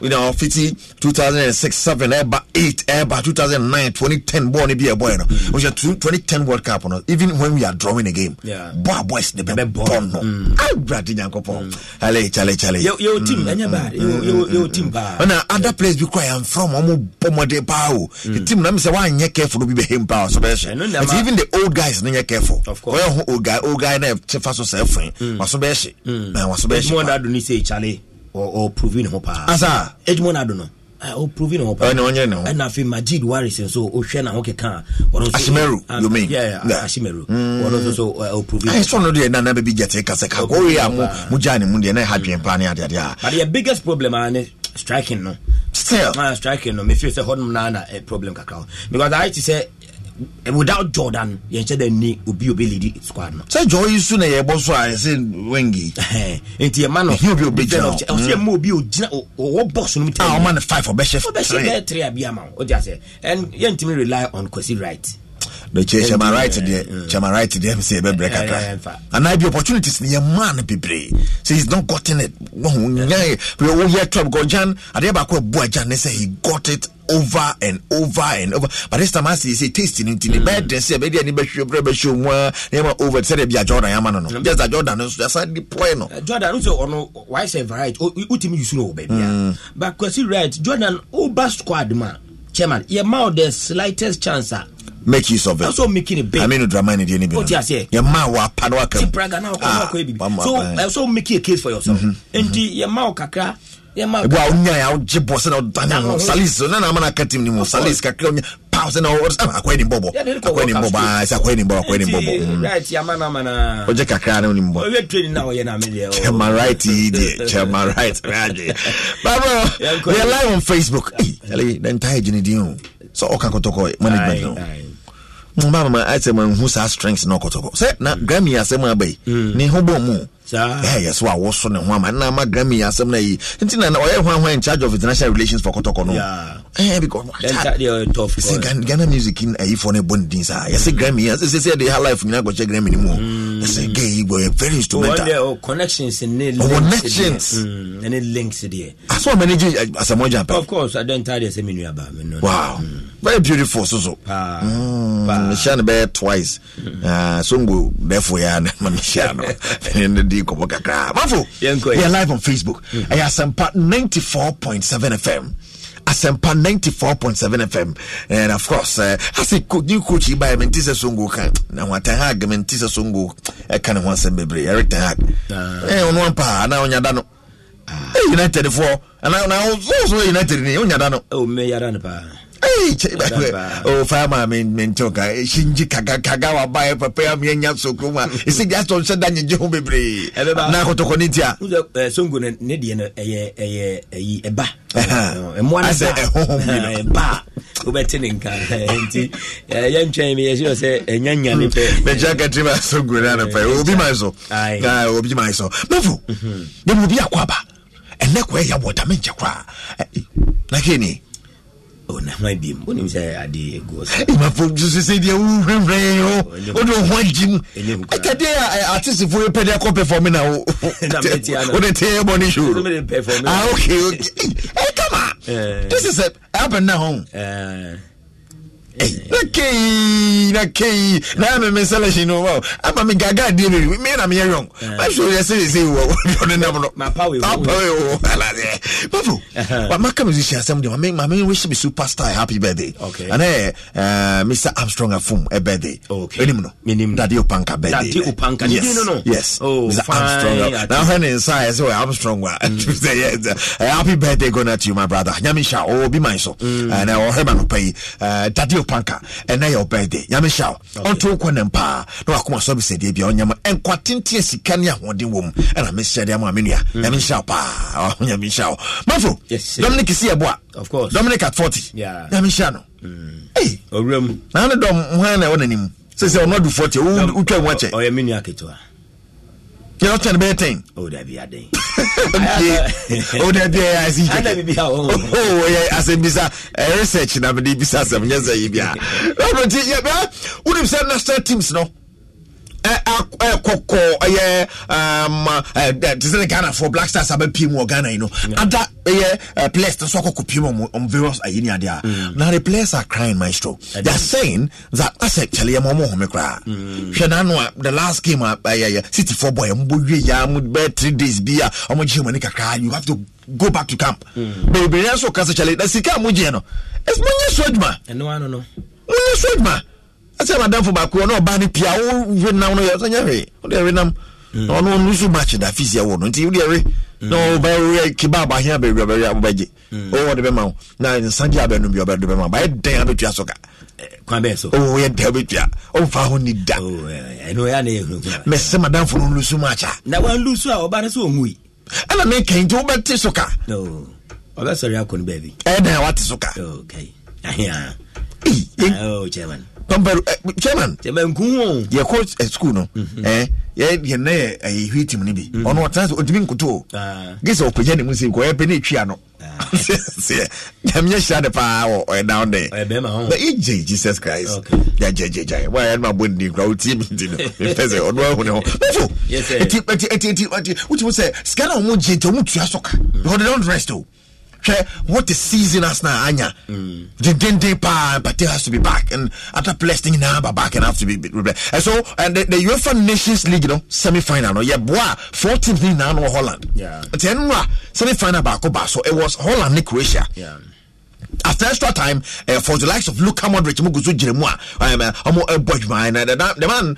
you know fiti two thousand and six seven ɛba eight ɛba two thousand and nine twenty ten bɔɔl ni bi ɛbɔ yɛ no wɔn sɛ twenty ten world cup no even when we are drawing a game bɔ a boys de bɛ bɔ no agbade nyanko pɔn ale chale chale. yɛ o team ɛnyɛ mm, mm, bad yɛ o team paa. ɛna other players bi kura yan from wɔn bɔ mɔden paa o team na mi sɛ wa nyɛ careful bi bɛ hen paa so bɛyɛ but even the old guys need to be careful wɔyɛ ho old guy old guy na ɛkyɛ fa so sɛ ɛfun waso bɛyɛ hyɛ na waso bɛyɛ hyɛ pa edumɔ na do ni sɛ ekyale ɔ provi ne ho paa asa edumɔ na do no ɔ provi ne ho paa ɛna ɔnyɛ ne ho ɛna afei majid waris nso ohwɛ na ho keka ɔno you mean yeah yeah. asimeru ɔno nso so ɔ provi. ayi sɔɔni deɛ nana bɛbi na kasa ka kɔɔ yi a mo mo mujani ne mu deɛ n'a happy ha dwen paa ne adeade but the biggest problem a ah, ne striking no. still. Ah, striking no me feel say hɔ nom na na eh, problem kakra because ayi to say. Eh, without jordan yɛn kyɛ dɛ ni obi obi lead squad no. sɛ jɔ yi su na yɛ bɔ so a yɛsɛ wengi. nti yɛ ma no obi obi gyina mm. o ɔsi yɛ ma obi o gyina o wɔ box no mu tɛ. a ah, wɔn ma no five ɔbɛhyɛ three ɔbɛhyɛ bɛyɛ three abi o o ase and yɛn ti mi rely on Kwesi right chairman right there. Eh, chairman right there. mi sɛ yɛ bɛ brɛ eh, kakra eh, ana bi opportunities ni yɛ maa no so he's not gotten it We nyɛ yɛ o yɛ twɛ because back adeɛ baako ebu say he got it over and over and over but this time I see taste mm. ni ti ni bɛɛ dɛsɛ bɛɛ deɛ ni bɛ be show bɛ hwɛ mu a ne ma over sɛ de a jordan yɛ no no just mm. a jordan nso yasa deploy no. jordan n sɛ why? Say variety o ti mi yusu no wɔ baabi a mm. but kwesi right jordan o ba squad man? chairman yɛ ma the slightest chance ah make use of it. Also making it big. I mean, Dramani didn't even. What you say? Your man wa panwaka. Chipraga na ah, So also uh, make a case for yourself. Mm-hmm, And mm-hmm. the your man kakra. Wa unya ya uji boss na udani salis na na mana katim ni mo salis kakra unya pause na ɔwɔ sɛ akɔ ɛni bɔbɔ akɔ ɛni bɔbɔ aa sɛ akɔ ɛni bɔbɔ akɔ ɛni bɔbɔ. right ama oh, na ama na. o jɛ ni bɔ. o training na o na mi chairman right yi chairman right rage. baba we are live on facebook. ɛɛ ɛlɛ n'an ta ye jini o sɔ ɔkan kɔtɔkɔ mba mama asɛ ma nhu saa strength na ɔkɔtɔkɔ sɛ na grammy asɛm aba yi ne ho bɔ mu ɛyɛ so a wɔso ne ho ama na ama grammy asɛm no yi nti na ɔyɛ ho ahoa in charge of international relations for kɔtɔkɔ no eh, because ghana music in ayifoɔ eh, no eh, bɔ ne din saa yɛsɛ grammy sɛ sɛ de ha life nyina kɔkyɛ grammy no mu ɛsɛ gay yi bɔ very instrumental oh, connections ne oh, connections ɛne mm, links deɛ asɛ ɔmanage asɛmɔgya pɛ of course adɛntadeɛ sɛ menuaba wow mm very beautiful so so mehyia bɛyɛ twice uh, mm. ah, so ngo dɛfo yɛ ana ma mehyia no mene di nkɔmmɔ kakraa mafo yɛ live on facebook mm. ɛyɛ asɛmpa 94.7 fm asɛmpa 94.7 fm and of course uh, ase new coach yi baɛ mente sɛ songo ka na ho atan hag mente sɛ songo ɛka ne ho asɛm bebree eric tan hag ah. eh, ɔno ampa ana ɔnya da no ah. eh, united foɔ anaa na wo so so united ni ɔnya da no ɔmɛ yada no Oh, fama mentoka eh, shinji kagaga wabaɛ eh, papaya meanya sokro mu a ɛsɛ gya sɔ nhyɛ da nyegye ho bebree na kotɔkɔ ne ntia songo no ne deɛ no eh, ɛyɛ ɛyɛ ɛyi ɛba mmoa nti yɛntwɛn me yɛsɛ sɛ ɛnya nya ne pɛ mɛkyia katrima songo no anɔpɛ obi ma so obi ma so mafo mhm. ne mu obi akɔ aba ɛnɛ koraa nakeni Oh, onama bi oh, mu wonim sɛ ade ɛgu mafo so sɛ deɛ wohwehwɛ wode wo ho agyi mu ɛkadeɛ a artistfoɔ yi pɛde akɔ performe na wode teɛ bɔne show ok ɛkama eh. this is a happen na ho Eh. na kei na kei na ame me selection no wow aba me gaga di me me na me yong ma eh. so ya se se wo do ne na no na pa we wo ala de babu wa maka musician sam de ma me wish me superstar happy birthday okay and eh uh, Mr Armstrong afum a eh, birthday okay enim no minim dade opanka birthday dade opanka yes. yes oh Mr fine. Armstrong now when inside so oh, Armstrong wa mm. say yes happy birthday gonna to you my brother nyamisha oh be my so mm. and eh o hema no pay dade panka ɛnɛ yɛ ɔbɛɛde nyame hyɛ wo ne mpaa na wakoma sɔ bisɛdeɛ bia ɔnyama ɛnkwa tente sika ne ahoɔden wɔ mu ɛna mehyɛdeɛ ama me nua mm. nyame hyɛ paa nyame hyɛ wo mafo dominic sɛ yɛboa dominic at 40 nyame no ɔwura mm. mu na ne dɔm hwan na ɛwɔ n'anim sɛ sɛ ɔno adu 40 wotwa mu akyɛ ɔyɛ me nua yɛrɛ tɛn bɛɛ tɛn. o da bi a den. o da bi a si jɛ. ala bi bi a wɔn. o yɛ asɛnbisa research na mi de bisa asɛm nyɛ sɛ yi bi a. o de ti yɛ bɛ o national teams nɔ. No? kɔkɔɔ ɛyɛ te sɛ ne ghanafoɔ black stars abɛpie mu wɔ ghana yi no ada ɛyɛ players te so akɔkɔ pie mu on various ayi ne adeɛ a na the players are crying maestro they are saying that asɛ kyɛlɛ yɛ ma ɔmo home koraa hwɛ n'ano a the last game a ɛyɛ city four boy ɔmo bɔ wie yɛ ɔmo bɛɛ three days bi a ɔmo gye wɔn ani kakra you have to go back to camp beebi yɛn so kasa kyɛlɛ na sika a mo gye no mo nye so adwuma mo nye so adwuma. Ase madamfo baako ɔne ɔba no pia wo we nam no yɛ sɛ nyɛ hwee wode ɛwe nam na mm. ɔno no so match da fisia wɔ no nti wode ɛwe na mm. ɔbɛwerɛ kebab ahe abɛwi ɔbɛwe wobɛgye mm. ɔwɔ de bɛma wo na nsagye abɛnom bi ɔbɛde bɛma wo bayɛ dɛn abɛtua so ka eh, kwan bɛɛ so ɔwɔ yɛ dɛn abɛtua ɔmfa ho ni da oh, mɛsɛ madamfo no lusu match a na wanlusu a ɔba no sɛ ɔmui ɛna mekɛn nti wobɛte so ka ɔbɛsɔre akɔ a wate so ka oh, pampero chairman chairman nkun o yɛ kɔ school no ɛɛ yɛ yɛ nɛ yɛ ɛyɛ hwi tim ni bi ɔno ɔtena so ɔtumi nkoto o gisa ɔpɛgya ne mu se nkɔ ɛpɛ ne etwi ano seɛ nyamia hyia de paa wɔ ɔyɛ down there ɔyɛ bɛrima hɔn bɛ egye jesus christ yɛ gye gye gye wa yɛ no abɔ ndi nkura o tie mi di no mepɛ sɛ ɔno ɛho ne ho mɛfo eti eti eti eti wotu sɛ sikana wɔn gye nti wɔn tua so ka ɔde down rest o. hwɛ what is season us na anya dendenden paa Mbappe has to be back and other players thing na ba back and have to be replaced and so and the, the UEFA Nations League you know semi final no yɛ boa four teams ni na no Holland nti ɛnu a semi final baako ba so it was Holland ne Croatia. Yeah after extra time uh, for the likes of Luka Modric mu gusu jire mu a ọmọ um, ẹbọ eh, adwuma eh, the man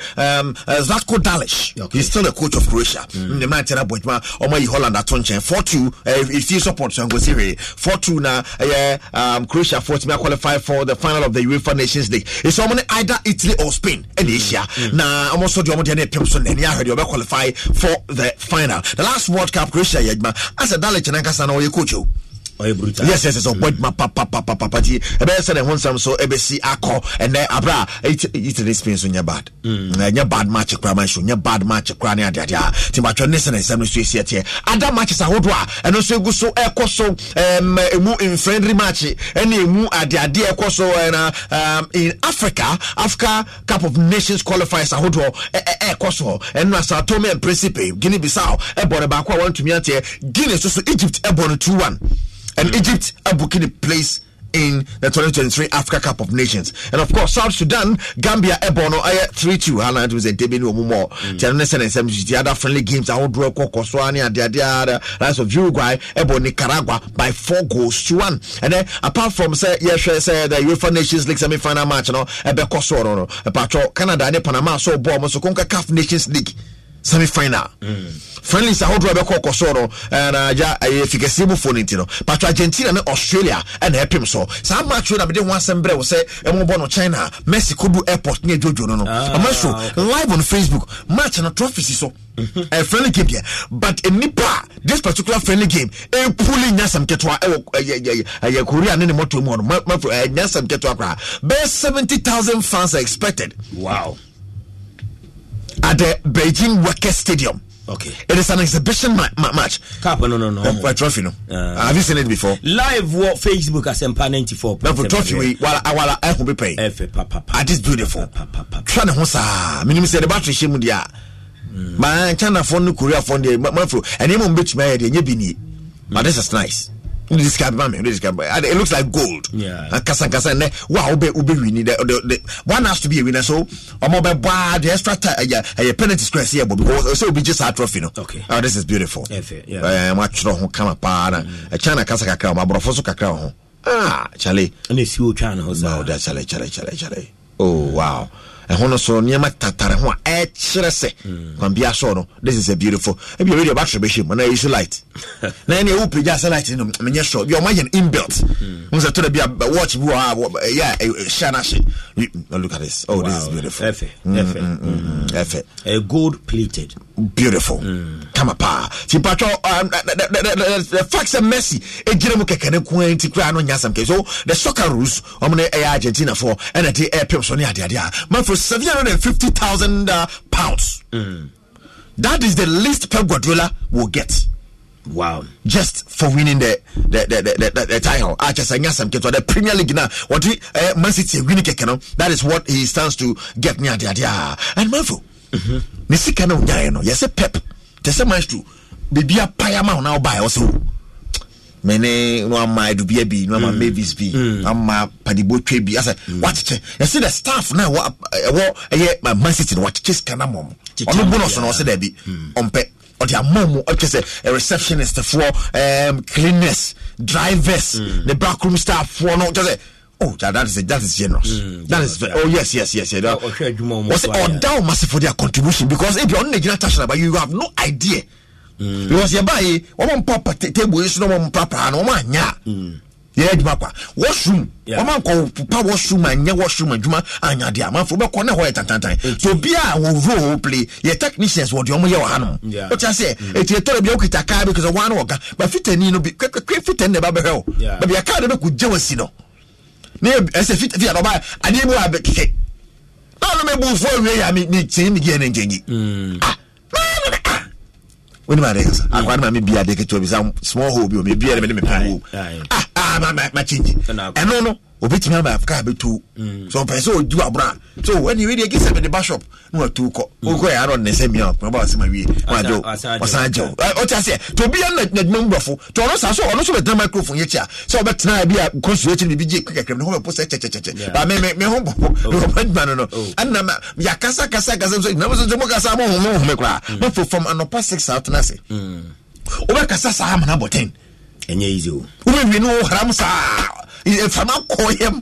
um, uh, Zlatko Dalic okay. he's still the coach of Croatia mm. Mm, the man Tera ẹbọ adwuma ọmọ yìí Holland ato nkyɛn four two if you support so Siri, four two na yeah, um, Croatia four tìmí qualify for the final of the UEFA Nations League It's so ní either Italy or Spain in mm. Asia. na ọmọ sọ di ọmọ di ɛna ẹpẹm so na ɛni ahwẹ qualify for the final the last World Cup Croatia yɛ as a Dalic nankasa na you coach you. Oh ɔyɛ brutal yes yes yes ɔbɔ ma papapapa ti ɛbɛyɛ sɛ ne ho nsɛm so ɛbɛsi akɔ ɛnɛ abira italy spain so nyɛ bad hmm. nyɛ bad match kura ma nsu nyɛ bad match kura ne adeade a timatwɛ ne sɛ ne nsɛm no so esi ɛteɛ ada matches ahodoɔ a ɛno nso egu so ɛkɔ so ɛm emu nfɛnri match ɛna emu adeade ɛkɔ so ɛna in africa africa cup of nations qualifiers ahodoɔ ɛɛkɔ so ɛna sao tome and principe guinea bissau ɛbɔ ne baako a wɔntumi ateɛ guinea soso egypt ɛbɔ ne two one and Egypt are booking a place in the 2023 Africa Cup of Nations. And of course, South Sudan, Gambia, Ebono, 3 2. Hana, it was a debut no more. Tennessee mm. and the other friendly games, I would draw Kokoswani and the other rise of Uruguay, Ebono, Nicaragua by four goals to one. And then, apart from, say, yes, say, the UEFA Nations League semi final match, no, Ebekosoro, no, Epacho, Canada, and Panama, so bomb, so Conca Cup Nations League. semi final mm. Friendly friendlies ahodoɔ bɛkɔ kɔ so no ɛnagya ɛyɛ fikɛseɛ mu fo no nti no pato argentina ne australia ɛna ɛpem so saa match na mede ho asɛm brɛ wo sɛ ɛmobɔ no china messi kodu airport ne adwodwo no no ah, ama so live on facebook match no trophy si so a mhm. friendly game here, but a nipa this particular friendly game a pulling nyasam ketewa ɛwɔ korea ne ne mɔto mu hɔ no nyasam ketewa koraa bɛɛ seventy thousand fans are expected wow at the Beijing Workers Stadium. Okay. It is an exhibition ma- ma- match. Cup, no, no, no. Uh, for trophy, no. Uh, Have you seen it before? Live what Facebook as Empa 94. No, for trophy, we, while I while I will pay. F, pa, pa, pa. I just beautiful. Trying to hosa. Minimum said the battery shame with ya. My China phone, Korea phone, my phone, and even bitch my idea, you be need. But this is nice wode sika bɛma me wode sika bɛma it looks like gold nkasankasa nnɛ wo a wobɛ wobɛ wini dɛ the one has to be a winner so ɔma wobɛbɔ a the extra time ɛyɛ ɛyɛ penalty score ɛsɛ yɛbɔ because sɛ obi gye saa trophy no okay oh this is beautiful ɛɛ matwerɛ ho kama paa na ɛkyɛn mm. eh, na kasa kakra ɔmo aborɔfo so kakra ho ah chale. ɛna esi wo twa ne ho saa chale, chale, chale, kyale oh wow ɛho no so nneɛma tatare ho a ɛkyerɛ sɛ hmm. kwanbia sɔɔ no this is a beautiful ebi ebi deɛ ɔba toro bɛhyɛ mu ɛna eyi so light na ɛna ewu pagya sɛ light no menyɛ sure bi ɔmo ayɛ no inbuilt n hmm. sɛ toro bi a watch bi wɔ ha ɛyɛ ɛhyɛ anahyɛ oh, look at this oh this is beautiful ɛfɛ ɛfɛ ɛfɛ A gold plated beautiful Come hmm. up, paa tipatwa um, the fact sɛ messi egyina mu kɛkɛ ne kwan ti kura ano nyasam kɛ so the soccer rules ɔmo ne ɛyɛ argentina fo ɛna ti ɛpem so ne idea. a manfred seven hundred and fifty thousand uh, pounds. Mm. That is the least Pep Guardiola will get. Wow. Just for winning the the the the, the, the title. Ah, I just saying some kids the Premier League now. What we uh, Man City winning kekano. That is what he stands to get me at And Manfo. Mm-hmm. Nisi kana unyaye no. Yes, Pep. Tese maestro. Bibia paya ma na obaye also mene no ama adubia bi no ama mm. mavis bi mm. ama padibotwe bi asɛ mm. wakyekyɛ yɛse the staff na ɛwɔ ɛwɔ ɛyɛ man city no wakyekyɛ sika na mɔm ɔno bonus no ɔsɛ daabi ɔmpɛ ɔde ama mu ɔtwɛ sɛ receptionist foɔ um, cleaners drivers mm. ne backroom staff foɔ no kyɛ sɛ oh that, that is that is generous mm, that is very, oh yes yes yes Oh that, was for their contribution because if ɔno na gyina tasha na ba you have no idea Mm. because yɛba yi wɔn mpa table yi so na wɔn mpa paa na wɔn anya mm. yɛ adwuma kwa washroom wɔn ankɔ pupa wɔsum anya wɔsum adwuma anya deɛ amanfo bɛkɔ ne hɔ yɛ tantantan so bia wɔn role play yɛ technicians wɔde wɔn yɛ wɔ hanom o ti ase mm. eti etɔre bi okita kaa bi because wɔn ano wɔ ka ba fitani no bi kwekwe fitani na ɛba bɛhwɛ o baabi yɛ kaa de bɛ ko gye wɔn no ne ɛsɛ fit fit adɔba adeɛ bi wɔ abɛ keke naa no mɛ bu fo awie yɛ a mi mi kyen mi gye yɛ ne nkyɛn yi ah wọ́n ní maa de kasa akwa ni maa mi bi ade ketewa bi sa small hole bi o mi bi ẹ de mi de mi pa hole ah ma change ɛno no obɛtumi ama kaa bɛtu mm. sɛ ɔpɛ sɛ ɔdu aboro a so ɛne wede ɛgye sɛ mede ba shop na watu kɔ wokɔ mm. yɛ arɔ ne sɛ mia ɔkuma ba asɛm awie wagye ɔsan agye wo ɔte aseɛ nti obia na adwuma mu bɔfo nti ɔno saa so ɔno so bɛtena microphone yɛkyi a sɛ ɔbɛtena bi a constitution ne bi gye kakra ne ho bɛpo sɛ kyɛkyɛkyɛkyɛ ba me me ho bɔfo ne oh. ɔba adwuma no no oh. ɛnna yɛakasa kasa kasa nso nam nso mo kasa mo ho mo ho me koraa mofo mm. fam anɔpa six a wotena ase wobɛkasa saa amana bɔten ɛnyɛ easy o e, hmm. wobɛwie no woharam saa fama kɔ yɛm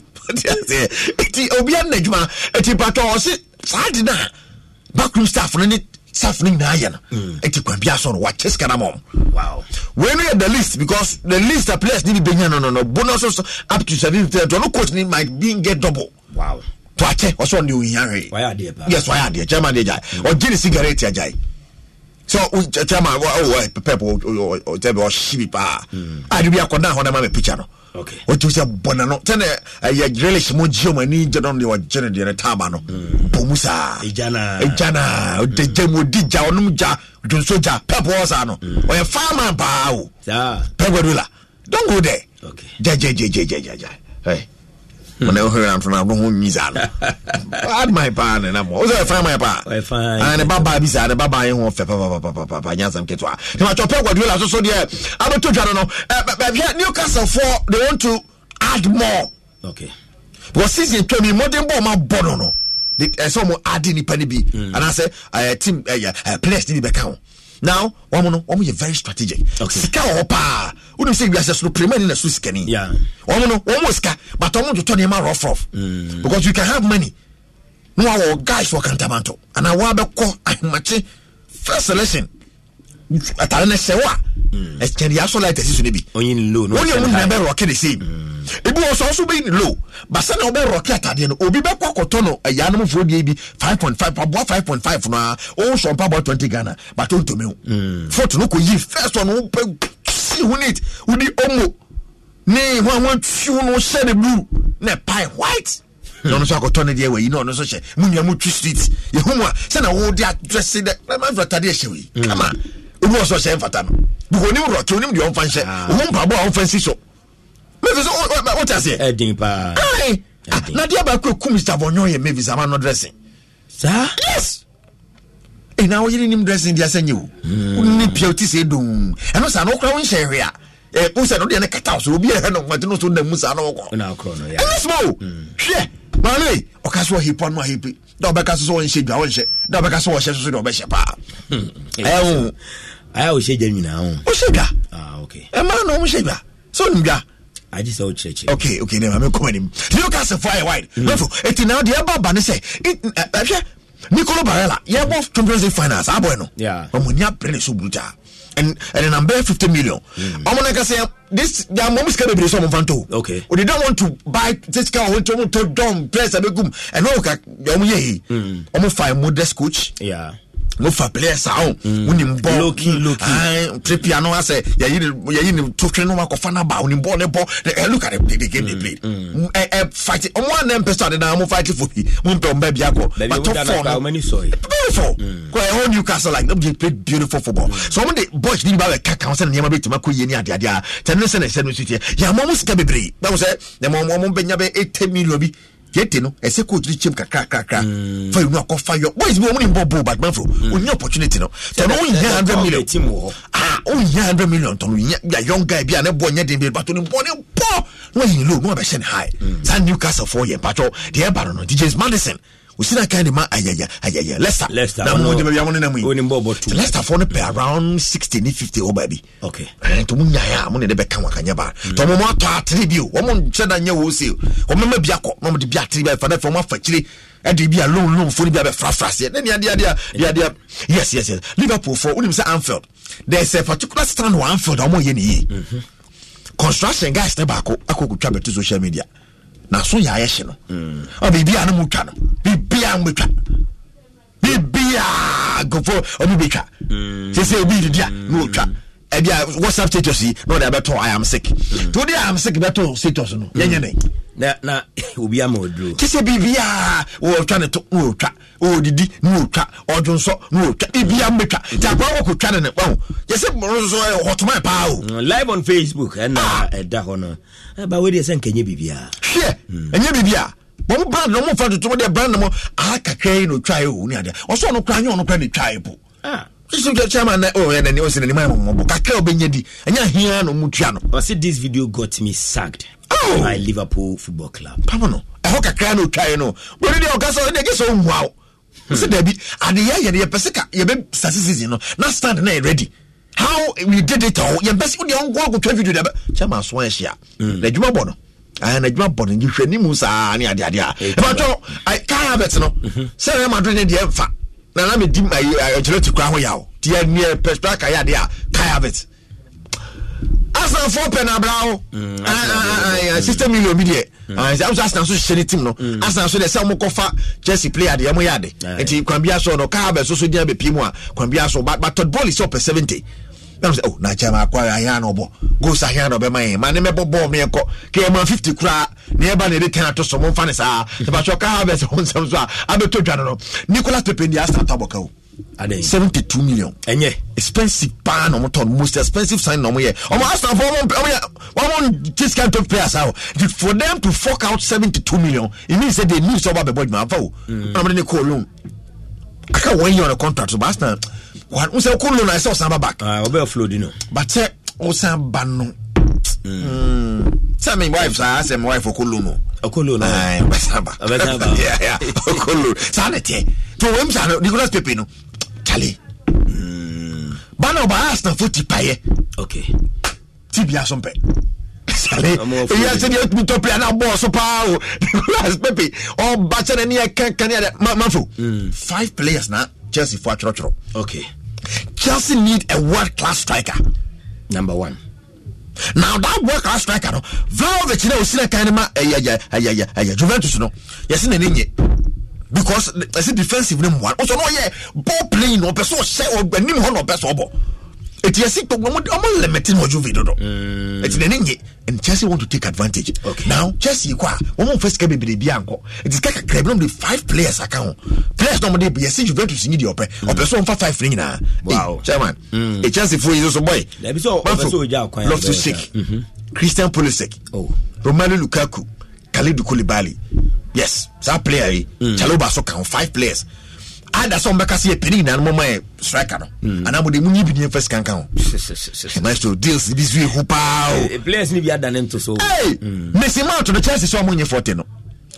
nti obia nna adwuma ɛti patɔ ɔse saa de no a staff no staff no nyinaa yɛ no kwan bi asɔ no wakyɛ sika no ma ɔm the list because the list of players ne bi bɛnya no no no bonus so up to seven fifty ɔno coach ne might be get double wow to akyɛ ɔsɛ ɔne ɔhia hwee yes wɔyɛ adeɛ chairman de agyae ɔgye ne cigarette agyae sɛ chairman pep tɛbɛ ɔhye bi paa ade bi akɔda hɔ na ma me picture no ɔtumi sɛ bɔna no sɛne ɛyɛ relish mu gyeo ma ani gye no ne ɔgye no deɛ ne taaba no bɔ mu saa ɛgya naa ɔda gya mu ɔdi gya ɔnom gya dwonso gya pep wɔ saa no ɔyɛ farman paa o pep adula don't go there gya gya gya gya gya gya ɔna ɛhɔ yɛ amfɛn abɔ ho nyi saa no bad my paa ne nam o sɛ ɛfan my paa ɛne baba bi saa ne baba yɛ ho fɛ papapapapa nyɛ asɛm ketewa ne ma kyɔpɛ guardiola soso deɛ abɛto dwa no no ɛbɛhwɛ eh, newcastle foɔ they want to add more okay. because season twɛ mi modern ball ma bɔ no no ɛsɛ ɔmo ade nipa ne bi anaasɛ ɛɛ team ɛyɛ eh, eh, players ne bi bɛka ho now wɔn no wɔn yɛ very strategic okay. sika wɔ hɔ paa wɔn sɛ wiase soro pirimani na so sika ni wɔn no wɔn wɔ sika but wɔn totɔ nneɛma rough rough mm. because you can have money no wa wɔ guys wɔ kantamanto and na wɔn abɛkɔ ahimakye first selection atare no hyɛ wo a ɛkyɛne yɛasɔ light asi so no bi woneɛ mu nyina bɛrɔke ne sei ebi wɔ sɛ wo so wobɛyi ne low ba na na wobɛrɔke atadeɛ no obi bɛkɔ akɔtɔ no ayaa no mfoɔ deɛ bi five paboa 5.5 no a wɔwo sɔ mpa boa twenty ghana but wontomi wo fort no kɔyi first one wopɛ si ho nit wodi omo ne ho a woatwiw no hyɛ ne blue na ɛpae white na ɔno nso akɔtɔ ne deɛ wayi na ɔno nso hyɛ mu nua mu twi street yɛhu mu a sɛ na wode adrɛse dɛ na mamfrɛ atadeɛ hyɛ wei kama obi ɔsɔ hyɛ mfata no because onim rɔke onim deɛ ɔmfa nhyɛ ɔmo mpaboa a ɔmfa nsi so mefi so wote aseɛ ɛdin paa na deɛ baako ekum mr bɔnyɔ yɛ mevi sama no dressing saa yes ɛna woyere nim dressing deɛ sɛ nyɛ o wone pia wote sɛ dom ɛno saa no wokora wo nhyɛ hwe o wo sɛ no deɛ ne kata so obi ɛhɛ no nwate no so da mu saa na wɔkɔ ɛne sma o hwɛ maame ɔka so ɔhepa no ahepe da ɔbɛka so sɛ wɔnhyɛ dwa wɔnhyɛ da ɔbɛka so wɔhyɛ so so deɛ ɔbɛhyɛ paa ɛwo ayé o ṣe jẹ nyinaa o. o ṣe dwa. ah okay. ẹ máa nà ọmọ ṣe dwa so n dwa. agye sɛ wokyerɛkyerɛ ok ok ne maame kɔma anim newcastle fo ayɛ wide nofo ɛti na deɛ ɛba ba ne sɛ ɛhwɛ nicolo barella yɛbɔ champions league finals abɔɛ ah, no ɔmɔnya brɛ ne so brutaa ɛne nam bɛyɛ fifty million ɔmo no kasɛ this their mom sika bebree so ɔmo fa nto okay they don't want to buy this sika ɔmo to ɔmo to dɔm players abegum ɛno ɔmo ka ɔmo yɛ yi ɔmo fa a modest coach yeah mofa players aho wonim bɔl tripia no asɛ yɛyi ne totwe no wakɔfa no aba wonim bɔl ne bɔ eh, look at the, the game mm, they played mm. mm. eh, eh, fight ɔmo ana mpɛ so adeda mo fight for bi mo mpɛ ɔmo bɛ bi akɔ but top four no beautiful mm. kɔ ɛhɔ eh, newcastle like they played beautiful football mm. so ɔmo de boys ni ba bɛ ka kan sɛ nneɛma bɛ tuma ko yie ni adeade a tɛnɛsɛn ɛsɛ no si tiɛ yɛ ama ɔmo sika bebree bɛn sɛ ɛmɔ ɔmo bɛ nya bɛ eight million bi yɛte no ɛsɛ coach hmm. no kyɛm kakrakrakra fa yɛnu akɔfa yɔ boys bi wɔn ne mbɔ ball but manfro ɔnya opportunity no tɔno wonya ah, hundred million ah wonya hundred million tɔno nya young guy bi a ne bɔ nya den bi but ne bɔ ne bɔ na wɔyɛ low na wɔbɛhyɛ ne high hmm. saa newcastle fɔ yɛ mpatwɔ deɛ ɛba no no DJ's madison osina kan de ma ayɛyɛ ayɛyɛ lɛsta na mo de oh. bɛbi amone na mu yi oh, lɛsta fɔ no pɛ around sixty ne fifty hɔ baabi ɛn to mu nyaayɛ a mo ne de bɛ wa ka nyɛ baa mm. tɔ mo mo atɔ atere bi o wɔn mo nkyɛn na nyɛ wɔn se o bi akɔ na mo de bi atere bi afa ne fɛ ɛde bi a loan loan fo ne bi a seɛ ne ni adeɛ adeɛ yes yes yes liverpool fɔ o de mi sɛ anfield there is a particular stand wɔ anfield a wɔn yɛ ne yie mhm. construction guys ne baako akɔ kutwa social media na so yɛ ayɛ hye no mm. biribia no mutwa no biribia mobɛtwa biribia gofo ɔmo bɛtwa sɛ mm. sɛ obi didi a na ɔtwa mm ebi a whatsapp status yi na ɔde abɛtɔ i am sick mm. to de i am sick bɛtɔ status no mm. yɛnyɛ ne. na na obi ama oduro. kyesɛ biribiara wɔɔtwa ne to na ɔɔtwa ɔɔdidi na ɔɔtwa ɔdwonsɔ na ɔɔtwa biribiara mbɛtwa te mm. akora wɔkɔ twa ne ne bawo yɛsɛ mɔrɔ nso ɔtɔmɔ paa o. live on facebook ɛna ah! ɛda hɔ no aba eh, wo deɛ sɛ nkɛnyɛ biribiara. hwɛ ɛnyɛ biribiara wɔn brand na wɔn fa tuntun deɛ brand na mo. aha kakra yi na otwa yi o ni adeɛ ɔsɔ ɔno kura anyi ɔno kura na etwa yi po. Ah sísun kí chairman náà ọ̀hún ẹ̀dẹ̀ ni ó sì ní ẹ̀mọ́ ọ̀mọ́ bọ̀ kakra ọ̀bẹ yẹn di ẹ̀yẹ àhíyá nà ọ̀mú tuya nù. ọ̀sẹ̀ this video got me sacked. Oh. my Liverpool football club. pàmò nù ẹ̀họ́ kakra náà otwa yẹn nù wọ́n ní ọ̀gá sọ ẹ̀dẹ̀ gẹ̀ẹ́sọ̀ ọ̀hún wa o. Hmm. sẹ dẹbi adeyẹ yẹde yẹpẹ sika yẹbẹ sasi season no na stand na yẹ ready how we did it all yẹn bẹsi ọdẹ ọnkọ akutu video dẹbẹ chairman sọ ẹ ṣia na edwuma bọ no ayẹ na edwuma bọ no yihwẹ ni mu saa ni adeade a ẹ bá tọ kaa abẹt no sẹ ẹ ma dún ní diẹ nfa na na medi ɛkyerɛ ti kora ho yaw nti yɛneɛ pɛstra kayɛ adeɛ a kayabit asanfoɔ pɛ no abra mm, ah, ah, ah, system million bi deɛ sɛ mm. so asena so hyehyɛ no tim mm. no asena so deɛ sɛ mokɔfa chelsea player deɛ moyɛ ade eh. nti kwan bia so no kayabit so so dina bɛpie mu a kwan bia so but ball is up seventy na sɛ oh na kyɛ ma akɔ ahia na ɔbɔ goals ahia na ɔbɛma yɛn ma ne mɛbɔ bɔɔl ne yɛkɔ kɛ yɛma fifty koraa ne yɛba na yɛde ten ato so mo nfa ne saa tabatɔ ka harvest ho nsɛm so a abɛtɔ dwa no nicolas pepe ndi asa atɔ abɔka o. seventy two million. ɛnyɛ expensive paa na ɔmo tɔ most expensive sign na ɔmo yɛ ɔmo asan fɔ ɔmo ɔmo yɛ ɔmo this kind of players awo for them to fork out seventy two million it means say they need sɛ ɔba bɛ bɔ jumɛn afa o ɛna ɔmo de ne call loan aka one year on a contract so wọn sɛ okun loan ɛsɛ ɔsan ba back. aa ah, ɔbɛ flow di no. bàtɛ ɔsan ba no. sami wife saa sɛ mi wife okun loan o. okun loan aa ɔbɛsan ba ɔbɛsan ba okun loan saa na tiɛ to wɔm saa no nicholas pepe no kyale. Hmm. bana ɔba asinafo ti payɛ. okay. tibi asompɛ. sale eyi ase deɛ otumi tɔ player naa bɔɔl so paa o nicolas pepe ɔba kyɛnɛ ni yɛ kankan yɛ dɛ manfo hmm. five players na chelsea for a atwerɛtwerɛ. okay. Chelsea need a world class striker. Number one. Now that world class striker no, we see Vlahovic na osina kan yeah, yeah, eh, yeah, yeah, eh, yeah. Juventus no, in the nye because eh, I see defensive ne one. wa, ɔsɔ n'ɔyɛ ball playing no, person so ɔhyɛ ɔnim hɔ na person, so oh, eti yasi gbogbo ọmọ ọmọ lẹmẹtì ní ọjọ vidodo mm. eti nani nye and Chelsea want to take advantage okay. now Chelsea kọ a wọn mú fẹ sika bebree bi ankọ eti sika kakra bi na wọn de five players aka ho players náà wọn de yasi Juventus yi di ọpẹ ọpẹ mm. so wọn fa five ni nyinaa Wow, chairman mm. ee Chelsea fo yi soso boy manfro loftus cheek Christian Pulisic oh. Romelu Lukaku Kalidou Koulibaly yes saa player yi mm. Chalobah so kan five players ada sɛ ɔmbɛka sɛ yɛpɛne nyinaa no mɔma yɛ striker no hmm. anaa mode munyi bi neɛmfa sika nka ho maestro deals bi so ɛhu paao eh, hmm. messi mount no chelsea sɛ ɔmonyɛ forte no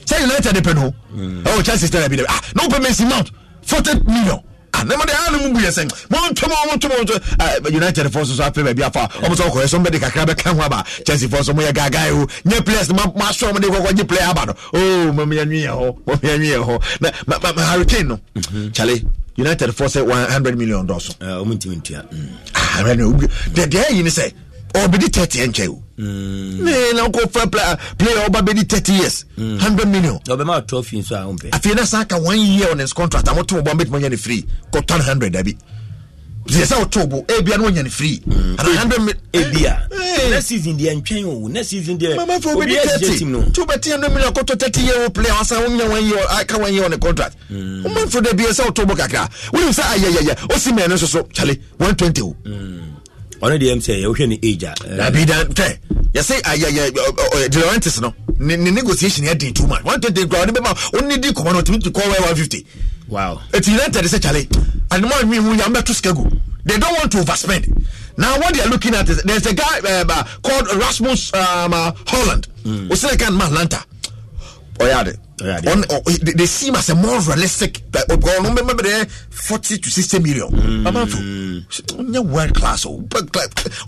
sɛ united pɛ no ho ɛwɔ hmm. oh, chelsea stara bi na wopɛ messi mount forte million Eh, united fɔ 100 million dɔ ɔbɛdi thirty ɛnkyɛn o. ne na ko fɛ player ɔba bɛdi thirty years. Hmm. hundred million. ɔbɛ maa twelve years a ɔn pɛ. afei na san ka one year on his contract a mo tó o bɔ an bɛ tuma yɛn ni free kɔ tan hundred dabi. yɛsɛ o tó o bɔ ebia n'o yɛn ni free. Hmm. ana eh, eh. oh. hundred million. ebia next season deɛ ntwɛn o next season deɛ. mama fɛ o bɛdi thirty tí o bɛ ti hundred million kɔtɔ thirty year old player ɔsan o nya one year a ka one year on the contract. o ma fɔ de bi yɛsɛ o tó o bɔ kakra o de sɛ ayɛyɛyɛ o si mɛ ɔno deɛ m sɛ yɛwohwɛ no age a dabi da tɛ yɛsɛ ayɛyɛ delorantis no ne negotiation yɛ den too much one twenty kura ɔne bɛ ma ɔne ne di kɔmɔ no ɔtumi ti kɔ wɛ one fifty. wow eti united sɛ kyale anamɔ anwi hu yan bɛ to sikago they don't want to overspend now what they are looking at is there's a guy uh, called rasmus um, uh, holland mm. osinaka man lanta ɔyade. Oh, yeah, on, on, oh, they, they seem as a more realistic ọ̀nà oh, mẹ́mẹ́ there forty to sixty million bàbá tó n yẹ world class oh,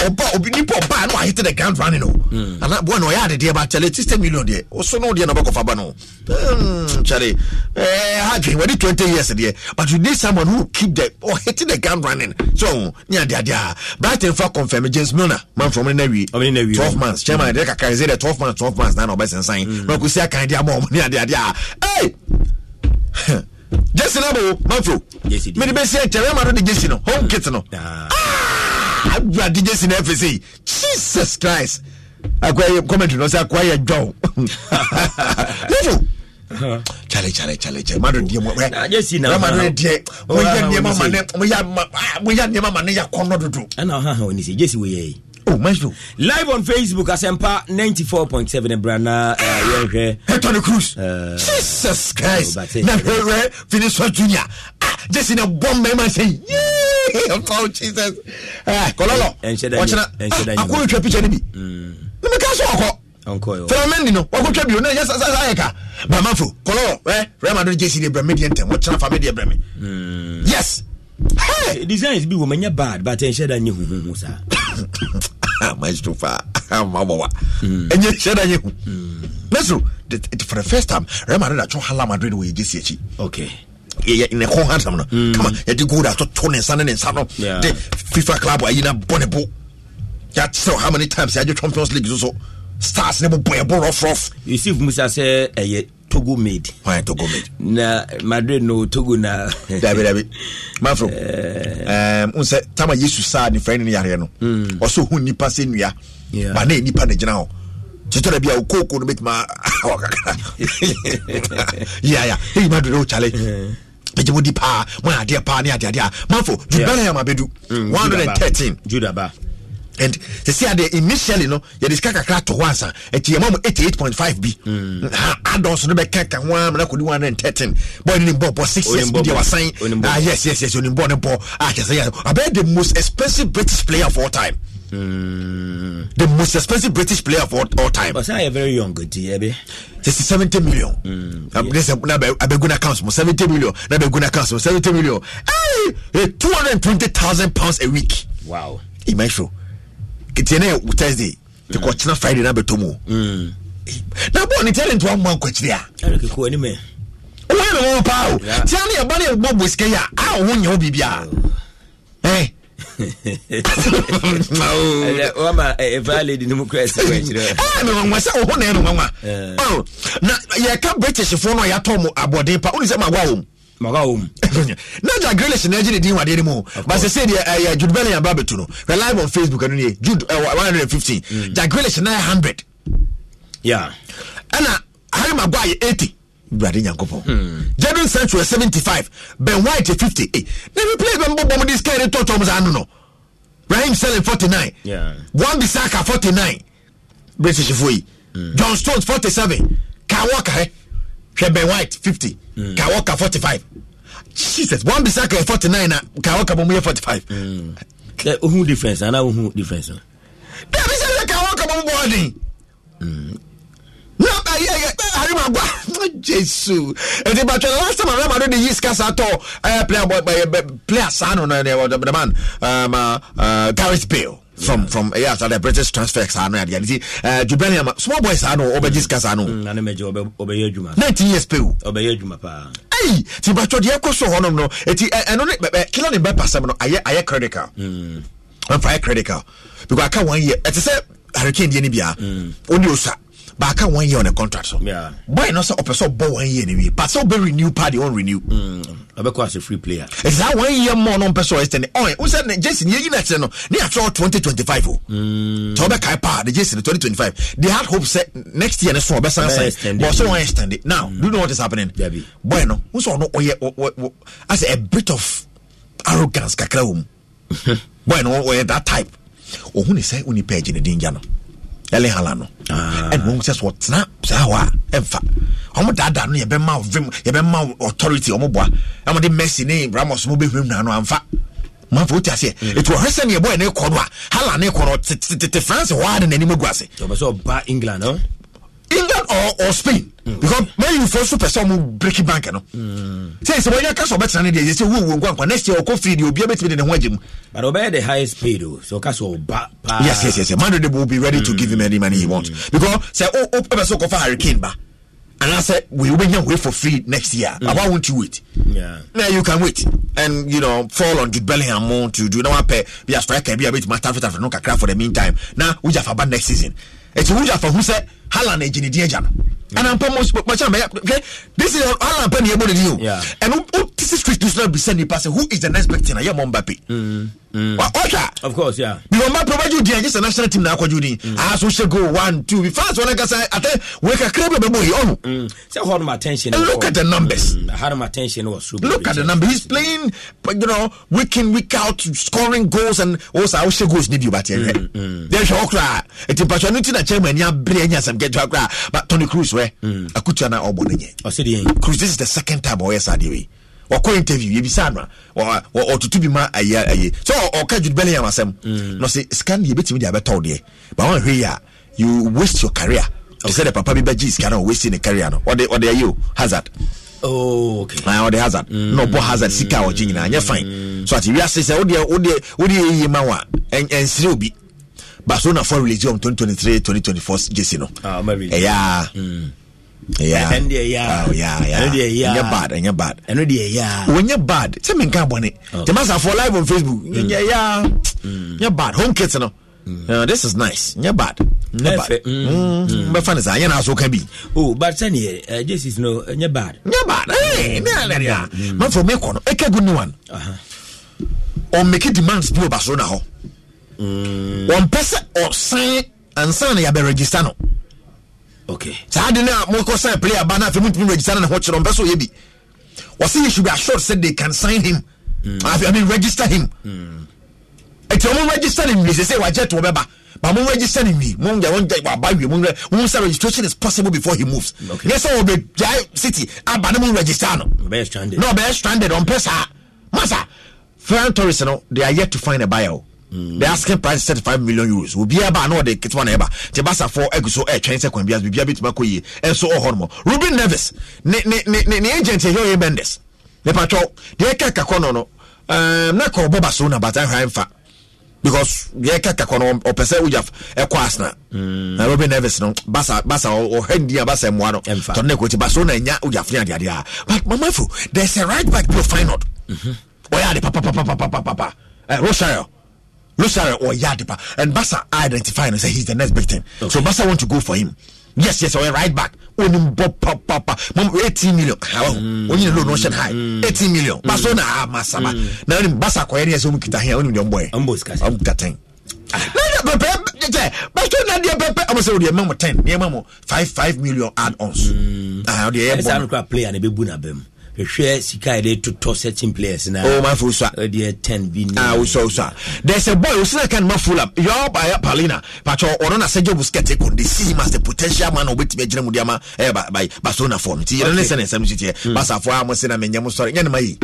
ọba obi nípa ọba àná wàá hìtẹ́ the ground running Oh, hmm. and that ẹ̀nà ọ̀yá àdìdí ẹ̀ bá kyẹ́lẹ̀ sixty million díẹ̀ ọ̀sọ́ náà díẹ̀ náà bá kọ́ fa ba nù kyẹ́lẹ̀ ẹ̀ ha dùn wẹ́n ní twenty years there, but you need someone who keep the or oh, hitting the ground running so ní adi adi a Brighton fa confirm James Milner man from ní nàwí twelve months chairman ẹ̀ dẹ́ kàkà ẹ̀ sẹ́ twelve months twelve months náà ọ̀bẹ sign. náà could sí àkàndí àmọ́ ọ̀mọ́ more. adi adi a. a ee jesi na bo manfo mede bɛsi ɛkyɛ bɛma no de jesi no home kit no awurade ah. ah! jesi na ɛfɛ sei jesus christ akɔyɛ commentary no sɛ akɔyɛ dwaw manfo chale chale chale chale madu ndiye mwe jesi na madu ndiye ah, mwe ya niyema mane mwe ya niyema mane ya kono dudu ana ha ha onisi jesi weye o oh, mẹsùn. live on facebook asempa ninety four point seven brana eh, yẹn hector cruz eh, jesus christ na hwẹhwẹ finisọ junior just in a bomb man yee ọkọ jesus kọlọlọ ọkyẹnà akọwé twẹ picture níbi níbi hmm. ká sọ ọkọ fẹlẹmẹni no wakọ twẹ bi o náà yẹ sasa ayẹ ká bàmáfo kọlọlọ ẹ rẹmàdó jesi de brẹ mi diẹ ntẹ wọn kyẹnà fa mi diẹ brẹ mi yes hey, designs bi wɔ ma nyɛ bad but ɛnhyɛ da nyɛ huhuhu saa maestro fa mabawa ɛnyɛ hyɛ da nyɛ hu na so for the first time rema no natwo hala madrid wɔ yɛgye si akyi okay yɛyɛ ne kɔ handsome no kama yɛde gold atoto ne nsa ne ne nsa no de fifa club ayi na bɔ ne bo yɛakyerɛw how many times yɛagye champions league so so stars ne bobɔ ɛbo rɔfrɔf yusuf musa sɛ ɛyɛ eh, togo made wọn yɛ togo made na madrid no togo na dabi dabi mafro ɛɛm eh. n sɛ tama yesu saa ne fɛn ni yareɛ no hmm. ɔsɛ ohun nipa se nuya. ba ne yɛ nipa ne gyina hɔ titɔrɔ bi a o kooko no bɛtuma awɔ kakra yaya eyi madrid o kyale pẹjẹ mo di paa mo yà adiẹ paa ni adiẹ adiẹ mafo ju bẹrẹ yà ma bẹ du one hundred and thirteen judaba and sisi adeɛ initially no yɛde sika kakra to hɔ ansa nti yɛn mu eighty eight point five bi hmm. ha adults no bɛ kɛkɛ ho amena kɔ di one hundred and thirteen bɔɔl ne bɔ six years bi deɛ wasan ah yes yes yes onim bɔɔl ne bɔɔl ah kyerɛ sɛ yɛ abɛɛ the most expensive british player of all time. Mm. the most expensive British player of all, all time. But I very young, Diaby. This is 70 million. Mm, um, yeah. This is Abeguna Council, 70 million. Abeguna Council, 70 million. Hey, 220,000 pounds a week. Wow. Imagine tiɛ ne yɛ thursday te mm. kɔ kyena friday na bɛtɔ mu mm. na bɔɔl ne tiɛ ne ntoma oh. mu akɔkyire oh. a wọ́n yẹn wọ́n pa o tí a ní ẹ̀bá ní ẹ̀gbọ́ bò sikẹ́ yà á òun yẹn wọ́n bìbí a. wọ́n ma ẹ̀fà na yẹ ká british fún ọ yà mu abọ̀dé pa ó ní sẹ́ máa wá òun mɔgɔ wo mu naja grilish na ɛgye ne din wadeɛ no mu ba sɛ sɛ deɛ jude belling aba bɛtu no hwɛ live on facebook ɛno nie jude ɛwɔ eh, one hundred and fifteen ja grilish na yɛ hundred yeah ɛna harry maguire eighty wurade nyankopɔn hmm. jadon sancho yɛ seventy five ben white yɛ fifty eight na ebi players bɛ mbɔbɔ mu de sika yɛ de tɔtɔ mu saa ano selling forty nine wan bisaka forty nine british foyi hmm. john stones forty seven kawo kare hwɛ eh? ben white fifty. Kawoka wɔka 45 jesus one bisa ka yɛ 49 na Kawoka, wɔka bɔ mu yɛ 45 ohu mm. eh, difference ana ohu difference na dabi sɛ Kawoka, ka wɔka bɔ mu bɔ ɔden na ayɛ harima gua oh, jesu nti batwa na last time arama no de yi sika saa tɔ player player saa no no ɛdɛ man um, uh, uh, gareth bale from from yeah, asa the british transfer saa no adeɛ nti dubani eh, ama small boy saa no ɔbɛgye sika saa no. Mm, na ne mɛgye ɔbɛyɛ adwuma. nineteen years pe o. ɔbɛyɛ adwuma Hey, ayi ti batwɔ deɛ ɛkɔ so hɔnom no eti eh, ɛno ne kila ne bɛ pasam no ayɛ ayɛ critical. Mm. ɔmfa ayɛ critical because aka one year ɛte sɛ hurricane deɛ ni bia. o ni o baaka one year on a contract so yeah. boy no sɛ ɔpɛ sɛ ɔbɔ one year anyway? but so ɔbɛ renew party pa de I renew ɔbɛkɔ as a free player Is that one year more? no person sɛ Oh, sɛnɛ ɔn Jason, sɛ ne jason yɛyi na kyerɛ no ne atwerɛ twenty twenty five oh. mm. To be kai pa the jason twenty twenty five they had hope sɛ next year next so best san but so wɔn extend it now mm. do you know what is happening boy no wo sɛ ɔno ɔyɛ asɛ a bit of arrogance kakra wɔ um. boy no ɔyɛ oh, that type ohun ni sɛ onipa agye ne din gya no ɛle hala ah. ah, no ɛna wɔn sɛ sɛ ɔtena saa hɔ a ɛmfa wɔn daadaa no yɛbɛma vim yɛbɛma authority wɔn boa ɛna wɔde mercy ne ramos mo bɛhwim na no amfa maa fɔ o ti ase yɛ etu ɔhɛ sɛ ne yɛ bɔ yɛ ne kɔ do a ah. hala ne kɔ no tete France hɔ a de n'anim egu ase. ɔbɛ sɛ ɔba England ɔ or or Spain. Mm. Because man you first super some breaky bank no. Mm. Say so when you cash obetena ne You say will go nkwankwa next year okọ free be able to ne in the mu. But obey the highest paid o. Oh. So cash oba. Yes yes yes. Man they will be ready mm. to give him mm. any money he wants. Mm. Because say oh, o oh, pebe so for hurricane ba. And I said we will be wait for free next year. Mm. why won't you wait? Yeah. Now you can wait and you know fall on Jude Bellingham more to do you know pay be a striker be a bit matter for no kakra for the meantime. Now we just about next season. It's who just for who said Haaland agyinidie agya no anampa mɔkyɛ mɛyɛ this is Haaland pɛ ne yɛbɔ ne di o ɛno wote si street news na bisa nipa sɛ who is the next big thing ayɛ mɔ Mbappe mm, mm. ɔhwɛ of course yeah bi wɔn ba pɛ wɔbɛgye odi agye sɛ national team na akɔgye odi mm. aaso ah, hyɛ goal one two bi fans wɔn ankasa atɛ wɔn kakra bi a bɛbɔ yi ɔno sɛ hɔnom attention and look at the numbers hɔnom attention wɔ so look at the numbers he's playing you know week in week out scoring goals and ɔsa oh, ɔhyɛ goals ne bi o ba tiɛ hwɛ deɛ hwɛ ɔkora eti mpatwa no ti na chairman ni abere ɛnyɛ asɛm Getua Kra. But Tony Cruz, where? I Mm. Akutiana or Bonnie. Cruz, this is the second time I yes, I do. ɔkɔ interview You be yɛbisa or to ɔtoto bi ma ayɛ ayɛ sɛ So or catch you belly ɔse sika no see scan you deɛ ba woanhwɛ yi a you waste your career You said de papa bi bɛgye cannot waste in a career no What what are you hazard Oh, okay. Uh, ah, the hazard mm. na ɔbɔ hazard sika or ɔgye nyinaa nyɛ fine so at ate wiase sɛ wodeɛ wodeɛ wodeɛ yie ma wo a ɛnsere obi barcelona for release on 2023 2024 jc no ɛyɛ ah, ɛyɛ hmm. eh, oh, bad ɛnyɛ bad ɛno deɛ ɛyɛ wɔnyɛ bad sɛ menka bɔne gyamasa oh. for live on facebook hmm. nyɛ hmm. nyɛ bad home kit no Uh, this is nice nyɛ bad nyɛ bad bɛfa ne saa nyɛ na aso ka o oh, but sɛneɛ eh, eh, jesus no nyɛ bad nyɛ bad ne alɛre a mafo mekɔ no ɛka good new one ɔmmeke demands bi wɔ barcelona hɔ Mm. wɔmpɛ sɛ ɔsan ansa na yɛabɛ regista no saa de no a mokɔ sɛ player ba no afei mutumi regista no ne ho kyerɛ ɔmpɛ sɛ ɔyɛ bi ɔsɛ yɛ should be assured sɛ they can sign him mm. I mean register him ɛti ɔmo register no nwie sɛ sɛ wagye to ɔbɛba but mo register no nwie mo ngya wɔn gya waba wie mo nwɛ mo sɛ registration is possible before he moves Okay. yɛ sɛ ɔbɛ gyae city aba ne mo register no na ɔbɛyɛ stranded ɔmpɛ saa masa Ferran Torres no they are yet to find a buyer Mm. the asking price is thirty five million euros be obiara ba anoo de ketewa na ɛba te four eggs so ɛtwɛn sɛ kwan bi as be a bit kɔ yie So ɔhɔ oh, nom ruben neves ne ne ne ne ne agent yɛ eh, yɛ eh, mendes nipatwɔ deɛ ɛka kakɔ no no ɛɛm um, na kɔ bɔba so na bata hwɛ nfa because deɛ ɛka kakɔ no ɔpɛ sɛ ɔgya ɛkɔ asena na ruben neves no basa basa ɔhɛ ndi a basa ɛmoa no tɔn ne ko ti basa ɔna nya ɔgya funu adeade a but mama fo there is a right back profile ɔyɛ ade papapapapapapa ɛɛ Rochelle. Lushara or Yadipa. And Basa identified and say he's the next victim. Okay. So Basa want to go for him. Yes, yes, I went right back. Onim Bob Papa, Mom, 18 million. How? When you know, notion high, 18 hmm. million. Hmm. Basona, ah, Masama. Now, Basa, Korea, so Kita here, only your boy. I'm Boska. I'm Katang. bɛtɔ nadeɛ pɛpɛ ɔmɛ sɛ wode ɛma mo 10 nneɛma mo 55 million add ons deɛ ɛbɔ player ne bɛbu no abɛ mu hwehwɛ sika yɛde totɔ certain players na o oh, ma furu sa o deɛ ten bi ni ah o sɔ o sa there's a boy o sinna kan ma furu la yɔɔ baya palina pàtó ɔno na sɛjɛ busikɛti kun de see him as the potential man o bɛ tɛmɛ gyina mu di a ma ɛɛ eh, ba ba barcelona fɔm ti yɛrɛ ne sɛ ne si tiɛ basa fɔ a mo sinna mɛ n yɛ mo sɔrɔ n yɛ ne ma ye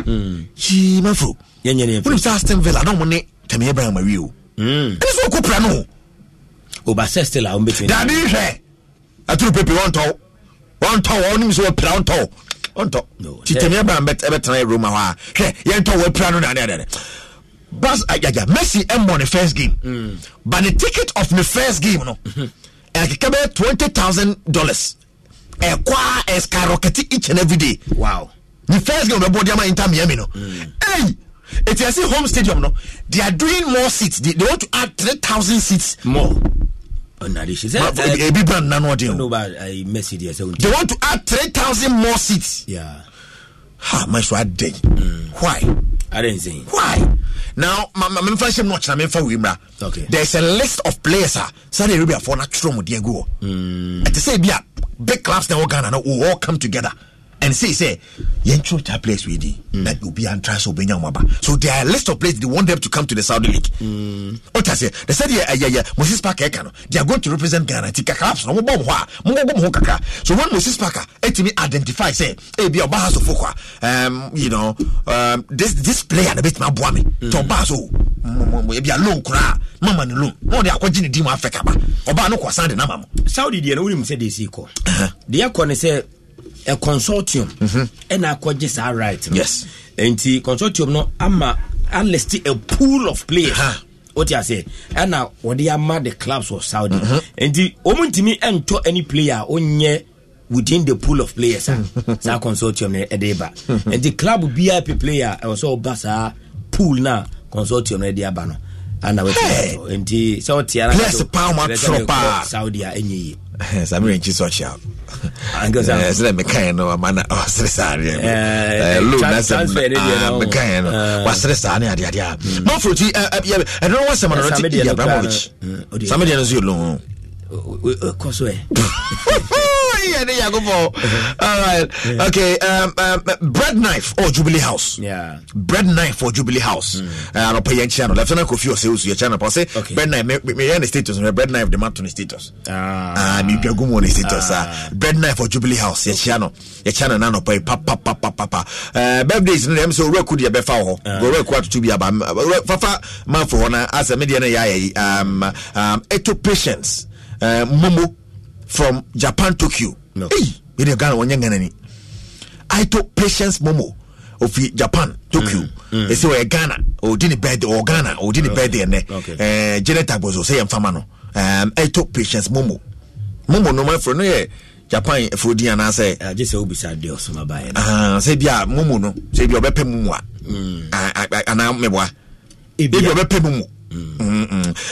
yii ma furu yɛn yɛn ne yɛ furu wuli sɛ aston villa n'o mo ne tɛmɛ yɛ bɛn a ma wi o ɛni sɛ ko pra no o oh, ba sɛ still a o bɛ tiɲɛ dabi hwɛ aturu pepe wɔntɔ wɔntɔ wɔn nimisɛn wɔ pra wɔntɔ ɔntɔ titɛmi ɛba ɛbɛtena roma hɔ a hwɛ yɛntɔ wɔapira no naneadane bas agyaga messi mmɔ ne first game mm. but the ticket of ne first game no mm-hmm. ɛkeka bɛyɛ twenty thousand dollars ɛkɔ a ɛskyrocket each and every day wow ne first game bɛbɔ deɛma inter miami no mm. hey, it is a home stadium no they are doing more seats they, they want to add three thousand seats more ebi brand na no ɔden they want to add three thousand more seats yeah. ha my so aden mm. why adensin why now ma ma mefa hyɛm na ɔkyena mefa wei mmra okay there is a list of players a sani arabia fo na twerɛ mu deɛ gu hɔ ɛte sɛ ebi a big clubs na ɛwɔ ghana no will all come together and say say yɛntwerɛ that place we di na mm. obi antra sɛ obɛnya mo aba so there are list of places they want them to come to the Saudi League ɔta mm. sɛ they said yɛ yɛ yɛ Moses Parker ɛka no they are going to represent Ghana ti kakra apso na wɔbɔ mo hɔ a mobɔbɔ mo ho kakra so when Moses Parker ɛtumi eh, identify sɛ ebi ɔba ha so fo kɔ a you know um, this this player na bɛtumi aboa me mm. tɛ ba so ebi a loan koraa mama ne loan wɔn de akɔgye ne di mu afɛ kaba ɔba no kɔ san de nama mo. Saudi deɛ no wɔnim sɛ de esi kɔ uh-huh. deɛ kɔ ne sɛ a consortium ɛna akɔgye saa right no yes nti consortium no ama alist a pool of players wote ase ɛna wɔde ama the clubs of saudi nti wɔn ntumi ntɔ any player onyɛ within the pool of players saa consortium no ɛde ba nti club BIP player ɛwɔ sɛ ɔba saa pool na consortium no ɛde aba no ana wɔte nti sɛ wɔte ara saudi a ɛnyɛ yie samiri nchi sɔsia sɛdɛ meka yɛ no ama na ɔsere saa adeɛ loan asɛm meka yɛ no wasere saa ne adeadeɛ a mafroti ɛno no wasɛm no note ibramovic samedeɛ no nso yɛ loan kɔ so ɛ yeah, All right. Okay. Um, um, bread knife or Jubilee House. Yeah. Bread knife or Jubilee House. Hmm. Uh, I don't pay any channel. Lieutenant Kofi or Seus, your channel. I say, bread knife, me, me, me, status. Bread knife, the man to the status. Ah. Ah, me, you go on the status. Ah. Bread knife or Jubilee House, your channel. Your channel, nano pay, pa, pa, pa, pa, pa, pa. Uh, birthdays, no, I'm so record your befa. Ah. Go record to be about, uh, fafa, man for honor, uh, as a median, um, um, eto patience, uh, mumu from Japan Tokyo. No. Hey, we dey Ghana wonye Ghana ni. I took Patience Momo ofi Japan Tokyo. Mm. Ese mm. Oh, Ghana o oh, di ni birthday o oh, Ghana o di ni birthday ene. Okay. Eh Janet Agbozo say mfama no. Um I took Patience Momo. Momo no my friend no yeah. japan efuro eh, di ana sɛ. agye eh, sɛ obi sa de ɔsoma ba yɛ. Uh-huh. sɛ bi a mumu no sɛ bi ɔbɛpɛ mumu a. anaa mɛboa. ebi a ɔbɛpɛ mumu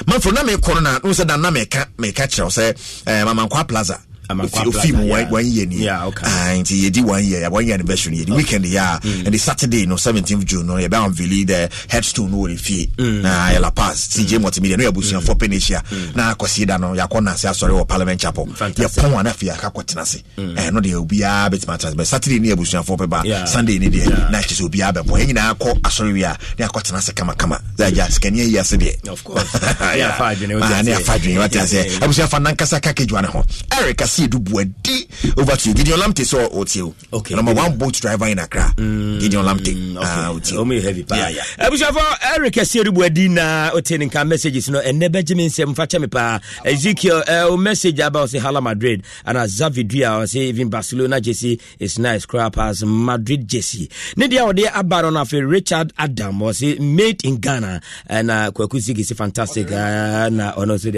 mafo na mekɔ no na no sɛ da na meka meka kyerɛ wo sɛ eh, mamankwa plaza film one, one year ni yeah okay and ah, one year one year anniversary the weekend yeah mm. and the saturday no 17th june no you bound really the headstone no refi mm. na ya la pass cj mm. multimedia no ya busu mm. for penesia mm. na kwasi da no ya kona say sorry or parliament chapel ya pon one afia ka kwatena se mm. eh no de obi a bit matters but saturday ni ya busu for paper sunday ni de na chi obi a be pon nyina akọ asori wi a na akwatena se kama kama that just can you say there of course yeah fadwene ah, what you say fadwene what you say abusu fa nankasa ne ho eric see do buadi over to you. Gideon Lamte saw Otio. Okay. Number one boat driver in Accra. Mm, Gideon Lamte. Okay. Uh, Omi heavy pa. Yeah, yeah. Abu Shafa Eric see do buadi na Otio nka messages no and Benjamin sem facha me pa. Ezekiel uh, message about say Hala Madrid and as Xavi Dria say even Barcelona jersey is nice crap as Madrid jersey. Ne dia o dey abaron of Richard Adam or say made in Ghana and uh, Kwaku Sigi fantastic uh, na ono say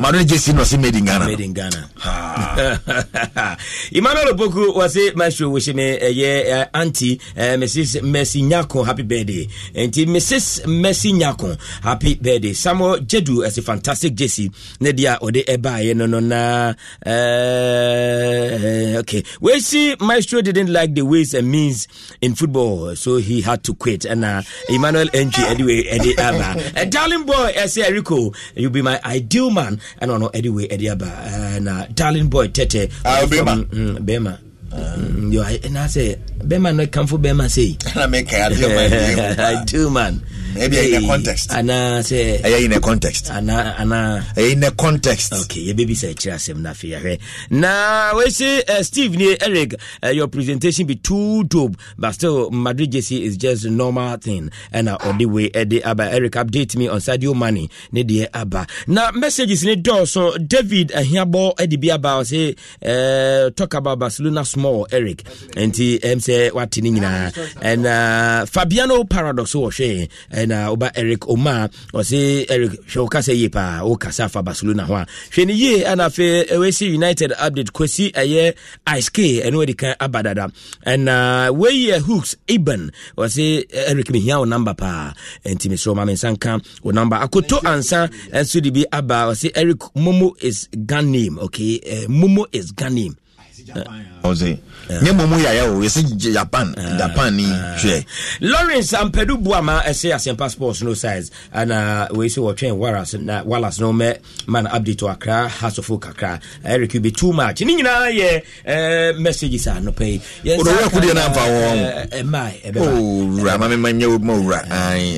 Madrid jersey no say made in Ghana. Made in Ghana. Ah. Eh, emmanuel opoku wɔse maestro wɔhyɛ me ɛyɛ eh, uh, eh, anti eh, mrs mercy nyako happy birthday nti mrs mercy nyako happy birthday samuel jedu ɛsɛ fantastic jesse ne deɛ a ɔde ɛbaeɛ no no na okay. okay wɔsi maestro didn't like the ways and means in football so he had to quit ɛna emmanuel entry anyway ɛde aba darling boy ɛsɛ eriko you be my ideal man ɛna ɔno anyway ɛde aba ɛna darling boy tɛtɛ bɛrima ɛnasɛ bɛrima no kamfo bɛrima sei man Mm, ebi ɛyɛ in a context ana sɛ ɛyɛ in a context ana ana ɛyɛ in a context okay yɛbɛbi sɛ ɛkyerɛ asɛm no afei yɛhwɛ na wɔsi uh, eh, steve ne eric uh, your presentation be too dope but still madrid jc is just normal thing ɛna ɔde wei ɛde aba eric update me on sadio money ne deɛ aba na messages ne dɔɔso david ahiabɔ ɛde bi aba ɔsɛ uh, eh, talk about barcelona small eric nti ɛm sɛ wate ne nyinaa ɛna fabiano paradox wɔhwɛ ɛna woba eric oma ɔse eric hwɛ wo kasa yie paa wokasa afa barcelona ho a hwɛ ne yie ana afei ɛwɛsi united update kwasi ɛyɛ isk ɛno adi kan aba dada ɛna weyɛ hooks iban ɔse eric mehia wo number paa ɛnti mesoro ma me nsa nka wo number akoto ansa ɛnso de bi aba ɔse eric momo is gan name okay uh, momo is gan name ɔsɛ eh, uh, nye mɔmu yaya o yɛsi japan eh, japan ni eh. hwɛ. lawrence ampedu buama ɛsɛ asɛmpa sports no size ɛna wei sɛ wɔtwɛn wallace na wallace no mɛ man update to akra kakra eric bi too much ne nyinaa yɛ ɛɛ messages a nɔpɛ yi. odowura kudeɛ na nfa wɔn. ɛmaa ɛbɛ ma. owura maame ma ma owura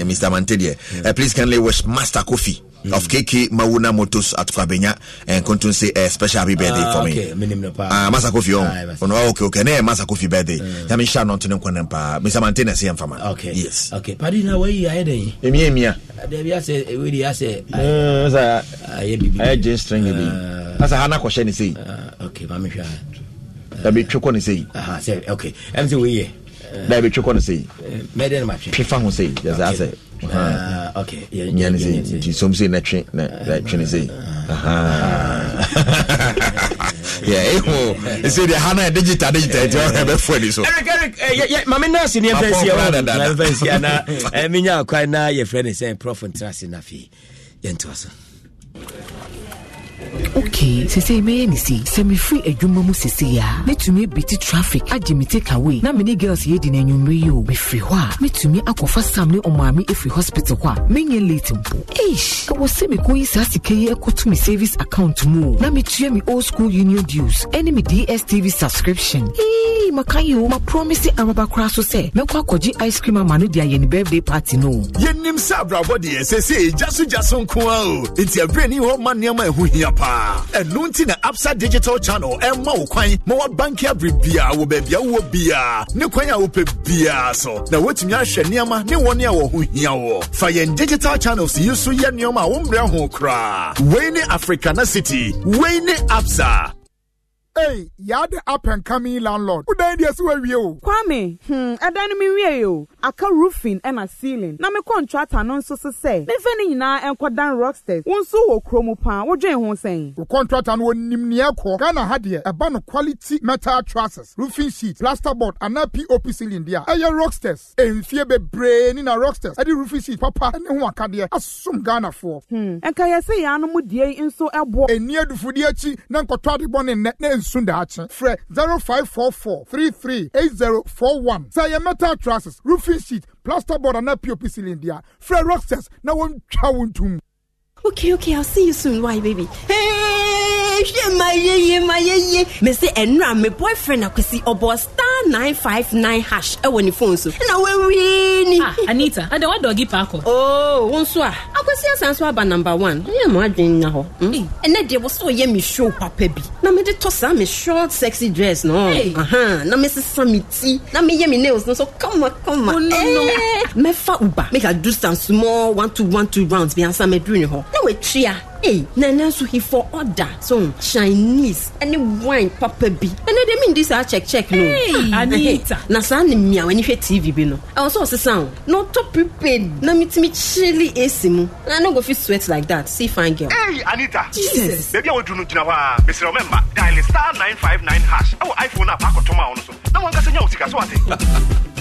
mr mante deɛ please kindly wish master kofi. Mm. of KK Mauna Motors at Kwabenya and eh, Kuntun say eh, a special happy birthday ah, for me. Okay, uh, Masa Kofi on. Oh. On oh, okay, okay. Ne Masa Kofi birthday. Mm. Yami sha non tunen kwanem Mr. Mantena say am fama. Okay. Yes. Okay. padina na where you are then? Emi emi ya. There say we dey say. Eh, sir. Aye bibi. Aye just string bibi. Ah. Asa hana kwahye ni say. Ah, okay, mami hwa. Eh, Dabi twekɔ ne sei. Aha, say okay. Em say we here. Dabi twekɔ ne sei. Meden ma twe. Twe fa ho Yes, I say yɛne sɛ nti som sei na twe na twene sei ɛhu sɛdeɛ ha no ɛ digital digital nti ɔhɛ bɛfo ani so mame nase ne yɛmfa nsiamfa nsia na menya akwan na yɛfrɛ ne sɛ prɔfo ntrase no afei yɛntoa so okay sese meyɛ ne sei sɛ mefiri adwuma mu sesei a mɛtumi abɛti traffic agye me take away na mene girls yɛdi no anwummerɛ yi o mefiri hɔ a mɛtumi akɔfa sam ne ɔmaame ɛfiri hospital hɔ a menyɛ late mpo Ish. ɛwɔ sɛ mekɔyi saa sika yi ɛkɔto me service account mu o na metua me old school union dues ɛne me dstv subscription ee maka yi o mapromise araba koraa so sɛ mɛkɔ akɔgye ice cream ama no de ayɛ ne birthday party no yɛnim sɛ abrabɔ deɛ sɛsei gya so gya so nko a o nti aberɛ ni hɔ ma nneɛma ɛho hia paa ɛno nti absa digital channel ɛma wo kwan ma wabanke abere biaa wɔ baabi a wowɔ so na wotumi ahwɛ nneɛma ni wonya a wɔ ho fa yɛn digital channels yusu so yɛ nneɛma a wo ne africana city wei ne absa Hey, yard up and coming landlord. Who then yes where you? Kwame, hmm, I don't mean we you. Aka roofing and a ceiling. Na me contractor no nso se se. Me fe ne nyinaa enkɔ dan rocksters. Wo nso wɔ kromo pa. Wo dwen ho sɛn. Wo contractor no nim ne ekɔ. Ghana ha de ɛba no quality metal trusses, roofing sheet, plasterboard and POP ceiling dia. Ɛyɛ rocksters. Emfie bebree ni na rocksters. Ɛde roofing sheet papa ne ho akadeɛ. Asom Ghana fo. Hmm, enka yɛ se ya no mu die nso ɛbɔ. Eni adufudi akyi na nkɔtɔ adebɔ ne nɛ. Na nso da akye frɛ zero five four four three three eight zero four one sɛ yɛ metal trusses roofing sheet plasterboard ana pop ceiling deɛ frɛ rocksters na wɔn twa wɔn tum. okay okay i'll see you soon why baby. Hey! ehwɛ ma yeye ma yeye mesi nnura mi boyfriend akwesi ɔbɔ star nine five nine hash ɛwɔ ne phone so ɛna wewee ni. ah anita ada wa dɔgi paako. Oh, ooo wọn nso a akwesi asan so aba number one ɛyɛ mo adwene nya hɔ. Hmm? ɛnɛ deɛ wɔsɔ yɛ mi show papa bi na mi de tɔ saa mi short sexy dress no na mi sisan mi ti na mi yɛ mi nails no so kama kama. o oh, no no eh, mɛfa uba make i do some small one two one two rounds bi ansa mɛ duru ni hɔ na wɔ etria. Hey, Nana, so he for order. So, mm, chinese ɛne wine papa bi ɛnɛ deɛ mendi saa check check no Anita, ah, na saa ne mmea w'ani hwɛ tv bi no ɛwɔ sɛ ɔsesa wo na ɔtɔ prepaid na metumi kyele ac mu na no go fit sweat like that see fine girl hey, anita jesus baabi a wɔduru no gyina hɔ a mesrɛ wo mɛmma dial star nine five nine hash ɛwɔ iphone a paakɔtɔm a wo no so na wankasa nya wo sika so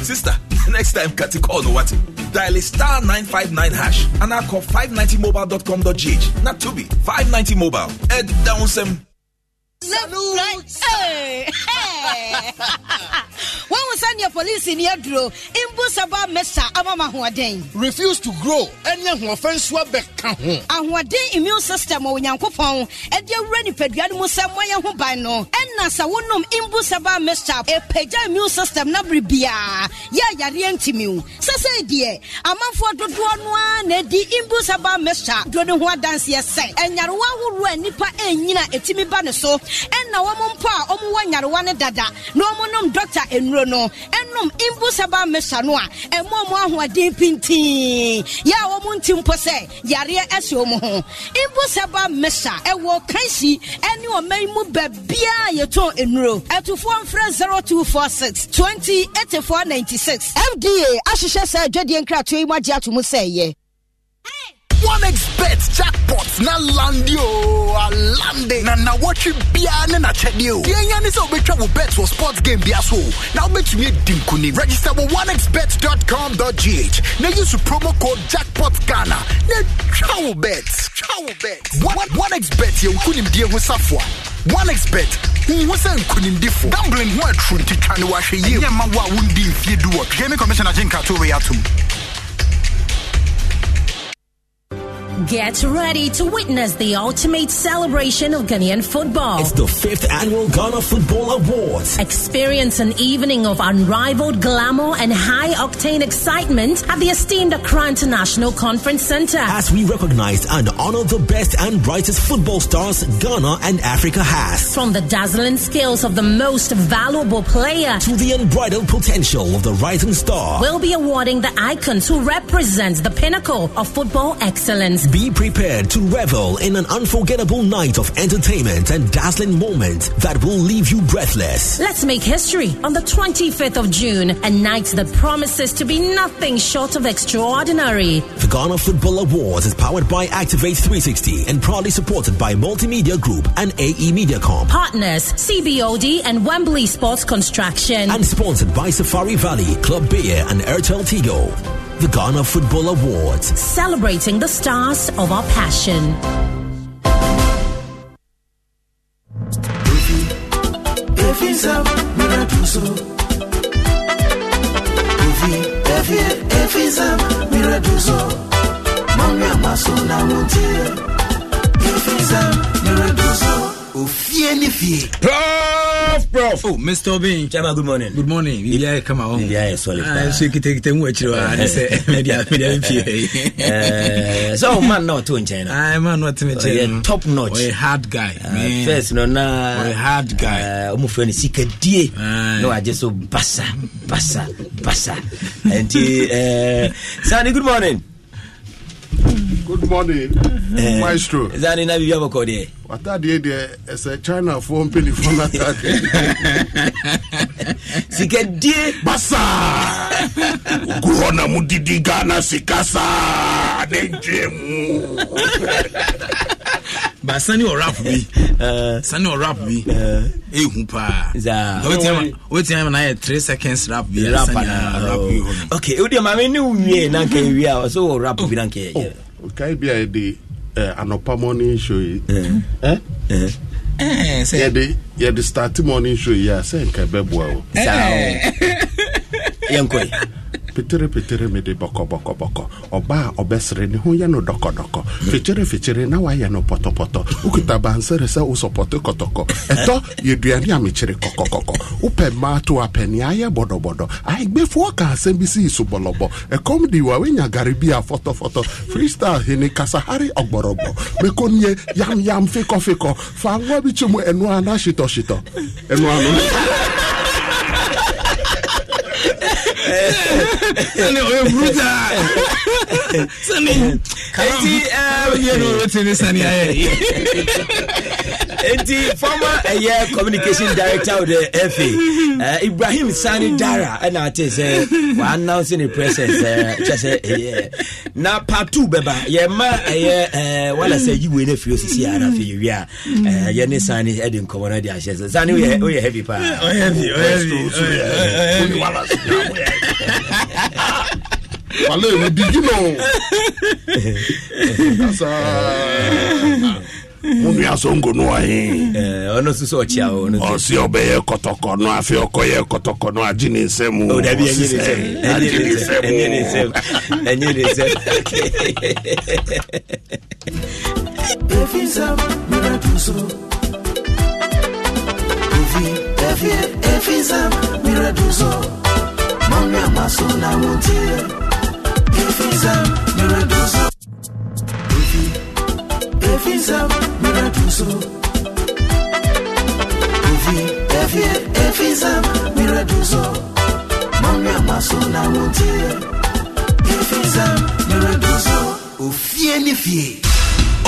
ate sister next time kate call no wate dial a star 959 hash and I call 590mobile.com.gh. Not to be 590 mobile. Ed downsem. some. Salute! Hey! hey. wɔn sɛdeɛ polisi ni aduro mbusaba mɛsa ama ma ahoɔden. refuse to grow ɛni ahoɔfɛn nsuo bɛka ho. ahoɔden immune system onyankopɔn ɛde awura nipadua no mu sɛ mɔyɛ ho ban no ɛna sɛ wonom mbusaba mɛsa epagya immune system na bere biara yɛ yareɛ ntumi o sɛsɛ deɛ amanfoɔ dodoɔ noa na edi mbusaba mɛsa duro ne ho adanseɛ sɛ ɛnyarewa ahodoɔ a nipa ɛnyina etimi ba ne so ɛna wɔn mpo a wɔn wɔ nyarewa ne dada na wɔn nom doctor enu ewuro no ɛnum imbusaba mesa no a ɛmo ɔmo ahoɔden pintin yɛ a wɔn nti mpo sɛ yareɛ ɛsi wɔn ho imbusaba mesa ɛwɔ kansi ɛne ɔman mu bɛɛbia yɛtɔn enuro ɛtufoɔ mfrɛ zero two four six twenty eighty four ninety six fda ahyehyɛ sɛ adwadeɛ nkratoɛ yi mu agye ato mu sɛ ɛyɛ onexbet jackpot na landi e. o alande na nawɔtwe biara ne nakyɛdeɛ o deɛ ɛnya ne sɛ wobɛtwa wo bet wɔ sports game bia so o na you adi nkonim register wɔ onexbet.com.gh na use promo code jackpot ghana na twa wo bet twa One bet onexbet yɛ nkonimdie ho safoa one expert who was a kunindifo gambling who are true to try to wash a year. Yeah, my wa wound be if do what. Jamie Commissioner Jinka to way out Get ready to witness the ultimate celebration of Ghanaian football. It's the fifth annual Ghana Football Awards. Experience an evening of unrivaled glamour and high octane excitement at the esteemed Accra International Conference Center. As we recognize and honor the best and brightest football stars Ghana and Africa has. From the dazzling skills of the most valuable player to the unbridled potential of the rising star, we'll be awarding the icons who represent the pinnacle of football excellence be prepared to revel in an unforgettable night of entertainment and dazzling moments that will leave you breathless. Let's make history on the 25th of June, a night that promises to be nothing short of extraordinary. The Ghana Football Awards is powered by Activate 360 and proudly supported by Multimedia Group and AE MediaCom. Partners CBOD and Wembley Sports Construction. And sponsored by Safari Valley, Club Beer, and Airtel Tigo the Ghana Football Awards, celebrating the stars of our passion. Oh! prof prof. oh mr obin. chaba good morning. good morning bibi ayé kama wọn. bibi ayé sọlẹ paa. ṣé kìtẹ́kìtẹ́ ń wọ ekyir wa ní sẹ mẹdia mẹdia n fi so man náà tó nkyɛn na. ayi ah, man náà tó nkyɛn na. ɔyɛ top notch. ɔyɛ hard guy. Ah, first no na. ɔyɛ hard guy. ɔmu eh, fɛ ni sika die. na wàá jẹ so basa basa basa. nti eh, eh, sanni good morning good morning eh, maestro zani na bibi abɔkɔ deɛ watadeɛ deɛ ɛsɛ chinafoɔ mpanifoɔ no atadeɛ sikadie basaa ogu hɔ na mu didi ghana sika saa ne ntwɛ mu ba sani ɔrap bi eh. sani ɔrap bi ehu paa wetin ama na yɛ three seconds rap bi rap ana rap bi hɔ no. ok e o de maame ne wie na nka ewie a ɔsɛ wɔ rap bi na nka e yɛ. nkae oh, bi a yɛde e eh, anɔpa morning show yi eh. yɛde yɛde start morning show yi a sɛ nka bɛ boa o. yɛn kɔ yi pitere pitere mede bɔkɔbɔkɔbɔkɔ ɔba a ɔbɛsere ne ho yɛ no dɔkɔdɔkɔ fikyere fikyere na wa wayɛ no pɔtɔpɔtɔ wokuta bansere sɛ wosɔpɔte kɔtɔkɔ ɛtɔ yɛduane a mekyere kɔkɔkɔkɔ wopɛ mmaa to apɛ nea ayɛ bɔdɔbɔdɔ aegbefoɔ ka asɛm bi sii so bɔlɔbɔ ɛkɔm de wa wonya gare bi a fɔtɔfɔtɔ freestyle hene kasahare ɔgbɔrɔgbɔ mekɔnie yamyam yam fa ngoa bi kyɛ mu ɛnoa na hyetɔhyetɔ ɛnoa no sani o ye buruta sani eti ɛɛ yɛlɛ o ti ni Sani. yɛ. Eh. nti former ɛyɛ eh, communication director of the fa eh, ibrahim sani dara ɛna eh, ate sɛ wɔannounce ne presence kyɛ sɛ ɛyɛ na part two bɛba yɛma ɛyɛ wala sɛ yiwe no afiri osisi a na afei yɛwie a yɛne sani ɛde nkɔmmɔ no de ahyɛ sɛ sani woyɛ heavy paa wale wadi gino asa mu nua sonko no ɔhe ɔno nso sɛ ɔkyea wo no ɔse ɔbɛyɛ kɔtɔkɔ no afei ɔkɔyɛ kɔtɔkɔ no agye ne nsɛm agye ne nsɛm ɛnyɛ ne nsɛm Efisa miraduzo, mami amaso na mutie. Efisa miraduzo. Efi nsam mena tu so. Efi Mami ama na wontie. Efi nsam mena tu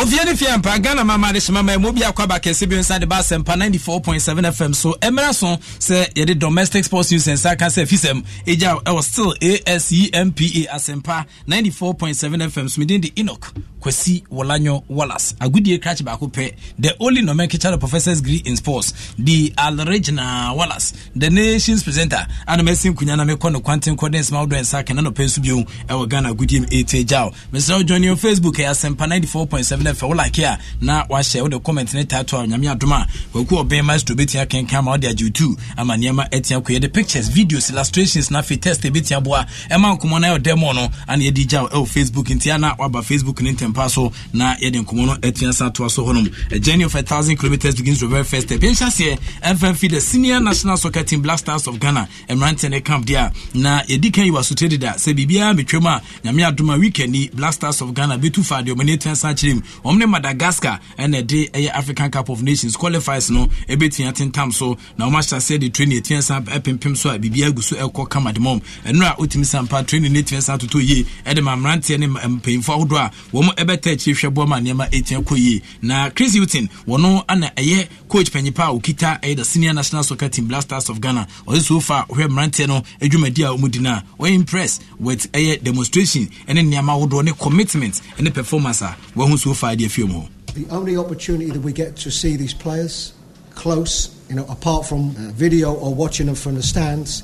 ofie ne fie mpa ghana mama de hyema ma ɛmu bi akɔ aba kɛse bi nsa de ba asɛmpa 94.7 fm so mmerɛ so sɛ yɛde domestic sports news nsa ka sɛ fisɛm ɛgya ɛwɔ still ascmpa asɛmpa 94.7 fm so meden de enoch kwasi wɔlanyo wallace agudie krakye baako pɛ the only nomenclature the professors degree in sports the alregina wallace the nations presenter ana masi nkunya na mekɔ no kwanten kɔden sma wodɔ nsa kɛna nɔpɛ nso bio ɛwɔ ghana agudie m ɛtɛ gyaw mesrɛ wo join your facebook ɛyɛ eh, asɛmpa 94.7 na fa wo like a na wahyɛ wode comment ne taa a nyame adom a waku ɔbɛn ma sɛ wobɛtia ma wode agye tu ama nneɛma atia kɔ yɛde pictures videos illustrations na afei test ɛbɛtia boa ɛma nkɔmmɔ no ɛyɛ dɛmɔ no ana yɛde gya ɛwɔ facebook nti ana waba facebook ne ntɛmpa so na yɛde nkɔmmɔ no atua sa toa so hɔnom a journey of a thousand kilometers begins the very first step yɛnhyɛ seɛ mfamfi the senior national soccer team black stars of ghana mmeranteɛ ne camp deɛ a na yɛdi kan yiwa sotere deda sɛ biribiara metwam a nyame adom a weekend ni black stars of ghana bɛtu fa deɛ ɔmane atua sa kyerɛ mu wɔn ne madagascar ɛna ɛde ɛyɛ african cup of nations qualifiers no ɛbɛtumi atentam so na wɔn ahyɛ aseɛ de training ɛtumi san ɛpempem e so a biribi agu so ɛkɔ e kama de mɔm ɛno a otumi san pa training ne tumi san toto yie ɛde e ma mmeranteɛ ne mpanyinfoɔ ahodoɔ a wɔn ɛbɛtɛ akyire hwɛ bɔ ma nneɛma ɛtumi kɔ yie na chris hilton wɔn ana ɛyɛ coach panyipa a okita ɛyɛ the senior national soccer team blasters of ghana ɔyɛ so far hwɛ mmeranteɛ no adwumadi a wɔn di na wɔyɛ impressed with ɛyɛ demonstration ɛne nneɛma ahodoɔ ne commitment ɛne performance a wɔn ho so far The only opportunity that we get to see these players close, you know, apart from uh, video or watching them from the stands,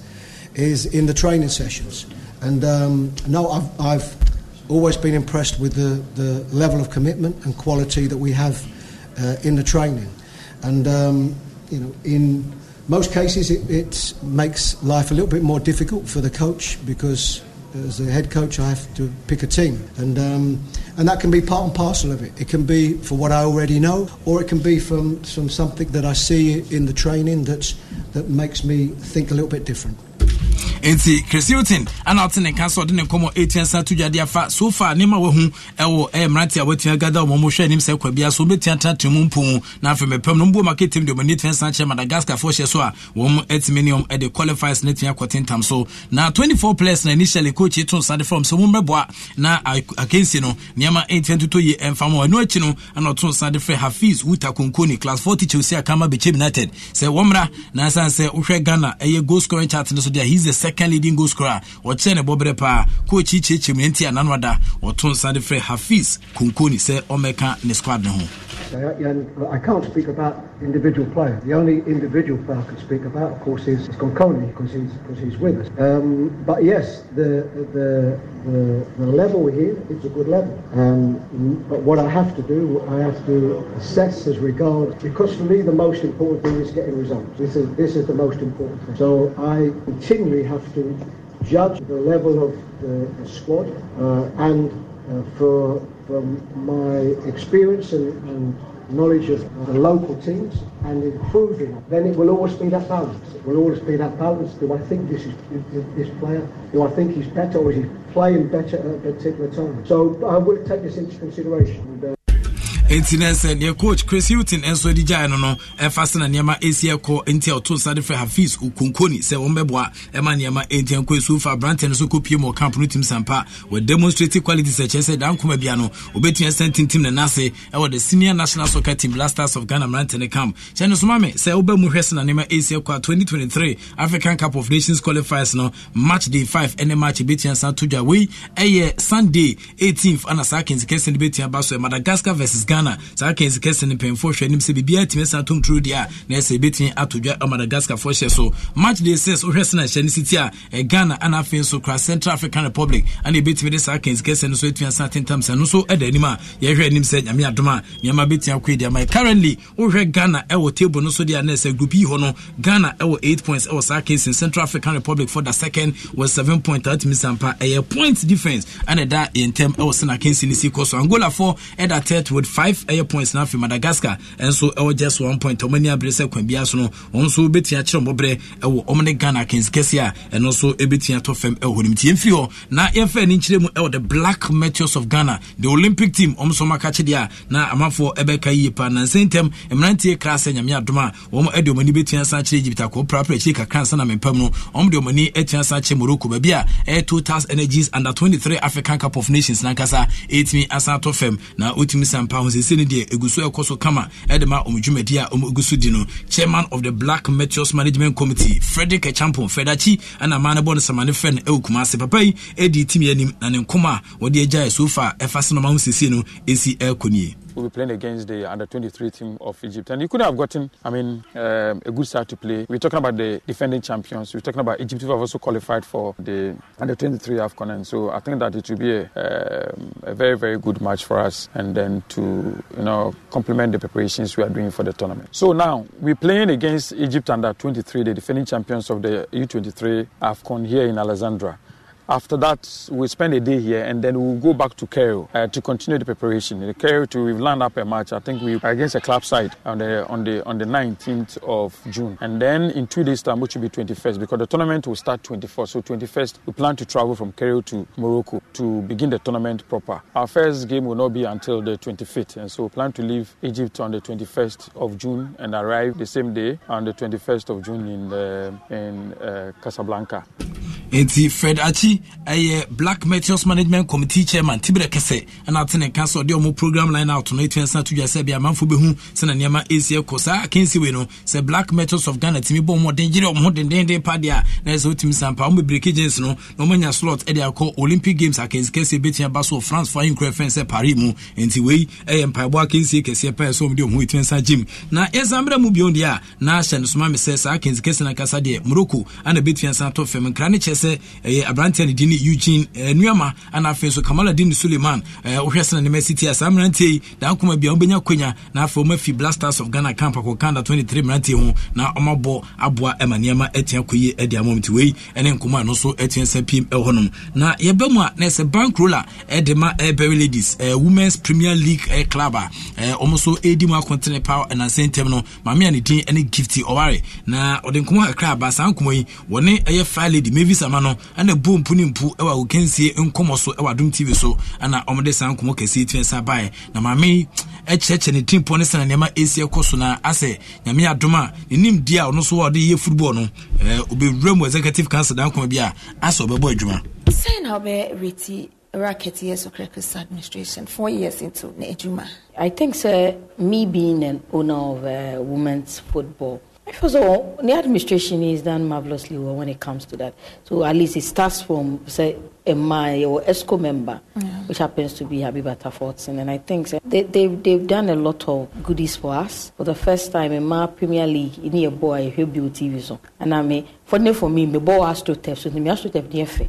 is in the training sessions. And um, no, I've, I've always been impressed with the, the level of commitment and quality that we have uh, in the training. And, um, you know, in most cases, it, it makes life a little bit more difficult for the coach because as a head coach, I have to pick a team, and um, and that can be part and parcel of it. It can be for what I already know, or it can be from, from something that I see in the training that that makes me think a little bit different. nti Chris Hilton ana ɔte ne nka sɛ ɔde ne nkɔmmɔ ɛtua sa to dwadeɛ afa so far nneɛma wahu ɛwɔ ɛyɛ mmerante a watua gada wɔ mɔhwɛ anim sɛ kwabia so wobɛtua tenatena mu mpo mu na afei mepɛm no mbuo maketem deɛ ɔmani tua sa kyerɛ madagascarfoɔ hyɛ so a wɔm atumi ne ɔm ɛde qualifiers no atua kɔtentam so na 24 players na initially coach to sa de fam sɛ mommɛboa na akansi no nneɛma ɛntia ntoto yi ɛmfa ma ɛno akyi no ana ɔto sa de frɛ hafiz wuta konkoni class 4 teacher osi akama bɛkyɛ united sɛ wɔmmra na san sɛ wohwɛ ghana ɛyɛ goal scoring chart no so deɛ heis the second second leading goal scorer ɔkyɛ ne bɔberɛ paa koakyi kyerɛkyerɛmu nti a nanoada ɔto nsa de frɛ hafiz konkoni sɛ ɔmmɛka ne squad ne ho and I can't speak about individual players. The only individual player I can speak about, of course, is, is Conconi, because he's, because he's with us. Um, but yes, the, the, the, the, level here is a good level. Um, but what I have to do, I have to assess as regards, because for me the most important thing is getting results. This is, this is the most important thing. So I continually have to judge the level of the, the squad uh, and uh, for, from my experience and, and knowledge of the local teams and improving, then it will always be that balance. It will always be that balance. Do I think this is this player? Do I think he's better, or is he playing better at a particular time? So I will take this into consideration. nti na sɛ deɛ coach chris hilton nso de gyae no no ɛfa se na nneɛma ɛsi ɛkɔ nti a ɔtoo sa de frɛ hafiz okonkoni sɛ wɔmbɛboa ɛma nneɛma ɛnti ɛnkɔ ɛsu fa aberantɛ no so kɔpie ma ɔcamp no tim sampa wɔdemonstrative qualities quality sɛ daa nkoma bia no wɔbɛtumi ɛsɛn tintim ne nase ɛwɔ the senior national soccer team blasters of ghana mmerantɛ no camp kyɛ no soma me sɛ wobɛ mu hwɛ se na nneɛma ɛsi ɛkɔ a 2023 african cup of nations qualifiers no match day 5 ɛne match ɛbɛtumi ɛsan to dwa wei ɛyɛ sunday 18th ana saa kensikɛsɛ no bɛtumi aba so madagascar vs ghana ghana saa kɛse kɛse no mpanyinfoɔ hwɛ anim sɛ biribiara tumi sa atom turo deɛ a na ɛsɛ ebɛtumi ato dwa madagascarfoɔ hyɛ so match day six wohwɛ sena hyɛ no si ti a ghana ana afei nso kora central african republic ana ebɛtumi de saa kɛse kɛse no so atumi asa atentam sɛ no nso ɛda anim a yɛhwɛ anim sɛ nyame adom a nneɛma bɛtumi akɔ edi ama currently wohwɛ ghana ɛwɔ table no so deɛ a na ɛsɛ group yi e hɔ no ghana ɛwɔ eight points ɛwɔ saa kɛse central african republic for the second wɔ seven point a wotumi sampa ɛyɛ point difference ɛna ɛda yɛn ntɛm ɛwɔ sena kɛse no si kɔ so angolafoɔ ɛda third with five five ɛyɛ points na afei madagascar nso ɛwɔ just one point ɔmo ani abere sɛ kwan bi aso no wɔn nso bɛtua kyerɛ ɔmo brɛ ɛwɔ ɔmo ne ghana kɛnse kɛse a ɛno nso ɛbɛtua tɔ fam ɛwɔ hɔ nom tie mfiri hɔ na yɛmfa ani nkyerɛ mu ɛwɔ the black meteors of ghana the olympic team ɔmo nso ɔmo aka kye deɛ a na amanfoɔ ɛbɛka yie paa nansa ntɛm mmeranteɛ kaa sɛ nyame adom a wɔn ɛde ɔmo ani bɛtua san kyerɛ egypt akɔ prapra akyire kakra nsa na mempam no ɔmo de ɔmo ani ɛtua san kyerɛ morocco baabi a ɛyɛ total energies under twenty three african cup of nations nankasa ɛtumi asan atɔ fam na ɔtumi sampa ho sɛsɛ no deɛ ɛgu ɛkɔ so kama ɛde ma ɔmo dwumadi a ɔmo gu di no chairman of the black meteors management committee frederick champon fredakyi ɛna maa no no samane fɛ no ɛwɔ kumase papa yi ɛdi timi anim na ne nkɔm a wɔde agyae so far ɛfa so no ma ho sɛsɛ no ɛsi ɛkɔ nie We'll be playing against the under 23 team of Egypt. And you could have gotten, I mean, um, a good start to play. We're talking about the defending champions. We're talking about Egypt who have also qualified for the under 23 AFCON. And so I think that it will be a, um, a very, very good match for us. And then to, you know, complement the preparations we are doing for the tournament. So now we're playing against Egypt under 23, the defending champions of the U23 AFCON here in Alessandra. After that, we spend a day here and then we'll go back to Cairo uh, to continue the preparation. In Cairo, to, we've lined up a match, I think we against a club side on the, on, the, on the 19th of June. And then in two days' time, which will be 21st, because the tournament will start 24th. So 21st, we plan to travel from Cairo to Morocco to begin the tournament proper. Our first game will not be until the 25th. And so we plan to leave Egypt on the 21st of June and arrive the same day on the 21st of June in, the, uh, in uh, Casablanca. It's Fred Achi deputy ɛyɛ black meteors management committee chairman tiberɛ kɛsɛ ɛna ate ne nka sɛ ɔde ɔmo program line out no ɛtumi sena to dwa sɛ bia amanfo bɛhu sɛna nneɛma ɛsi ɛkɔ saa akensi wei no sɛ black meteors of ghana tumi bɔ ɔmɔden gyere ɔmo ho dendenden padeɛ a na ɛsɛ wotumi sampa ɔmo bebree kagents no na ɔmo anya slot ɛde akɔ olympic games akensi kɛseɛ bɛtumi aba so france fo ayinkorɛ fɛn sɛ paris mu nti wei ɛyɛ mpaebɔ akensi kɛseɛ pɛɛ sɛ ɔmo de ɔmo ɛtumi sa gyem na yɛsan mmerɛ mu biom deɛ a na ahyɛ no soma me sɛ saa akensi kɛseɛ no ankasa deɛ morocco ana bɛtumi sa to fam nkra ne kyerɛ sɛ ɛyɛ aberanteɛ sɛ ne din ne eugene eh, nnuama ana afei nso kamaladin suleiman eh, wohwɛ sena ne ma city a saa mmeranteɛ yi daa nkoma bia wobɛnya kwanya na afei ɔmafi blasters of ghana camp akɔkanda 23 mmeranteɛ ho na ɔmabɔ aboa ma nneɛma atia kɔyi ade amam nti wei ɛne nkoma a no so atia sa pim ɛhɔnom na yɛbɛ mu a na ɛsɛ bankrola ɛde ma ɛbɛry eh, ladies womens premier league club a ɔmo so ɛdi mu akɔntene pa ɛnansɛ ntɛm no maame a ne din ne gifty ɔware na ɔde nkoma kakra aba saa nkoma yi wɔne ɛyɛ fire lady mavis ama no ɛna bom mpanimfo mpu wɔ agokansie so tv so kɛseɛ nsa na maame ɛkyerɛkyerɛ ne ne nneɛma so na asɛ nyame a di a ɔno so ɔde yɛ no mu executive council dan kɔn bi a asɛ ɔbɛbɔ adwuma sɛn na racket years of Crepus administration, four years into Nejuma. I think, sir, me being an owner of uh, women's football, First of all, the administration is done marvelously well when it comes to that. So at least it starts from, say, a my or ESCO member, yeah. which happens to be Habibata Fortson. And I think so, they, have they, done a lot of goodies for us. For the first time in my Premier League, in a boy, he'll be TV. So. And I mean, for me, for me, my boy has to test, so the has to test,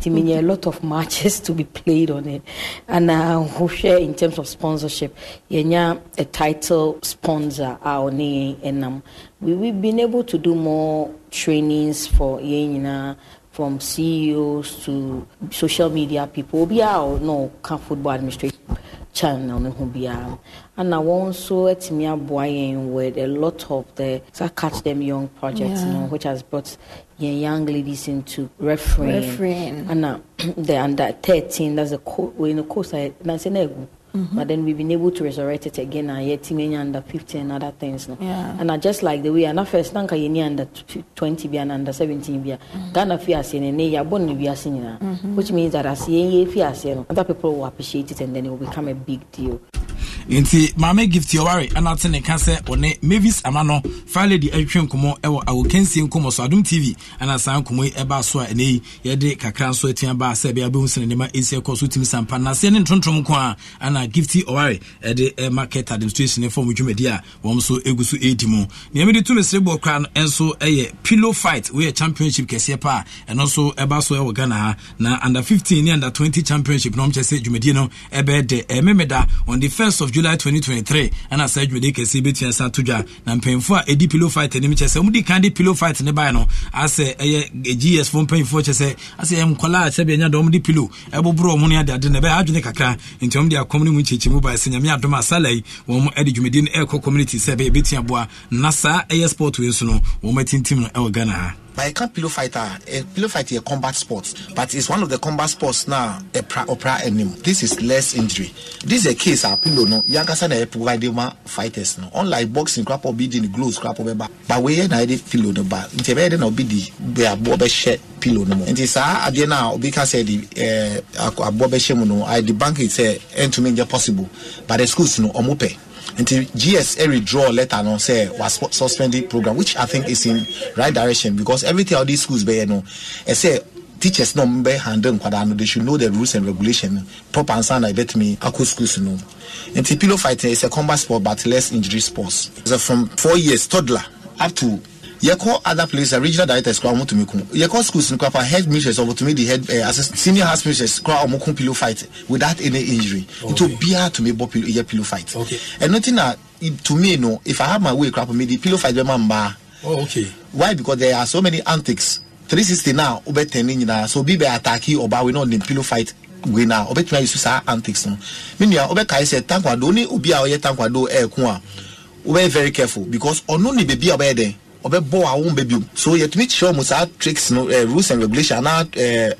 Timini, a lot of matches to be played on it. And we uh, share in terms of sponsorship, Yenya, a title sponsor, our name, we, we've been able to do more trainings for Yenya from CEOs to social media people. Obi have oh, no can football administration channel no ho And I want also etimi aboa yɛn with a lot of the so catch them young projects yeah. you know, which has brought yeah, young ladies into reference, And uh, the under 13, that's a co- in a course I, that's an egg. mm-hmm. but then we've been able to resurrect it again and yet many under 50 and other things no? yeah. and I just like the way and first, first nanka yeni under 20 be and under 17 Be Ghana Fear ase ne ne ya born to be ase nyina which means that I see ye fi ase no other people will appreciate it and then it will become a big deal nti maame gift yɛware anate ne ka sɛ ɔne mavis ama no fa lady atwitwe nkɔmmɔ ɛwɔ awokansie nkɔmmɔ so adom tv ana saa nkɔmmɔ yi eh, ɛbaa so a eh, ɛnɛ yi yɛde kakra nso atua eh, baa sɛ ɛbɛyɛ bɛhu sɛ ne nneɛma ɛsi ɛkɔ so tumi sampa naseɛ ne ntontom nko a ana a gifty oware ɛde eh, ɛma eh, ket administration ne fɔm dwumadi a wɔn nso egu so edi mu nneɛma de tum sere bɔ kora no nso ɛyɛ pillow fight wɔyɛ championship kɛseɛ paa ɛno nso ɛba so ɛwɔ ghana ha na under fifteen ne under twenty championship na wɔn kyerɛ sɛ dwumadi no ɛbɛyɛ de eh, ɛmemeda on the first of july twenty twenty three ɛna saa dwumadi kɛseɛ betumi ɛsan to dwa na mpanyinfo a ɛdi pillow fight anim kyerɛ sɛ wɔn di kan de pillow fight ne bae no asɛ ɛyɛ gs fo mpanyinfoɔ kyerɛ sɛ asɛ nkɔlaa sɛbi ɛnya dɔm de pillow ɛboboro wɔn ne adeade na ɛbɛyɛ adwene kakra nti wɔn ne mu nkyekye mu bae sɛ nyame adom a sala yi wɔn de dwumadi community sɛ ɛbɛyɛ bɛtua boa na saa ɛyɛ sport wei nso no wɔn atintim no ɛwɔ ghana ha But I can't pillow fighter. A pillow fight is a combat sport, but it's one of the combat sports now. A pra opera enemy. This is less injury. This is a case a pillow no. Yankasa na provide ma fighters no. Unlike boxing, crap or beating gloves, crap or ba. But we na ide pillow no ba. Nti be ide na obi di be abo be share pillow no. Nti saa ade na obi ka say the a abo be share no. I the bank it say end to make possible. But the schools no omope nti gs redraw letter no sɛ was suspended the program which i think is in right direction because everything all these schools know, I say teachers no be handling, nkwadaa no they should know the rules and regulation proper answer, I bet me akɔ schools no nti pillow fighting is a combat sport but less injury sports so from four years toddler up to yɛkɔ other place a regional directors kora ɔmo tumi ko yɛkɔ schools no kora head mistress ɔmo tumi di head ɛɛ eh, as senior house mistress kora ɔmo ko pillow fight without any injury nti obiara tumi bɔ pillow yɛ pillow fight ɛno ti na to me no if i have my way kora for me di pillow fight bɛ ma mbaa oh, why because there are so many antics three sixty now ɔbɛ tɛn ne nyinaa so obi bɛ attack ɔbaa we na ɔde pillow fight wei na ɔbɛtumi ayi so saa antics no me nua ɔbɛkae sɛ tankwado ne obi a ɔyɛ tankwado ɛɛko a ɔbɛyɛ very careful because ɔno ni beebi a ɔbɛyɛ dɛn ɔbɛbɔ awo mbɛ biom so yɛtumi kyerɛ ɔmo saa tricks no uh, rules and regulation ana uh,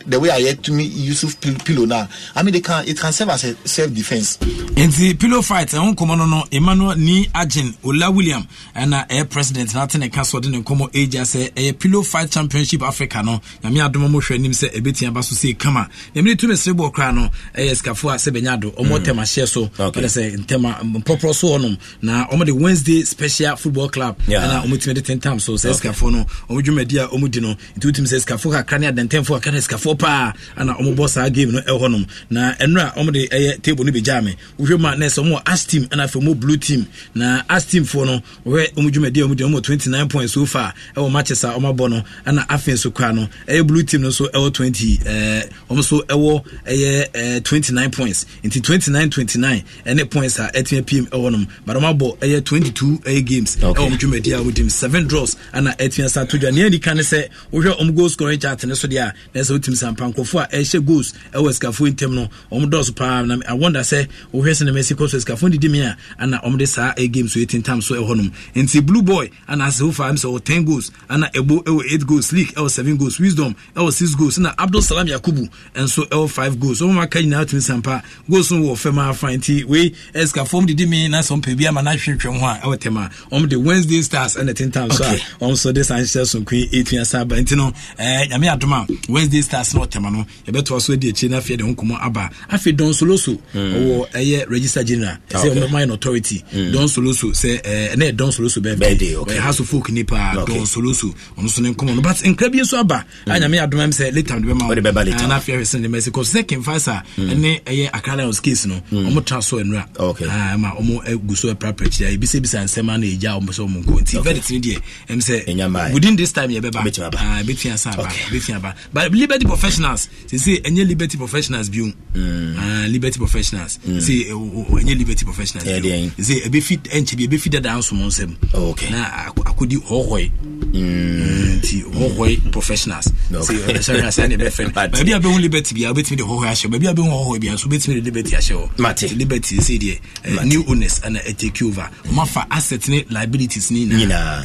the way a yɛtumi Yusuf pillow na i mean they can it can serve as a self defence. nti pillow fight ɛho eh, nkɔmɔ no no emmanuel ni agin ola william ɛna ɛyɛ president n'ate ne ka so ɔde ne nkɔmɔ agya sɛ pillow fight championship africa no nyame adoma mo hwɛ anim sɛ ebetia ba so se kama nyame tumi sribɔ kora no ɛyɛ sikafo a sɛ bɛnya do ɔmo mm. tɛm ahyɛ so ɔde sɛ ntɛm mpɔpɔ so hɔnom na ɔmo de wednesday special football club ɛna ɔmo tumi de tentam am so sɛ sikafoɔ no ɔmo dwumadi a ɔmo di no nti wotumi sɛ sikafoɔ kakra ne adɛntɛnfoɔ kakra ne sikafoɔ paa ana ɔmo bɔ saa game no ɛwɔ nom na ɛnura ɔmo de ɛyɛ table no bi gyaa me wohwɛ mu a nɛsɛ ɔmo wɔ as team ɛna afei ɔmo blue team na as team foɔ no wɔhwɛ ɔmo dwumadi a ɔmo di ɔmo twenty nine points so far ɛwɔ matches a ɔmo abɔ no ɛna afei nso kora no ɛyɛ blue team no so ɛwɔ twenty ɛɛ ɔmo so ɛwɔ ɛyɛ twenty nine points nti twenty nine twenty nine ɛne points a ɛtumi pm ɛwɔ but ɔmo abɔ twenty two ɛyɛ games ɛwɔ ɔmo dwumadi a ɔmo di mu seven draws goals ana ɛtua sa to dwa nea nika ne sɛ wohwɛ ɔm goal scoring chart ne so deɛ a na sɛ wotumi sa mpa a ɛhyɛ goals ɛwɔ asikafoɔ ntam no ɔm dɔɔso paa na awonda sɛ wohwɛ sɛ nemɛsi kɔ so asikafoɔ didi me a ana ɔmde saa game so ɛtintam so ɛhɔnom nti blue boy ana asɛ wofa m sɛ ɔwɔ 10 goals ana ɛbo ɛwɔ 8 goals league ɛwɔ 7 goals wisdom ɛwɔ 6 goals na abdul salam yakubu nso ɛwɔ 5 goals ɔmma aka nyinaa tumi sampa goals no wɔ fam afa nti wei ɛsikafoɔ m didi me na sɛ ɔmpɛ bi ama na hwehwɛ ho a ɛwɔ tɛm a ɔmde wednesday stars ɛna ɛtintam so a ɔnso de san hyɛ sonkwe etua saa ba nti no ɛɛ nyame adum a wednesday stars no ɔtɛma no yɛbɛto aso di akyire na afei de ho nkɔmɔ aba afei dɔn soloso hmm. ɔwɔ ɛyɛ register general ah, sɛ ɔmo mayin authority hmm. dɔn soloso sɛ ɛɛ ɛnɛ dɔn soloso bɛɛ de ɔyɛ house of folk nipa dɔn soloso ɔno so ne nkɔmɔ no but nkira bi nso aba a hmm. nyame adum am sɛ later de bɛma wɔn na afei ɛsɛn de mɛsi kɔ sɛ kimfasa ɛne ɛyɛ akra lions case no ɔmo tra so nwura ah, ɛma ɔmo gu so ɛprapra kyia ebisabisa nsɛm a na egya ɔmo sɛ ɔmo nkɔ nti verdict ni deɛ ɛm sɛ within this time yɛbɛba bɛtua sa bɛtua ba but liberty professionals sɛ sɛ ɛnyɛ liberty professionals bio mm. Ah, liberty professionals mm. sɛ ɛnyɛ eh, liberty professionals sɛ ɛbɛfi ɛnkyɛ bi ɛbɛfi dada nsomo nsɛm na akɔdi hɔhɔe nti hɔhɔe professionals baabi eh, a bɛhu liberty bia wobɛtumi de hɔhɔe ahyɛ baabi a bɛhu hɔhɔe bia nso wobɛtumi de liberty ahyɛ hɔ liberty sɛ deɛ eh, new owners ana take over ɔmafa assets, ne liabilities ne nyinaa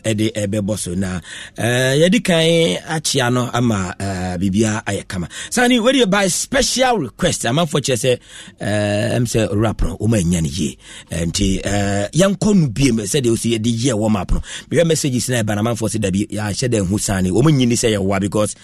ɛde ɛbɛbɔ so na eh, yɛdi kan akyea no ama eh, biribia ayɛ kama sane wede by special request amanfoɔ kyerɛ sɛ eh, m sɛ rap no wɔma ɛnya no yie nti yɛnkɔ no biem sɛdeɛ ɔsi yɛde yɛ wɔ map no mehwɛ messages no ɛba no amanfoɔ sɛ dabi yɛahyɛ da nhu sane wɔma nyini sɛ yɛwoa because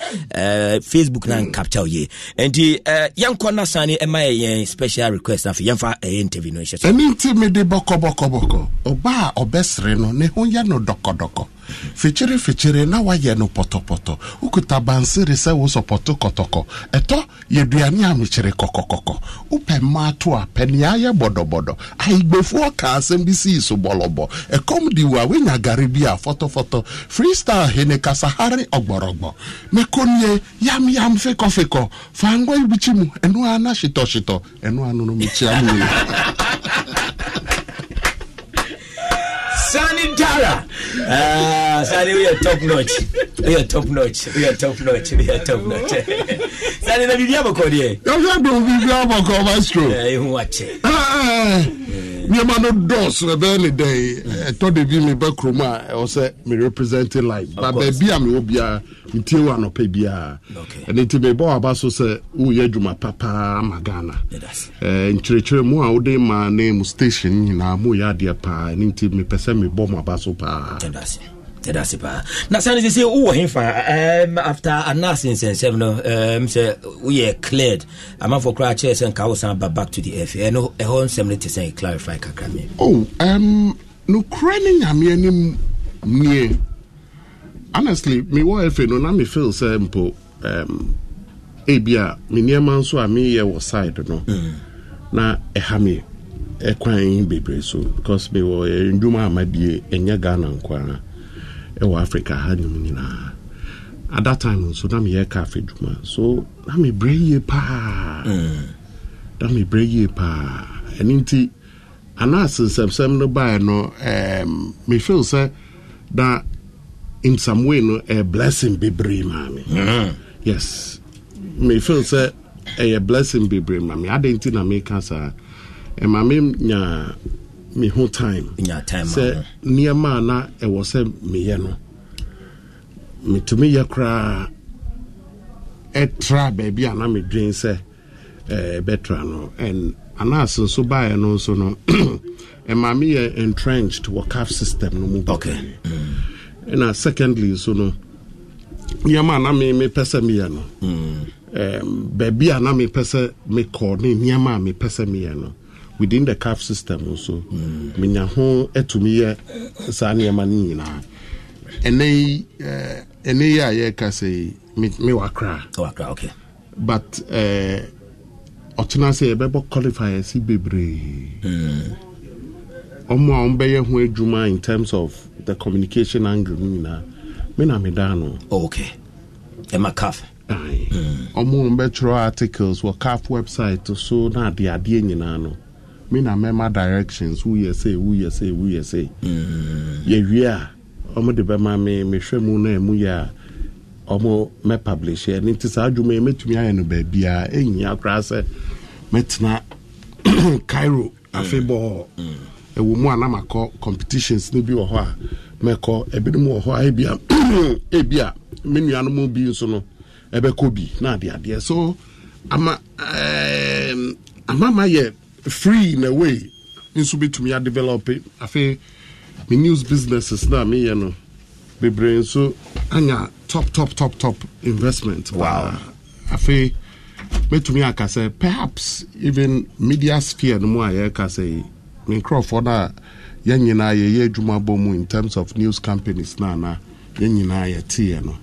facebook no ancapture yie nti yɛnkɔ no sane ɛma yɛyɛn special request afei yɛmfa ɛyɛ interview no ɛhyɛ so ɛno nti mede bɔkɔbɔkɔbɔkɔ ɔba a ɔbɛsere no ne ho yɛ no dɔkɔdɔkɔ kɔkɔ fitiri fitiri na wayɛ no pɔtɔpɔtɔ wokuta bansere sɛ wosɔ pɔto kɔtɔkɔ ɛtɔ yɛduane amekyere kɔkɔkɔkɔ wopɛ maa to a pɛnea yɛ bɔdɔbɔdɔ aigbefoɔ ka asɛm bi sii so bɔlɔbɔ ɛkɔm di wo a woanya gare bi a fɔtɔfɔtɔ freestyle hene kasahare ɔgbɔrɔgbɔ mɛkɔnnie yamyam fekɔfekɔ fangɔ yi bikyi mu ɛnoa na hyetɔhyetɔ ɛnoa no no mekyiamu sanida ara ah, we are top notch We are top notch We are top notch We are top notch sani na biribi abɔkɔ deɛ yɛhwɛ dɔm biribi abɔkɔ maestro ɛhu wakyɛ nneɛma no dɔɔso ɛbɛyɛ ne dɛn ɛtɔ de bi mebɛ kurom a ɛwɔ sɛ representing life ba baabi a mewɔ biara metie wɔ anɔpa biara ɛno nti mebɔ aba so sɛ woyɛ papa, papaa ma ghana nkyerɛkyerɛ mu a wode ma ne mu station nyinaa moyɛ adeɛ paa ɛno eh, nti mepɛ sɛ mebɔ mo aba so paa ɛda ase paa na sane sɛ sɛ wowɔ fa um, after anase nsɛnsɛm no um, sɛ woyɛ cleared amanfoɔ koraa kyerɛ sɛ nka san ba back to the f ɛno ɛhɔ nsɛm no te sɛ clarify kakra me oh, um, nokora nyame anim nie honestly mewɔ afe no na mefeel sɛ mpo um, ebia me nneɛma nso a meyɛ wɔ side no mm. na ɛha me ɛkwan bebree so because eh, ndwuma ama amadie ɛnyɛ ghana nkwa ɛwɔ africa ha nom nyinaa at that time nso na meyɛ ka afe dwuma so na mebrɛ yie paa mm. na mebrɛ yie paa ɛno nti anaa sensɛmsɛm no baɛ no um, mefeel sɛ na in some way no ɛyɛ blessing bebree maa me mm. yes mefeel sɛ ɛyɛ blessing bebree maa me adɛn nti na meka saa ɛma me nya me ho time sɛ nneɛma a na ɛwɔ sɛ meyɛ no metumi yɛ koraa ɛtra baabi a na medwen sɛ ɛbɛtra eh, no and anaase nso baeɛ no nso no ɛma me yɛ entrenched wɔ calf system no mu okay. ɛna mm. secondly nso no nneɛma a na mepɛ sɛ meyɛ no mm. eh, baabi a na mepɛ sɛ mekɔ ne nneɛma a mepɛ sɛ meyɛ no within the calf system nso menya ho atumi yɛ saa nneɛma no nyinaa ɛnɛ yi eh, ɛnɛ yi a yɛreka sɛ yi me wakra but eh, ɔtena sɛ yɛbɛbɔ qualifiers bebree hmm. ɔmo a ɔmbɛyɛ ho adwuma in terms of the communication angle no nyinaa me na meda no oh, okay ɛma caf hmm. ɔmo ɔmbɛtwerɛ articles wɔ calf website so na adeadeɛ nyinaa no me na mɛma directions woyɛ sɛ woyɛ sɛ woyɛ sɛ yɛwie a ɔmo de bɛma me mehwɛ mu na ɛmu yɛ e e a ɔmo mɛpublish e ɛno nti saa adwuma yɛ mɛtumi ayɛ no baabiaa ɛnyia koraa sɛ mɛtena cairo afei bɔɔ ɛwɔ mu a na makɔ competitions no bi wɔ hɔ a mɛkɔ ebinom wɔ hɔ a ebia ebia me nuanom bi nso no ɛbɛkɔ bi na adeadeɛ so ama ama ma yɛ. free in a way nso bɛtumi adevelope afei me news businesses na mi meyɛ no bebree nso anya top top top top investment wow. afei uh, mɛtumi aka sɛ perhaps even media sphere no mu a yɛreka sɛ yi me nkurɔfoɔ no a yɛn nyinaa yɛyɛ adwuma bɔ mu in terms of news companies na ana yɛn nyinaa yɛteeɛ no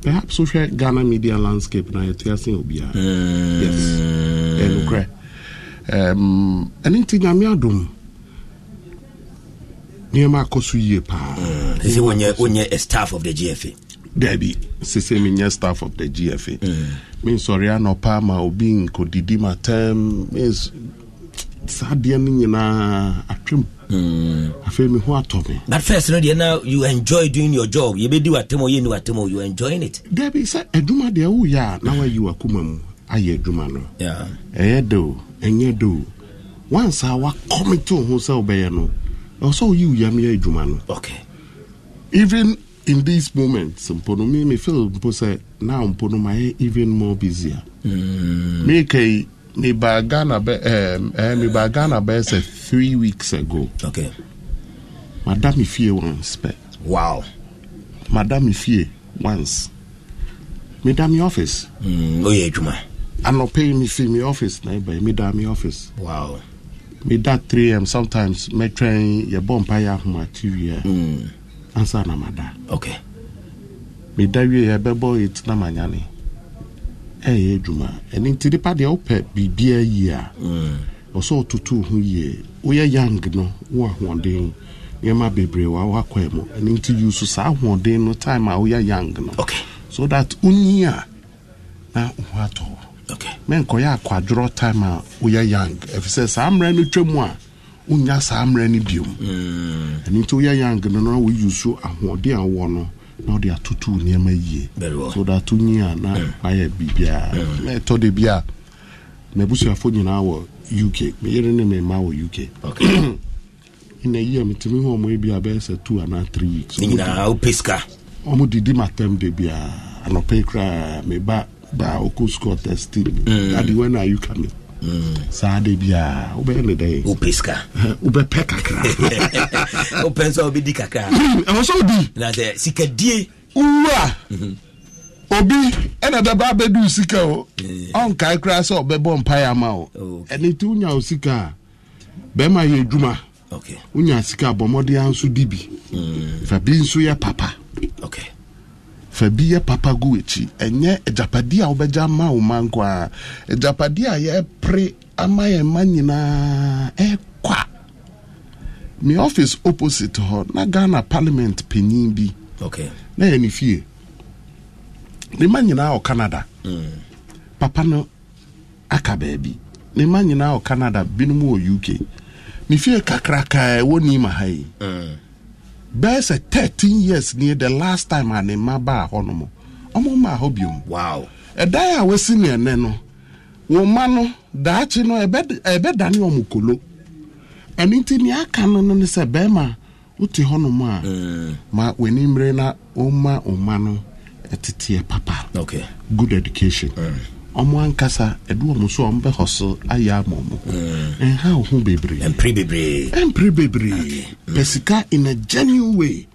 perhaps wohwɛ ghana media landscape na yɛte ase obiara eh. yes ɛnokorɛ eh, ɛne nti nyame adom nneɛma akɔ so yie paa sɛ wonyɛ staff of the gfa dabi sese menyɛ staff of the gfa mensɔre anɔpa ma obi nkɔdidi matam saa deɛ no nyinaa atwem afei me ho atɔ me but first no deɛ na you enjoy doing your job yɛbɛdi watem yɛni watem you enjoying it dabi sɛ adwuma deɛ woyɛ a na wayi wakoma mu ayɛ adwuma no ɛyɛ de o ɛnyɛ do wansa wakɔmite ho sɛ wobɛyɛ no ɛwɔ sɛ woyi woyameyɛ adwuma no okay. even in these moments mpo no me feel mpo sɛ na mpo no mayɛ even more busier mm. mekai mebaa ghana bɛ eh, sɛ three weeks ago okay. mada me fie once pɛ wow mada me fie once meda me office woyɛ hmm, adwuma anɔpɛ yi mefiri me office na me da me office wow. Me hmm. da 3 am sometimes mɛtwɛn yɛbɔ your bomb ahomate from a mm. Answer na mada okay. Me da meda wie yɛbɛbɔ it na manyane ɛyɛ adwuma ɛno nti nipa deɛ pe biribia yie a ɔsɛ ɔtoto ho yie woyɛ young no wo ahoɔden nneɛma bebree wa wakɔ mu ɛno nti yusu saa ahoɔden no time a woyɛ young no okay. so that unia na ho atɔ menkɔyɛ akwadworɔ time a woyɛ young ɛfiri sɛ saa mmerɛ no twa mu a wonya saa mmerɛ no biom ɛno nti woyɛ young no no ah, woyi so ahoɔden a wowɔ no na wode atoto nneɛma yie so wode ato nyi a na wayɛ hmm. biribiaa ɛtɔ hmm. de bi a mabusuafo nyinaa wɔ uk meyere ne mema wɔ uk in a year metumi hɔ ɔmɔ bi a bɛyɛ sɛ two anaa three weeks nyinaa wopɛ sika ɔmo didi matam de biaa anɔpɛ koraa meba da oku score testing mm. daddy when are you coming mm. saa ah, de bia wobɛyɛ ne dɛn wopɛ sika wobɛpɛ kakra wopɛ sɛ wobɛdi kakra ɛwɔ sɛ wodi nasɛ sikadie wura mhm. obi ɛna daba abɛdu sika o mm. ɔnkae koraa sɛ ɔbɛbɔ mpaeɛ ama o ɛne nti wonya wo sika a bɛrima yɛ adwuma wonya sika a bɔmmɔden nso di bi mm. fa bi nso yɛ papa okay. fa yɛ papa gu akyi ɛnyɛ agyapadeɛ a wobɛgya ma wo ma nko a agyapadeɛ a yɛpere ama yɛn ma nyinaa ɛkɔ a me office opposite hɔ na ghana parliament panyin bi okay. na yɛ ne fie ne ma nyinaa wɔ canada mm. papa no aka baabi ne ma nyinaa wɔ canada binom wɔ uk ne fie kakraka ɛwɔ nima ha yi mm. bɛɛ sɛ thirteen years ni the last time a ne mma baa hɔ no mo ɔmo mmaa hɔ biom wow ɛdan a wasi ne ɛnɛ no wɔn mma no daakye no ɛbɛdane wɔn kolo ɛne nti nea aka no no ne sɛ bɛrima wote hɔnom a mm. ma w'ani mmere na ɔma ɔma no ɛteteɛ papa okay. good education mm. ɔmo ankasa ɛdu ɔmo so ɔmo bɛ hɔso ayɛ ama ɔmo ɛnha ɔho bebree ɛmpiri bebree ɛmpiri bebree pɛ hmm. in a genuine way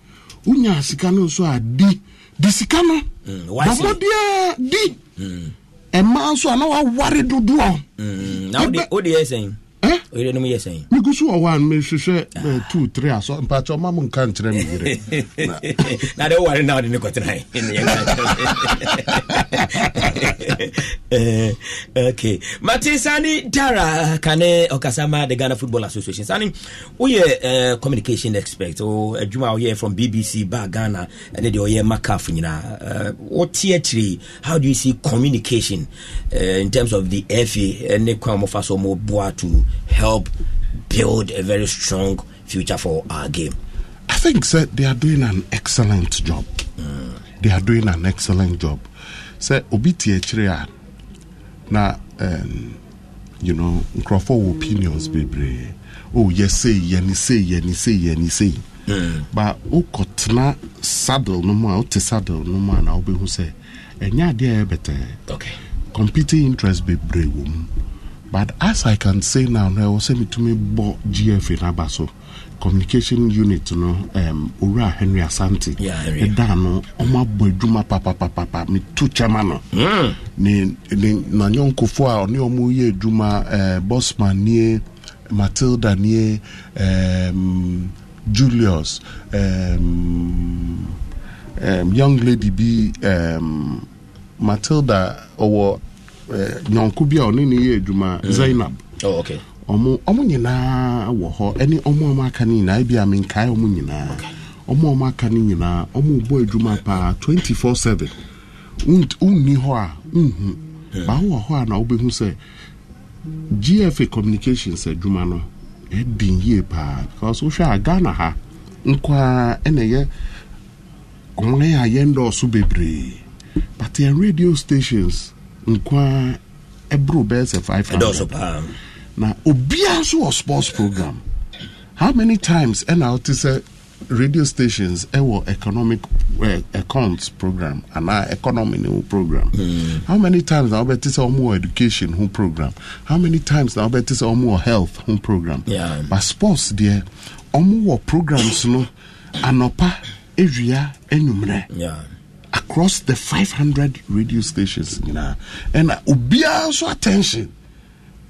wonya sika no nso a di di sika no hmm, bɔmɔdeɛ di ɛmaa hmm. nso a na waware dodoɔ. na o de ɛsɛn. megu so wɔ hɔ a mehwehwɛ two three asɔ ah, mpakyɛ ɔma mo nka nkyerɛ me yerɛ na de woware na wode ne kɔtena ok mate Sa'ni dara kane ɔkasama the ghana football association Sa'ni o uh, eh, communication expert o oh, adwuma eh, woyɛ from bbc ba ghana ɛne deɛ ɔyɛ macaf o wote akyiri how do you see communication uh, in terms of the fa ne kwan mɔfa so mɔboa to help build a very strong future for our game? I think sir, they are doing an excellent job. Mm. They are doing an excellent job. Sir, obi tie na um, you know Crawford opinions bebree oh yes, say sei say sei say sei Mm. but wokɔtena saddle no more, a wote saddle no mu a na wobɛhu say ɛnyɛ adeɛ ɛyɛ bɛtɛɛ okay. competing interest be wɔ but as i can say now na ɛwɔ sɛ metumi bɔ gfa no aba so communication unit no um, owura henry asante ɛda no ɔmo abɔ adwuma papapapapa metu kyɛma no hmm. ne nanyɔnkofoɔ a ɔne ɔmo yɛ adwuma uh, eh, bosman nie matilda nie um, julius um, um, young lady bi um, matilda ɔwɔ Eh, nyɔnko bi a ɔne ne yɛ adwuma mm. zainab oh, ɔmo ɔmo nyinaa wɔ hɔ ɛne ɔmo ɔmo aka no nyinaa ebi a menkae ɔmo nyinaa ɔmo ɔmo aka no nyinaa ɔmo bɔ adwuma paa twenty four seven wonni hɔ a nhu baawo wɔ hɔ a na wobɛhu sɛ gfa communications adwuma no ɛdin yie paa because wohwɛ a ghana ha nkoaa ɛna ɛyɛ ɔmo ayɛ a yɛndɔɔso bebree but yɛn radio stations nkoa ɛboro bɛyɛ sɛ five hundred na obiara nso wɔ sports program how many times ɛna wote sɛ radio stations ɛwɔ economic uh, accounts program anaa economy ne ho program mm. how many times na wobɛte sɛ ɔmo wɔ education ho program how many times na wobɛte sɛ ɔmo wɔ health ho program yeah. but sports deɛ ɔmo wɔ programs no anɔpa awia anwummerɛ yeah across the 500 radio stations nyinaa ɛna uh, obiara also attention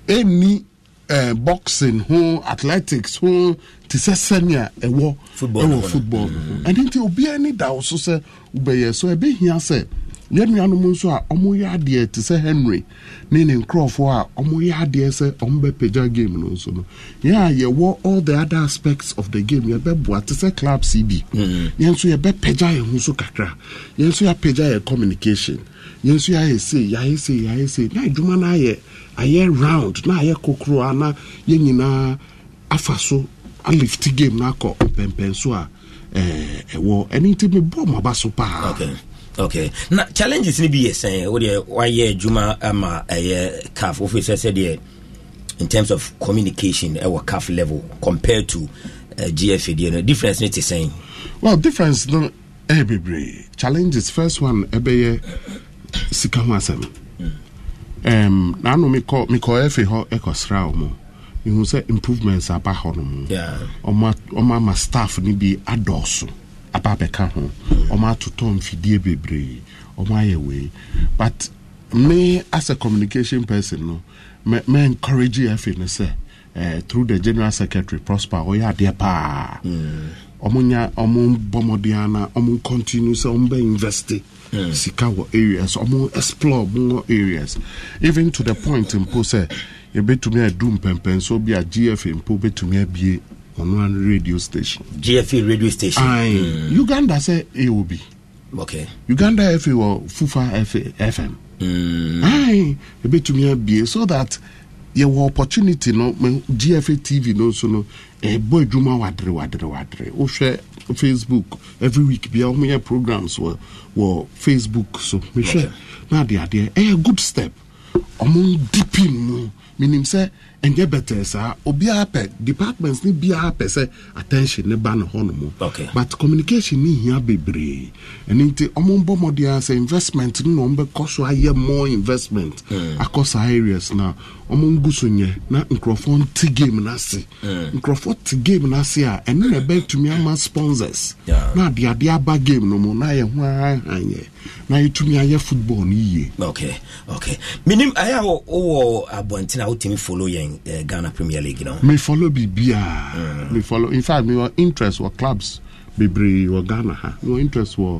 any eh, boxing who athletics ho te sɛ sɛnea ɛwɔ ɛwɔ football no ho ɛne mm-hmm. nti obiara ni da wo so sɛ wobɛyɛ so ɛbɛhia sɛ yɛn nuanom nso a wɔyɛ adeɛ te sɛ henry ne ne nkurɔfoɔ a wɔyɛ adeɛ sɛ wɔbɛpagya game no nso no yɛn a yɛwɔ all the other aspects of the game yɛbɛboa te sɛ club cb mm-hmm. yɛn nso yɛbɛpagya yɛn ho so kakra yɛn nso yɛapagya yɛn communication yɛn nso yɛayɛ sei yɛayɛ sei yɛayɛ sei na adwuma no ayɛ ayɛ round na ayɛ kokoro a na yɛn nyinaa afa so alifti game no akɔ mpɛmpɛn so a eh, ɛwɔ ɛno nti mebɔ maba so paa okay na challenges ni bi yɛ sɛn o deɛ wayɛ adwuma ama ɛyɛ eh, caf wofiri sɛ sɛdeɛ in terms of communication ɛwɔ eh, caf level compared to uh, eh, gfa deɛ no difference ne te sɛn well difference no ɛyɛ bebree challenges first one ɛbɛyɛ sika ho asɛm um, naano mekɔ ɛfe hɔ ɛkɔsra wo mu mehu sɛ improvements aba hɔ no mu ɔma ama staff no bi adɔɔso aba abɛka ho ɔmo atotɔ mfidie bebree ɔmo ayɛ wei but me as a communication person no me me encourage efe no sɛ eh, through the general secretary prosper ɔyɛ adeɛ paa ɔmo mm. nya ɔmo bɔ ana ɔmo continue sɛ ɔmo bɛ invest mm. sika wɔ areas ɔmo explore ɔmo wɔ areas even to the point mpo sɛ ebetumi adu mpɛmpɛnso bi a gfa mpo betumi abie On one radio station. gfa e radio station. ayi mm. uganda sɛ aob. okay. uganda fa or fufa fm. Mm. ayi ebetumi abie so that yɛwɔ opportunity no gfa tv no nso no ɛbɔ e wadre wadre wadre. wadere share facebook every week Be bia wɔyɛ programs wɔ wɔ facebook so share. Now the idea a good step ɔmo dipin mu menim say ɛnyɛ bɛtɛ saa obiara pɛ departments ne biara pɛ sɛ attention ne ba ne hɔnom okay. but communication ni hia bebree ɛno nti ɔmo mbɔ mmɔden a sɛ investment ni na ɔmo bɛkɔ so ayɛ more investment mm. akɔ saa areas na ɔmo ngu so nyɛ na nkurɔfoɔ nte game n'ase eh. nkurɔfoɔ te game n'ase a ɛno na ɛbɛtumi ama sponsors na ade ade aba game no mu na yɛ ho ahanyɛ na yɛtumi ayɛ football ni yie. okay okay minim aya a wowɔ abɔnten a wotumi follow yɛn uh, ghana premier league no. me follow biribiaa mm. follow in fact mewɔ interest wɔ clubs bebree wɔ ghana ha mewɔ interest wɔ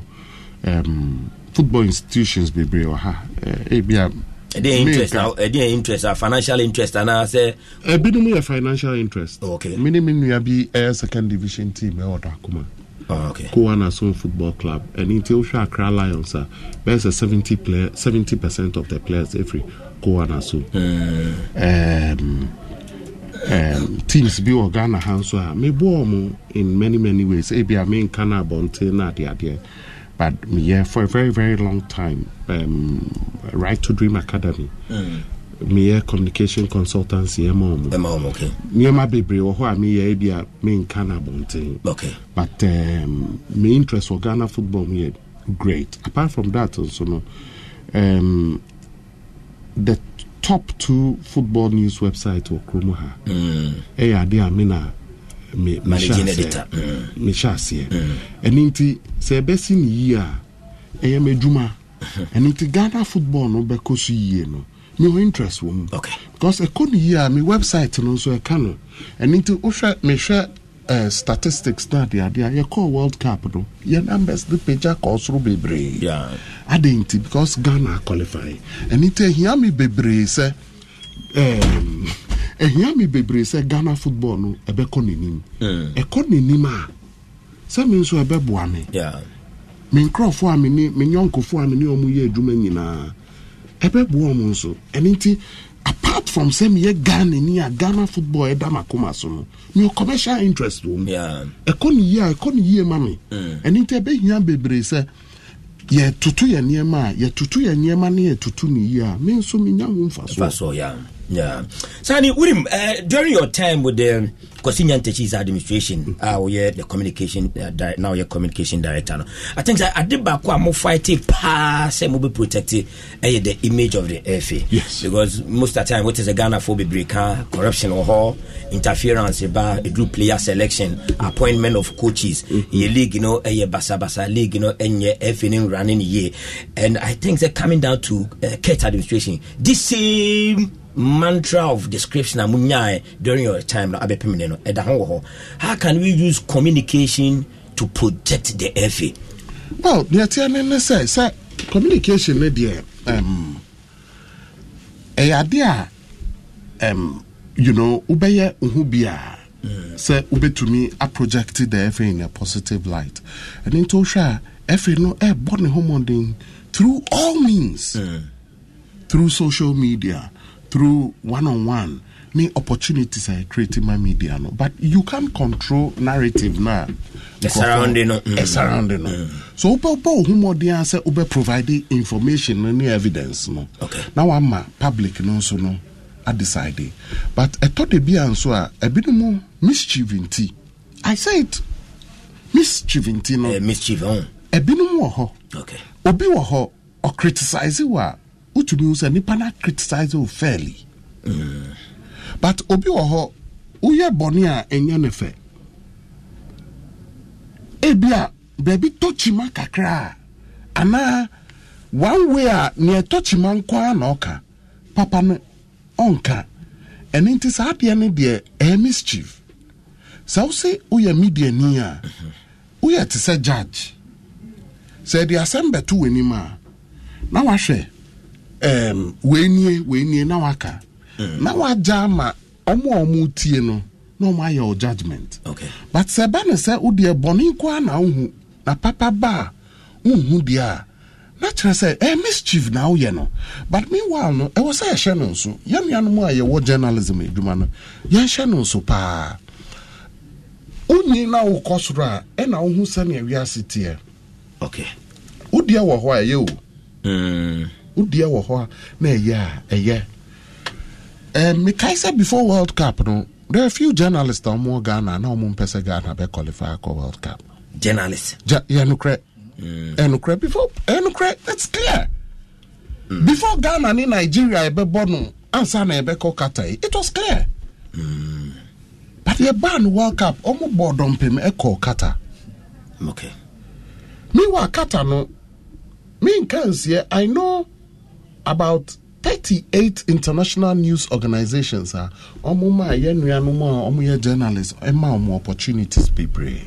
um, football institutions bebree wɔ ha uh, ebi a ɛdeɛ interest ɛdeɛ interest financial interest anaa sɛ. ebinom yɛ financial interest. okay mini mi nua bi ɛyɛ second division team ɛwɔ do akoma. Oh, okay. Kowana Sun Football Club ɛni tí o hwɛ Accra Lions a bɛyɛ sɛ seventy player seventy percent of the players every Kowana Sun. Mm. Um, teams bi wɔ Ghana ha nso a mebɔ ɔmo in many many ways ebi a menka na abɔnten na adeadeɛ but meyɛ for a very very long time um, right to dream academy mm. meyɛ communication consultancy ɛma ɔmo nneɛma bebree wɔ hɔ a meyɛ bi a menka no abɔnten but um, me interest wɔ ghana football mu yɛ great apart from that nso no um, the top two football news website wɔ kurom ha ɛyɛ mm. Eh, adeɛ a uh, me na mehyɛ aseɛ ɛno nti sɛ ɛbɛsi ne yie a ɛyɛ m'adwuma ɛno nti ghana football no bɛkɔ so yie no mewɔ interest wɔ mu okay. because ɛkɔ no yie a me website no nso ɛka no ɛno nti wohwɛ mehwɛ uh, statistics na adeade a yɛkɔɔ world cup no yɛ numbers de pagya kɔɔ soro bebree yeah. adɛn nti because ghana qualify ɛno nti ahia me bebree sɛ um, ɛhia me bebree sɛ ghana football no ɛbɛkɔ n'anim ɛkɔ mm. n'anim a sɛ me nso ɛbɛboa me yeah me nkurɔfoɔ a mene me nyɔnkofoɔ a mene ɔmo yɛ adwuma nyinaa ɛbɛboa ɔmo nso ɛno nti apart from sɛ meyɛ ghana ni a ghana football ɛda makoma so no meyɛ commercial interest wɔ mu ɛkɔ ne yie a ɛkɔ ne yie ma me mm. ɛno nti ɛbɛhia bebree sɛ yɛtoto yɛ nneɛma a yɛtoto yɛ nneɛma ne yɛtoto ne yie a me nso menya ho mfa so Yeah. Sani, Urim, uh, during your time with the Kosinyan Techi's administration, mm. uh, we are the communication, uh, di- now you're communication director. No? I think that at the back, I'm fighting pass and be protected uh, the image of the FA. Yes. Because most of the time, what is a Ghana phobia breaker, corruption or all interference about a group player selection, appointment of coaches, mm-hmm. your league, you know, a basa basa league, you know, and your FA running year. And I think they're coming down to uh, Kate administration. This same. mantra of description a munyae during your time no abɛpem ne no ɛda ho wɔ hɔ how can we use communication to project the fa well deɛ teɛ ne ne sɛ sɛ communication ne deɛ um, ɛyɛ adeɛ a um, you know wobɛyɛ wo ho biaa mm. sɛ wobɛtumi aproject the fa in a positive light ɛno nti wohwɛ a fa no ɛɛbɔ ne ho through all means mm. through social media through one on one me opportunities I create in my media no but you can't control narrative na surrounding no mm. surrounding no mm. so ope ope ohumode an say obe provide information no ni evidence no okay now am public no so no I decide but ɛtɔ de bi anso a ebinom mischief nti I said mischief nti no eh, mischief on oh. ebinom wɔ hɔ okay obi wɔ hɔ ɔcriticise wɔ a wotumi sɛ nipa na criticize o fairly mm. but obi wɔ hɔ woyɛ bɔne a ɛnyɛ ne fɛ ebi a baabi tɔkyima kakra a anaa one way a nea tɔkyima nko ara na ɔka papa no ɔnka ɛne nti saa adeɛ no deɛ ɛyɛ mischief sɛ wosɛ woyɛ media ni a woyɛ te sɛ judge sɛ ɛde asɛm bɛto w'anim a na wahwɛ um, wee nie wee nie na waka mm. na waja ma ọmụ ọmụ tie no na ọmụ ayọ judgment okay. but sɛ ba ne sɛ wode bɔne nkoa na wohu na papa baa a wonhu a na kyerɛ sè eh, mischief na woyɛ nọ but meanwhile no ɛwɔ e sɛ yɛhyɛ no nso yɛnnuanom a yɛwɔ journalism adwuma no yɛnhyɛ no nso paa ụnyi na wokɔ soro a ɛna wohu sɛnea wiase teɛ wodeɛ wɔ hɔ a ɛyɛ o hmm. wodeɛ wɔ hɔ a na ɛyɛ a ɛyɛ eh, mekae sɛ before world cup no there are few journalists a ɔmo ghana na ɔmo mpɛ sɛ ghana bɛ qualify akɔ world cup journalist ja, yɛ nokorɛ mm. before ɛnokorɛ it's clear mm. before ghana ne nigeria ɛbɛbɔ no ansa na ɛbɛkɔ kata yi it was clear mm. but yɛbaa no world cup ɔmo bɔ dɔmpem ɛkɔ kata okay. mewa kata no me menka nseɛ i know about 38 international news organizations ah, a ọmụma a yɛ nnuanom a ɔmo journalist journalist ɛma ọmụ opportunities bebree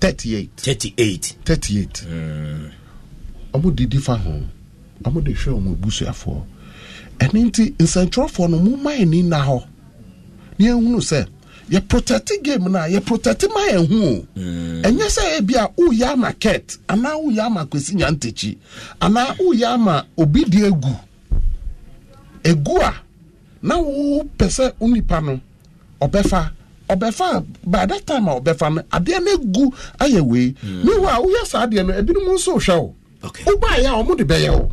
38 38 38 ɔmo didi fa ho ɔmo de hwɛ ɔmo ebusuafoɔ ɛne nti nsɛntwerɛfoɔ no mo maa ani na hɔ ne ehunu sɛ yɛ protect game na yɛ protect ma yɛn ho o ɛnyɛ eh. sɛ ebi a woyɛ ama ket anaa woyɛ ama kwesi nyantakyi ana woyɛ ama obi di egu. egu a na wopɛ sɛ wo nipa no ɔbɛfa ɔbɛfa by that time a ɔbɛfa no adeɛ no egu ayɛ wei hmm. mewa a woyɛ saa adeɛ no ebinom nso hwɛ wo wobaeɛ a ɔmo de bɛyɛ wo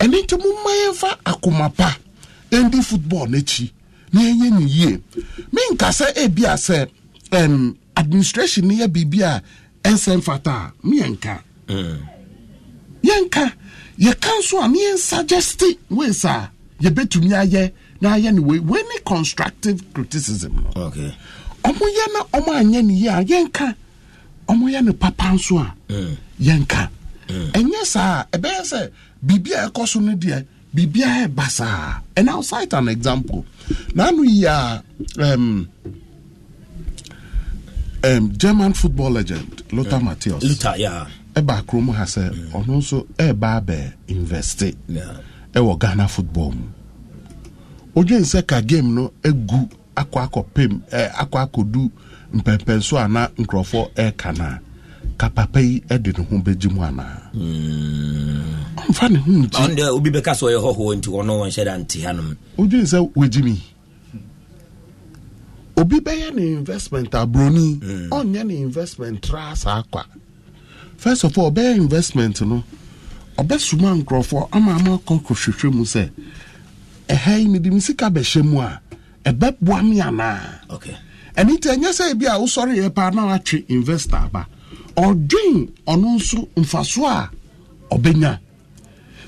ɛno nti momma yɛmfa akoma pa ɛndi football n'akyi na yɛyɛ ne yie menka nkasa ebia sɛ um, administration no yɛ biribi a ɛnsɛ mfata a meyɛnka hmm. yɛnka mm. yɛka so a ne yɛnsa gyeste wei saa yɛbɛtumi ayɛ na ayɛ no wei wei ne constructive criticism no ɔmo yɛ na ɔmo anyɛ ne yie a yɛnka ɔmo yɛ no papa nso a mm. yɛnka ɛnyɛ mm. saa ɛbɛyɛ sɛ biribi a ɛkɔ so no deɛ biribi a ɛba saa and i'll cite an example n'ano yi a um, um, german football legend lothar uh, matthäus lothar yeah. ɛba kurom ha sɛ mm. ɔno nso ɛba abɛ investe ɛwɔ ghana football mu odwen sɛ ka game no egu akɔ akɔ pem ɛ akɔ akɔdu mpɛmpɛnso ana nkurɔfoɔ ɛka na ka papa yi ɛde ne ho bɛgye mu ana. Mm. ɔnfa ne ho nkyi. ɔnde obi bɛka sɛ ɔyɛ hɔhoɔ nti ɔno wɔn hyɛ da nti hanom. odwen sɛ wegye mi obi bɛyɛ ne investment aburoni mm. ɔnyɛ ne investment tra saa kwa. first of all ɔbɛyɛ investment no ɔbɛsoma nkurɔfoɔ ama ama akɔ nkɔhwehwɛ mu sɛ ɛha yi mede me sika bɛhyɛ mu a ɛbɛboa me anaa ɛno nti ɛnyɛ sɛ ebi a wosɔreyɛ paa na watwe investor aba ɔdwen ɔno nso mfasoɔ a ɔbɛnya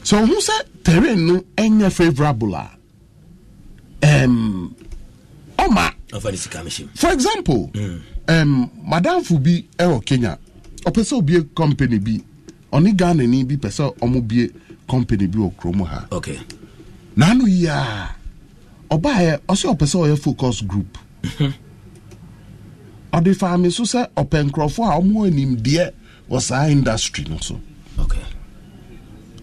sɛ ɔhu sɛ terrain no ɛnyɛ favorable a um, ɔma for example mm. um, madamfo bi ɛwɔ kenya ɔpɛ sɛ obie company bi ɔne ghanani bi pɛ sɛ ɔmo bie company bi wɔ kurom ha okay. n'ano yie a ɔbaayɛ ɔsɛ ɔpɛ sɛ ɔyɛ focus group ɔde faami so sɛ ɔpɛ nkurɔfoɔ a ɔmo animdeɛ wɔ saa industry no so okay.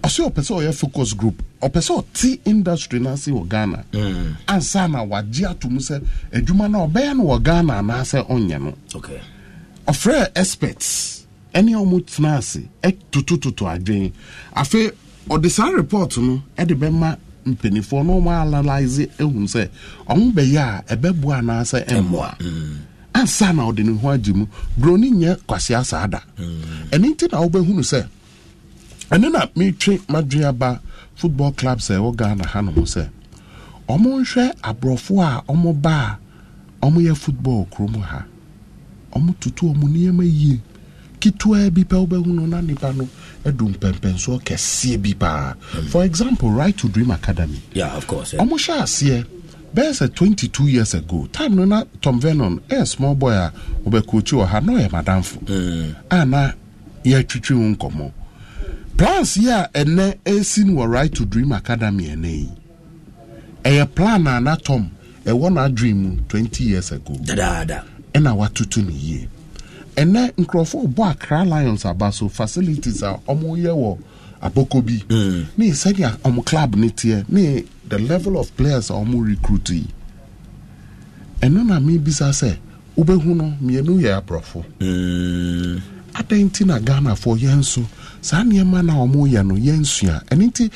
ɔsɛ ɔpɛ sɛ ɔyɛ focus group ɔpɛ sɛ ɔte industry no ase wɔ ghana mm. ansa na wagye ato mu sɛ adwuma no ɔbɛyɛ no wɔ ghana anaasɛ ɔnyɛ no ɔfrɛ okay. experts ɛne a wɔn tena ase ɛtutututu e adwene afei ɔde saa report no ɛde bɛma mpanimfoɔ na wɔn analyze ehu sɛ wɔn bɛyɛ a ɛbɛboa e anaasɛ ɛmmoa ansa na ɔde ne ho agye mu broni nyɛ kwasi asaa da ɛne mm. nti na wɔbɛhunu sɛ ɛne na metwe madwe aba football club sɛ ɛwɔ ghana hanom sɛ wɔn nhwɛ aborɔfo a wɔn ba a wɔn yɛ football kurom ha wɔn tutu wɔn nneɛma yie. ketewa bi pɛ wobɛhu no na nipa no adu mpɛmpɛnsoɔ kɛseɛ bi paa hmm. for example right to dream academy ɔmo hyɛ aseɛ bɛyɛ sɛ 22 years ago time no na tom vernon ɛyɛ small boy a wɔbɛkookyi wɔ ha na ɔyɛ madamfo mm. ana yɛatwitwi ho nkɔmmɔ plans yi a ɛnɛ ɛsi no wɔ right to dream academy ɛnɛ yi ɛyɛ plan a na tom ɛwɔ n'adwene dream 20 years ago ɛna watoto ne yie ɛnɛ nkurɔfoɔ bɔ akra lions aba so facilities a ɔmoyɛ wɔ aboko bi hmm. ne sɛdeɛ ɔmo club ne teɛ ne the level of players a ɔmo recruit yi ɛno na mebisa sɛ wobɛhu no mmienu yɛ aborɔfo hmm. adɛn nti na ghanafoɔ yɛn so saa nneɛma na ɔmoyɛ no yɛnsua ɛno nti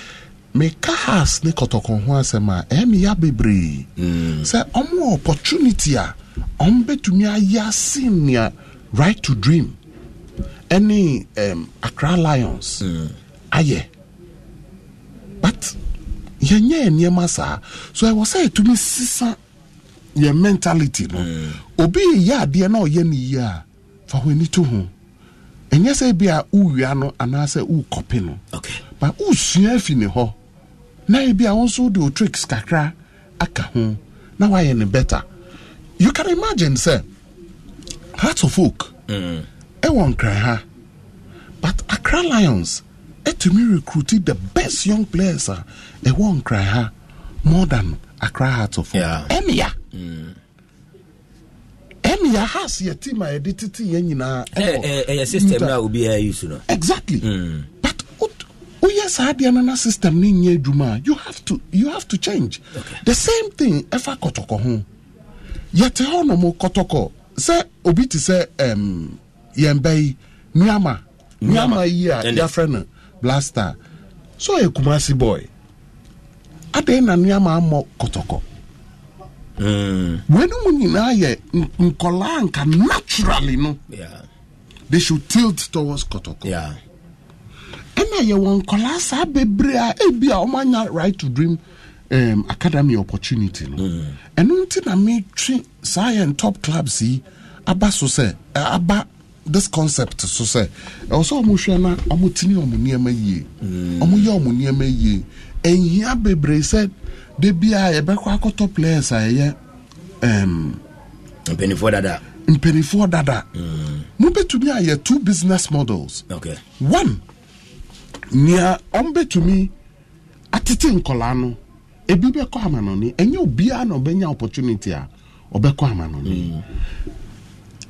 meka has ne kɔtɔkɔ ho asɛm a ɛyɛ eh, meyɛ bebree hmm. sɛ ɔmo opportunity a ɔmo bɛtumi ayɛ ase nea right to dream ɛne um, accra lions mm. ayɛ but yɛnyɛ nneɛma saa so ɛwɔ sɛ yɛtumi sisa yɛ mentality no hmm. obi yɛ adeɛ na ɔyɛ ne yie a fa ho ani to ho ɛnyɛ sɛ bi a wowia no anaasɛ wokɔpe no okay. but wosua afi ne hɔ na ebi a wo nso wode o kakra aka ho na woayɛ ne better you can imagine sɛ hearts of oak ɛwɔ mm. nkran ha but accra lions ɛtumi recruited the best young players a ɛwɔ nkran ha more than accra hearts of oak ɛmia ɛne yɛ has yɛ team eh, eh, eh, a yɛde tete yɛn nyinaa ɛyɛ system no a obiaa use no exactly mm. but woyɛ saa deɛ no na system no nyɛ adwuma a you have to you have to change okay. the same thing ɛfa kɔtɔkɔ ho hmm. yɛte hɔ nom kɔtɔkɔ sɛ obi te sɛ um, yɛn bɛ yi yi a yɛafrɛ no blaster so ɔyɛ kumasi boy adɛn na nyama amɔ kɔtɔkɔ mm. wɔn mu nyinaa yɛ nkɔlaa nka naturally no yeah. they should tilt towards kɔtɔkɔ yeah. ɛna yɛwɔ nkɔlaa saa bebree a ebi a wɔn anya right to dream. um, academy opportunity no mm. ɛno nti na metwe saa yɛn top clubs yi aba so eh, aba this concept so sɛ ɛwɔ sɛ na ɔmo yie mm. de yɛbɛkɔ akɔtɔ a ɛyɛ um, dada mm. mobɛtumi two business models okay. one nea ɔmbɛtumi atete nkɔlaa ebi bɛkɔ amanɔni ɛnyɛ obiara na ɔbɛnya opportunity a ɔbɛkɔ amanɔni mm.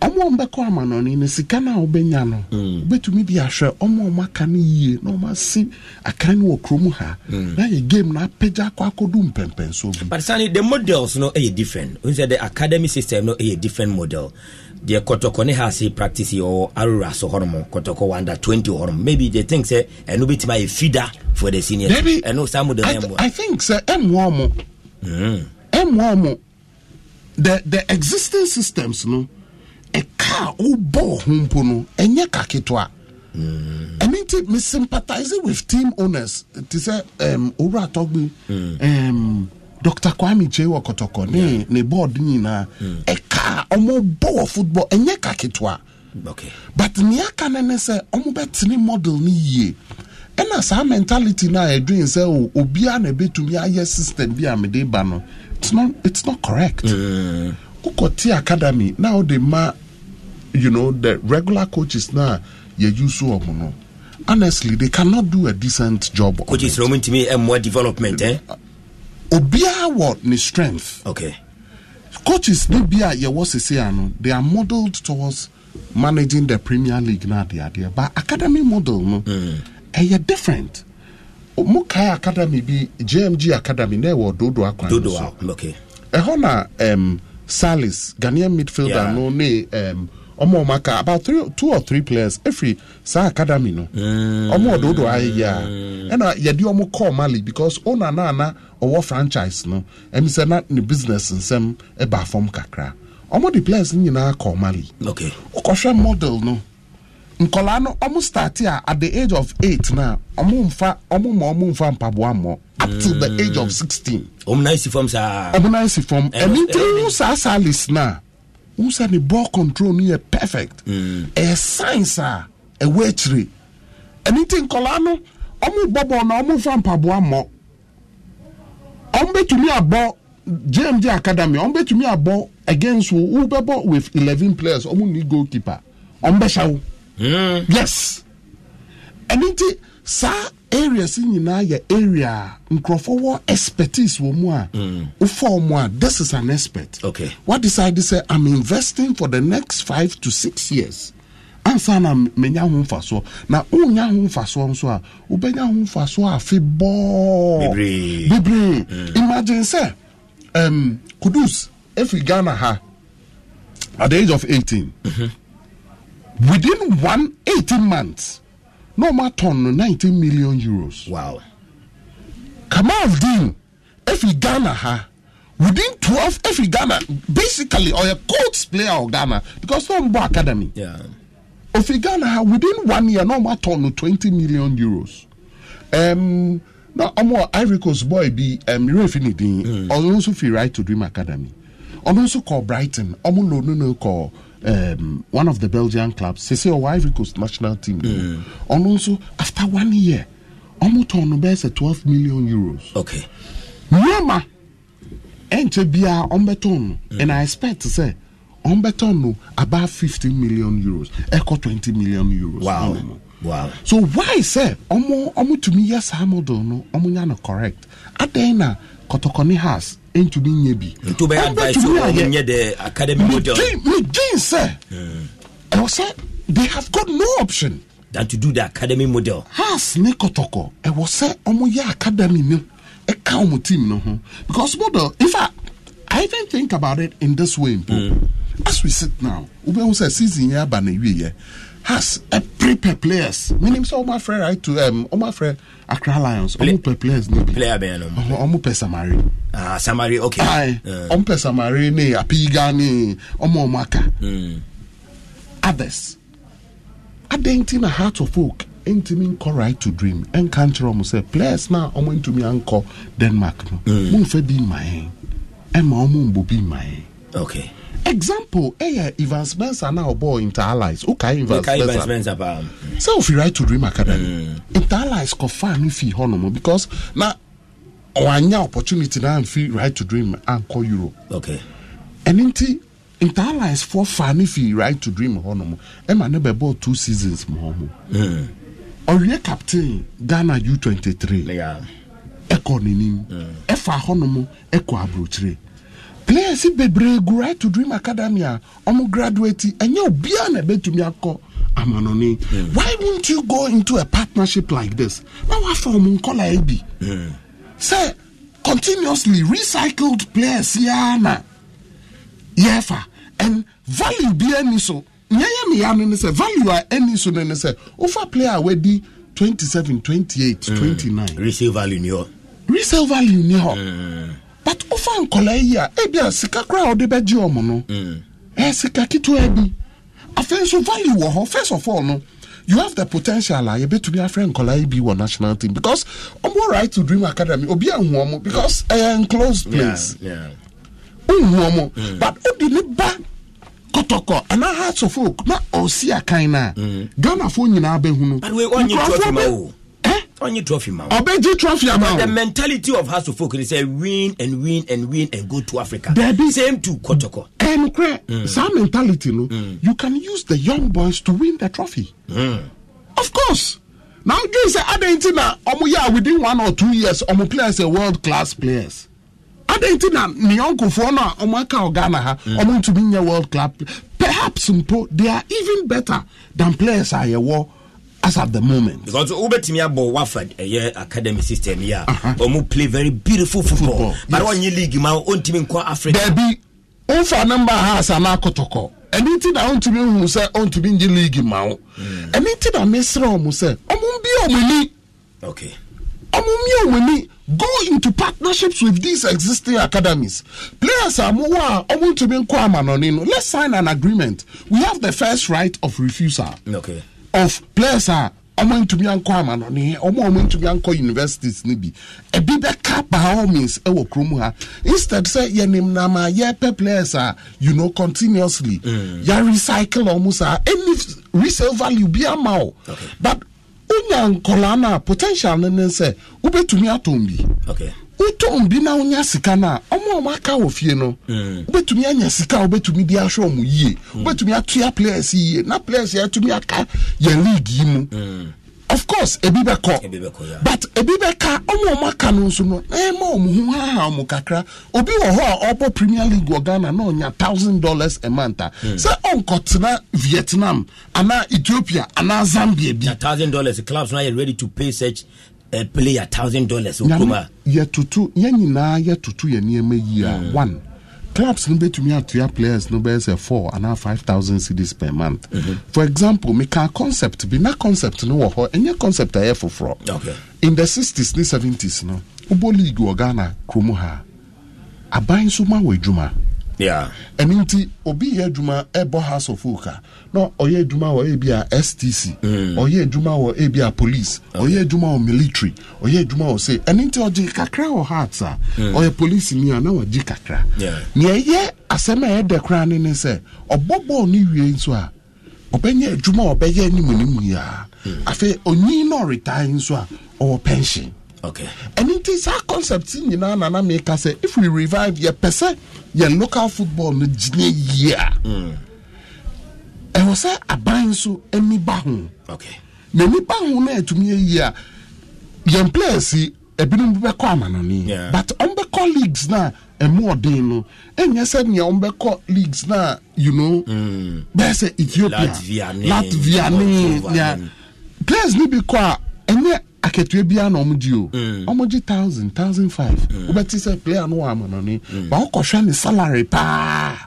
ɔmo ɔmo bɛkɔ amanɔni no sika no a mm. ɔbɛnya no ɔbɛtumi de ahwɛ ɔmo ɔmo aka no yie na ɔmo asi akan no wɔ kurom ha mm. na yɛ game na apagya akɔ akɔdu mpɛmpɛnso bi. but sani the models no yɛ different n sɛ the academy system no yɛ different model deɛ kɔtɔkɔ ne hase practice yɛwɔ arora so hɔnom kɔtɔkɔ wanda 20 hɔnom maybe they think sɛ ɛno bɛtumi ayɛ fida for the senior Debbie, ɛno saa mu de no I think sɛ ɛmmoa mo hmm. ɛmmoa mo the the existing systems no ɛka a wobɔɔ ho mpo no ɛnyɛ kaketewa hmm. ɛno nti mesympathise with team owners te sɛ um, owura tɔgbe hmm. um, dr kwame kyei wɔ kɔtɔkɔ ne ne board nyinaa a ɔmo bɔ wɔ football ɛnyɛ ka ketewa okay. but nea aka no ne sɛ ɔmo bɛtene model no yie ɛna saa mentality no a ɛdwen sɛ o obiara na ɛbɛtumi ayɛ system bi a mede ba no it's not, it's not correct eh. wokɔ yeah. te academy na wode ma you know the regular coaches na yɛyi so ɔmo no honestly they cannot do a decent job coaches no ɔmo ntumi ɛmmoa development eh? obiara wɔ ne strength okay coaches no bi a yɛwɔ sese ano they are modelled towards managing the premier league na adeɛ adeɛ but academy model no ɛyɛ mm. different mo kae academy bi gmg academy na ɛwɔ dodo akwan so dodo okay ɛhɔ na um, salis ghanaian midfielder yeah. no um, ɔma ɔma ka about three, two or three players ɛfiri saa academy no ɔma ɔdodo ayɛ a ɛna yɛde ɔmo kɔɔ mali because ɔna naana ɔwɔ franchise no ɛmi sɛ na ne business nsɛm ɛba fam kakra ɔmo de players no nyinaa kɔɔ mali okay. model no nkɔlaa no ɔmo start a at the age of eight na ɔmo nfa ɔmo ma ɔmo nfa mpaboa mmɔ up to the mm. age of sixteen. ɔmo nan si fam saa. ɔmo nan si fam ɛni tí n saa saa lis na. who said the ball control near perfect a mm. science a ɛwɔ akyire anything nkɔla no ɔmo bɔ bɔl na ɔmo fa mpaboa to me betumi abɔ jmg academy ɔmo betumi abɔ against wo wo bɛbɔ with eleven players ɔmo ni goalkeeper ɔmo bɛhyɛ wo yes Anything, sir areas nyinaa yɛ area a nkurɔfoɔ wɔ expertise wɔ mu a mm. wofa ɔmo a this is an expert okay. wadecide sɛ i'm investing for the next five to six years ansa na menya ho mfasoɔ na wonya ho mfasoɔ nso a wobɛnya ho mfasoɔ afe bɔɔ bebree mm. imagine sɛ um, kudus ɛfiri ghana ha at the age of 18 mm -hmm. within one 18 months na ɔmo atɔn no nineteen million euros. wow. kamal dean efi ghana ha within twelve efi ghana basically ɔyɛ colts player of ghana because no ɔmo bɔ academy. Yeah. ofi ghana ha within one year na ɔmo atɔn no twenty million euros. Um, na ɔmo ivory coast boy bi um, refi ne din hmm. ɔno nso fi right to dream academy ɔno nso kɔ brighton ɔmo lɔ no no kɔ um, one of the Belgian clubs, say ɔwɔ Ivory Coast national team. Mm. Ɔno nso after one year, ɔmo tɔn no bɛyɛ twelve million euros. Okay. Nyama ɛnkyɛ biara ɔmo and I expect to say bɛ about fifteen million euros, echo twenty million euros. Wow. Wow. So why say Omo Omo to me yes model no ɔmo nya no correct? Adan Kotokoni has ntumi nye bi ntumi ayɛ the academy model ne gin sɛ ɛwɔ sɛ they have got no option than to do the academy model has ne kɔtɔkɔ ɛwɔ sɛ ɔmo yɛ academy ne ɛka ɔmo team no ho because model if I, i even think about it in this way mm. as we sit now wobɛhu sɛ season yɛ aba na wieɛ has a prepare players. Meaning, so my friend, right to um, my friend Accra Lions, Play, um, players, no player, be um, um, um, Samari. Ah, Samari, okay. I. uh. um, Samari, ne, Apigani, um, Omaka. Mm. Others, I didn't in a heart of folk. ntumi nkɔ right to dream ɛnka country ɔmo say players na into ntumi ankɔ denmark no mm. mumfɛ bi mmaa yɛn ɛma ɔmo mbɔ bi okay example ɛyɛ ivan spencer na ɔbɔ inter allies wokae ivan spencer sɛ wofi right to dream academy mm. inter allies kɔfaa hɔ nom because na wanya opportunity na amfi right to dream ankɔ euro okay. ɛno nti inter allies foɔ faa no right to dream hɔ nom ɛma ne bɛbɔɔ two seasons mu hɔ mm. ɔwie captain ghana u23 ɛkɔ n'anim mm. ɛfa hɔ nom ɛkɔ aburokyire na yɛsi bebree gu right to dream academy a ɔmo graduate ɛnyɛ obiara na ɛbɛtumi akɔ amanoni mm. why won't you go into a partnership like this na wafa ɔmo nkɔla yɛ bi sɛ continuously recycled players yɛa na fa. and value bi ani so nyɛ yɛ mi ya no ne sɛ value a ani so ne ne sɛ ofa player a wadi twenty seven twenty eight twenty nine resale value ni hɔ resale value ni hɔ but wofa nkɔla yi a ebi a sika koraa ɔde bɛgye ɔmo no ɛyɛ mm. sika ketewa bi afei nso value wɔ hɔ first of all no you have the potential a yɛbɛtumi afrɛ nkɔla yi bi wɔ national team because ɔmo right to dream academy obi ahu ɔmo because ɛyɛ enclosed place ohu ɔmo mm. but odi ne ba kɔtɔkɔ anaa heart of oak na ɔsi akan na mm. ghana fo nyinaa bɛhunu nkurɔfoɔ bɛ ɔnye trophy ma wo. ɔbɛgye trophy ama wo. the mentality of house of folk ni sɛ win and win and win and go to africa. dabi same to kɔtɔkɔ. ɛnukurɛ mm. saa mentality no mm. you can use the young boys to win the trophy. Mm. of course na n gbin sɛ adan ti na ɔmo yɛ within one or two years ɔmo players are world class players. adan ti na ne yɔnkofoɔ no a ɔmo aka wɔ ghana ha ɔmo mm. ntumi nyɛ world class perhaps mpo they are even better than players a yɛ wɔ as at the moment. because wobɛtumi abɔ wafad ɛyɛ academy system yi a ɔmo play very beautiful football, football but wɔnye yes. league ma ɔntumi nkɔ africa. baabi nfa namba ha asa na akɔtɔkɔ ɛni ti na ɔntumi hu sɛ ɔntumi nye league ma o ɛni hmm. ti na mesra ɔmo sɛ ɔmo bi ɔmo ni okay. ɔmo mi ɔmo ni go into partnerships with these existing academies players a mo wa ɔmo ntumi nkɔ amanɔni no let's sign an agreement we have the first right of refusal. Okay of players a ɔmo ntumi ankɔ amanɔne ɔmo ɔmo ntumi ankɔ universities ne bi ebi bɛka by all means ɛwɔ kurom ha instead sɛ yɛnim nam a yɛpɛ players a you know continuously mm. yɛ recycle ɔmo saa any resale value bi ama o okay. but wonya nkɔlaa no potential no ne sɛ wobɛtumi atɔn bi. Okay wotɔn bi na wonya sika no a ɔmo a wɔaka wɔ fie no eh. wobɛtumi anya sika a wobɛtumi de ahwɛ ɔmo yie hmm. wobɛtumi atoa players yie na players yɛ atumi aka yɛn league yi mu eh. of course ebi bɛ kɔ but ebi bɛ ka ɔmo ɔmo aka no nso no ɛɛ ma ɔmo ho haha ɔmo kakra obi wɔ hɔ a ɔbɔ premier league wɔ ghana na ɔnya thousand dollars a month a hmm. sɛ ɔnkɔ tena vietnam ana ethiopia ana zambia bi. na thousand dollars clubs na yɛ ready to pay such a player thousand dollars okuma. yɛtutu yɛn nyinaa yɛtutu yɛn nneɛma yi a hmm. one clubs no bɛtumi atoa players no bɛyɛ sɛ four anaa five thousand CDs per month mm-hmm. for example meka concept bi na concept no wɔ hɔ ɛnyɛ concept a ɛyɛ foforɔ okay. in the sixties ne seventies no wobɔ league wɔ ghana kurom ha aban nso ma wɔ adwuma. ɛno nti obi yɛ adwuma ɛbɔ house of folk na ɔyɛ adwuma wɔ ebi a stc ɔyɛ hmm. adwuma wɔ ebi a police ɔyɛ adwuma wɔ military ɔyɛ adwuma wɔ se ɛno nti ɔgye kakra wɔ heart a ɔyɛ hmm. police ni a na ɔgye kakra nea ɛyɛ asɛm a ɛda koraa ne ne sɛ ɔbɔ bɔɔl ne wie nso a ɔbɛnyɛ adwuma a ɔbɛyɛ anim anim yia hmm. afei onyin na ɔretire nso a ɔwɔ pension. okay ẹni ti saa concept nyinaa nana mi ka sẹ if we revive yẹ pẹ sẹ yẹ local football no gyina yie hmm. a ẹwọ sẹ aban nso ẹni ba ho na ẹni ba ho na ẹtumi yie a yẹn players ebinom bɛkɔ amanoni but ɔn bɛkɔ leagues na ɛmu ɔden no ɛnyɛ sɛ nea ɔn bɛkɔ leagues na you know mm. bɛyɛ sɛ ethiopia latvia ne nea players ni bi kɔ a ɛnyɛ akatua biara na ɔmo di o mm. ɔmo gye thousand thousand five mm. wobɛti sɛ player no wɔ amanoni mm. ba ɔkɔhwɛ ne salary paa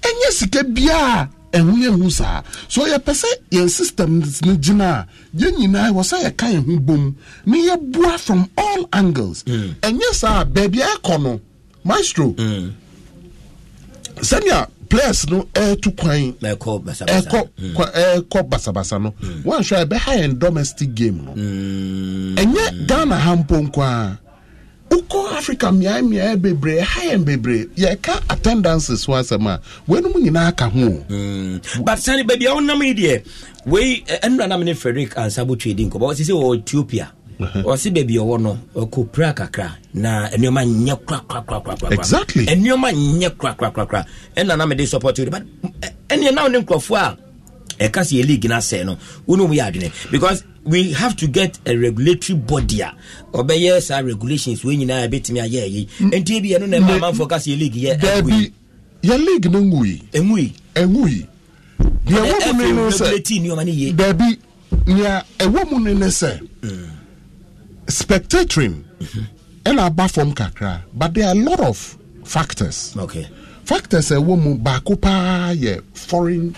ɛnyɛ sika biara ɛho yɛ hu saa so yɛpɛ sɛ yɛn system no gyina a yɛn nyinaa wɔ sɛ yɛka yɛn ho bom na yɛboa from all angles ɛnyɛ saa baabi ɛkɔ no maestro sɛnea players no ɛɛtu eh, kwan ɛkɔ ɛɛkɔ hmm. eh, basabasa no wanhwɛ ɛbɛha yɛn domestic game no ɛnyɛ hmm. ghana ha mpo nkoa wokɔ africa mmeaemmeaeɛ bebree ɛha yɛn bebree yɛka attendances ho asɛm a weinom nyinaa ka ho hmm. but sane baabi a wonam yi deɛ wei eh, ɛnura nam ne frederick ansabo twedi nkɔbɔ sɛ sɛ wɔ ethiopia ɔsi baabi ɔwɔ no ɔkɔ pra kakra na nneɛma nyɛ korakorakorakora exactly nneɛma nyɛ korakorakorakora ɛna na mede support you but ɛneɛ na ne nkurɔfoɔ a ɛka sɛ yɛ league no asɛe no wo yɛ adwene because we have to get a regulatory body a ɔbɛyɛ saa regulations wei nyinaa ɛbɛtumi ayɛ ɛyi ɛnti mm. bi ɛno na ɛma amanfoɔ ka sɛ yɛ league yɛ ɛngui yɛ league no ngui ɛngui ɛngui deɛ ɛwɔ mu no ne sɛ daabi nea ɛwɔ mu no spectatoring mm-hmm. ɛna aba fam kakra but there are a lot of factors okay. factors ɛwɔ eh, mu baako paa yɛ foreign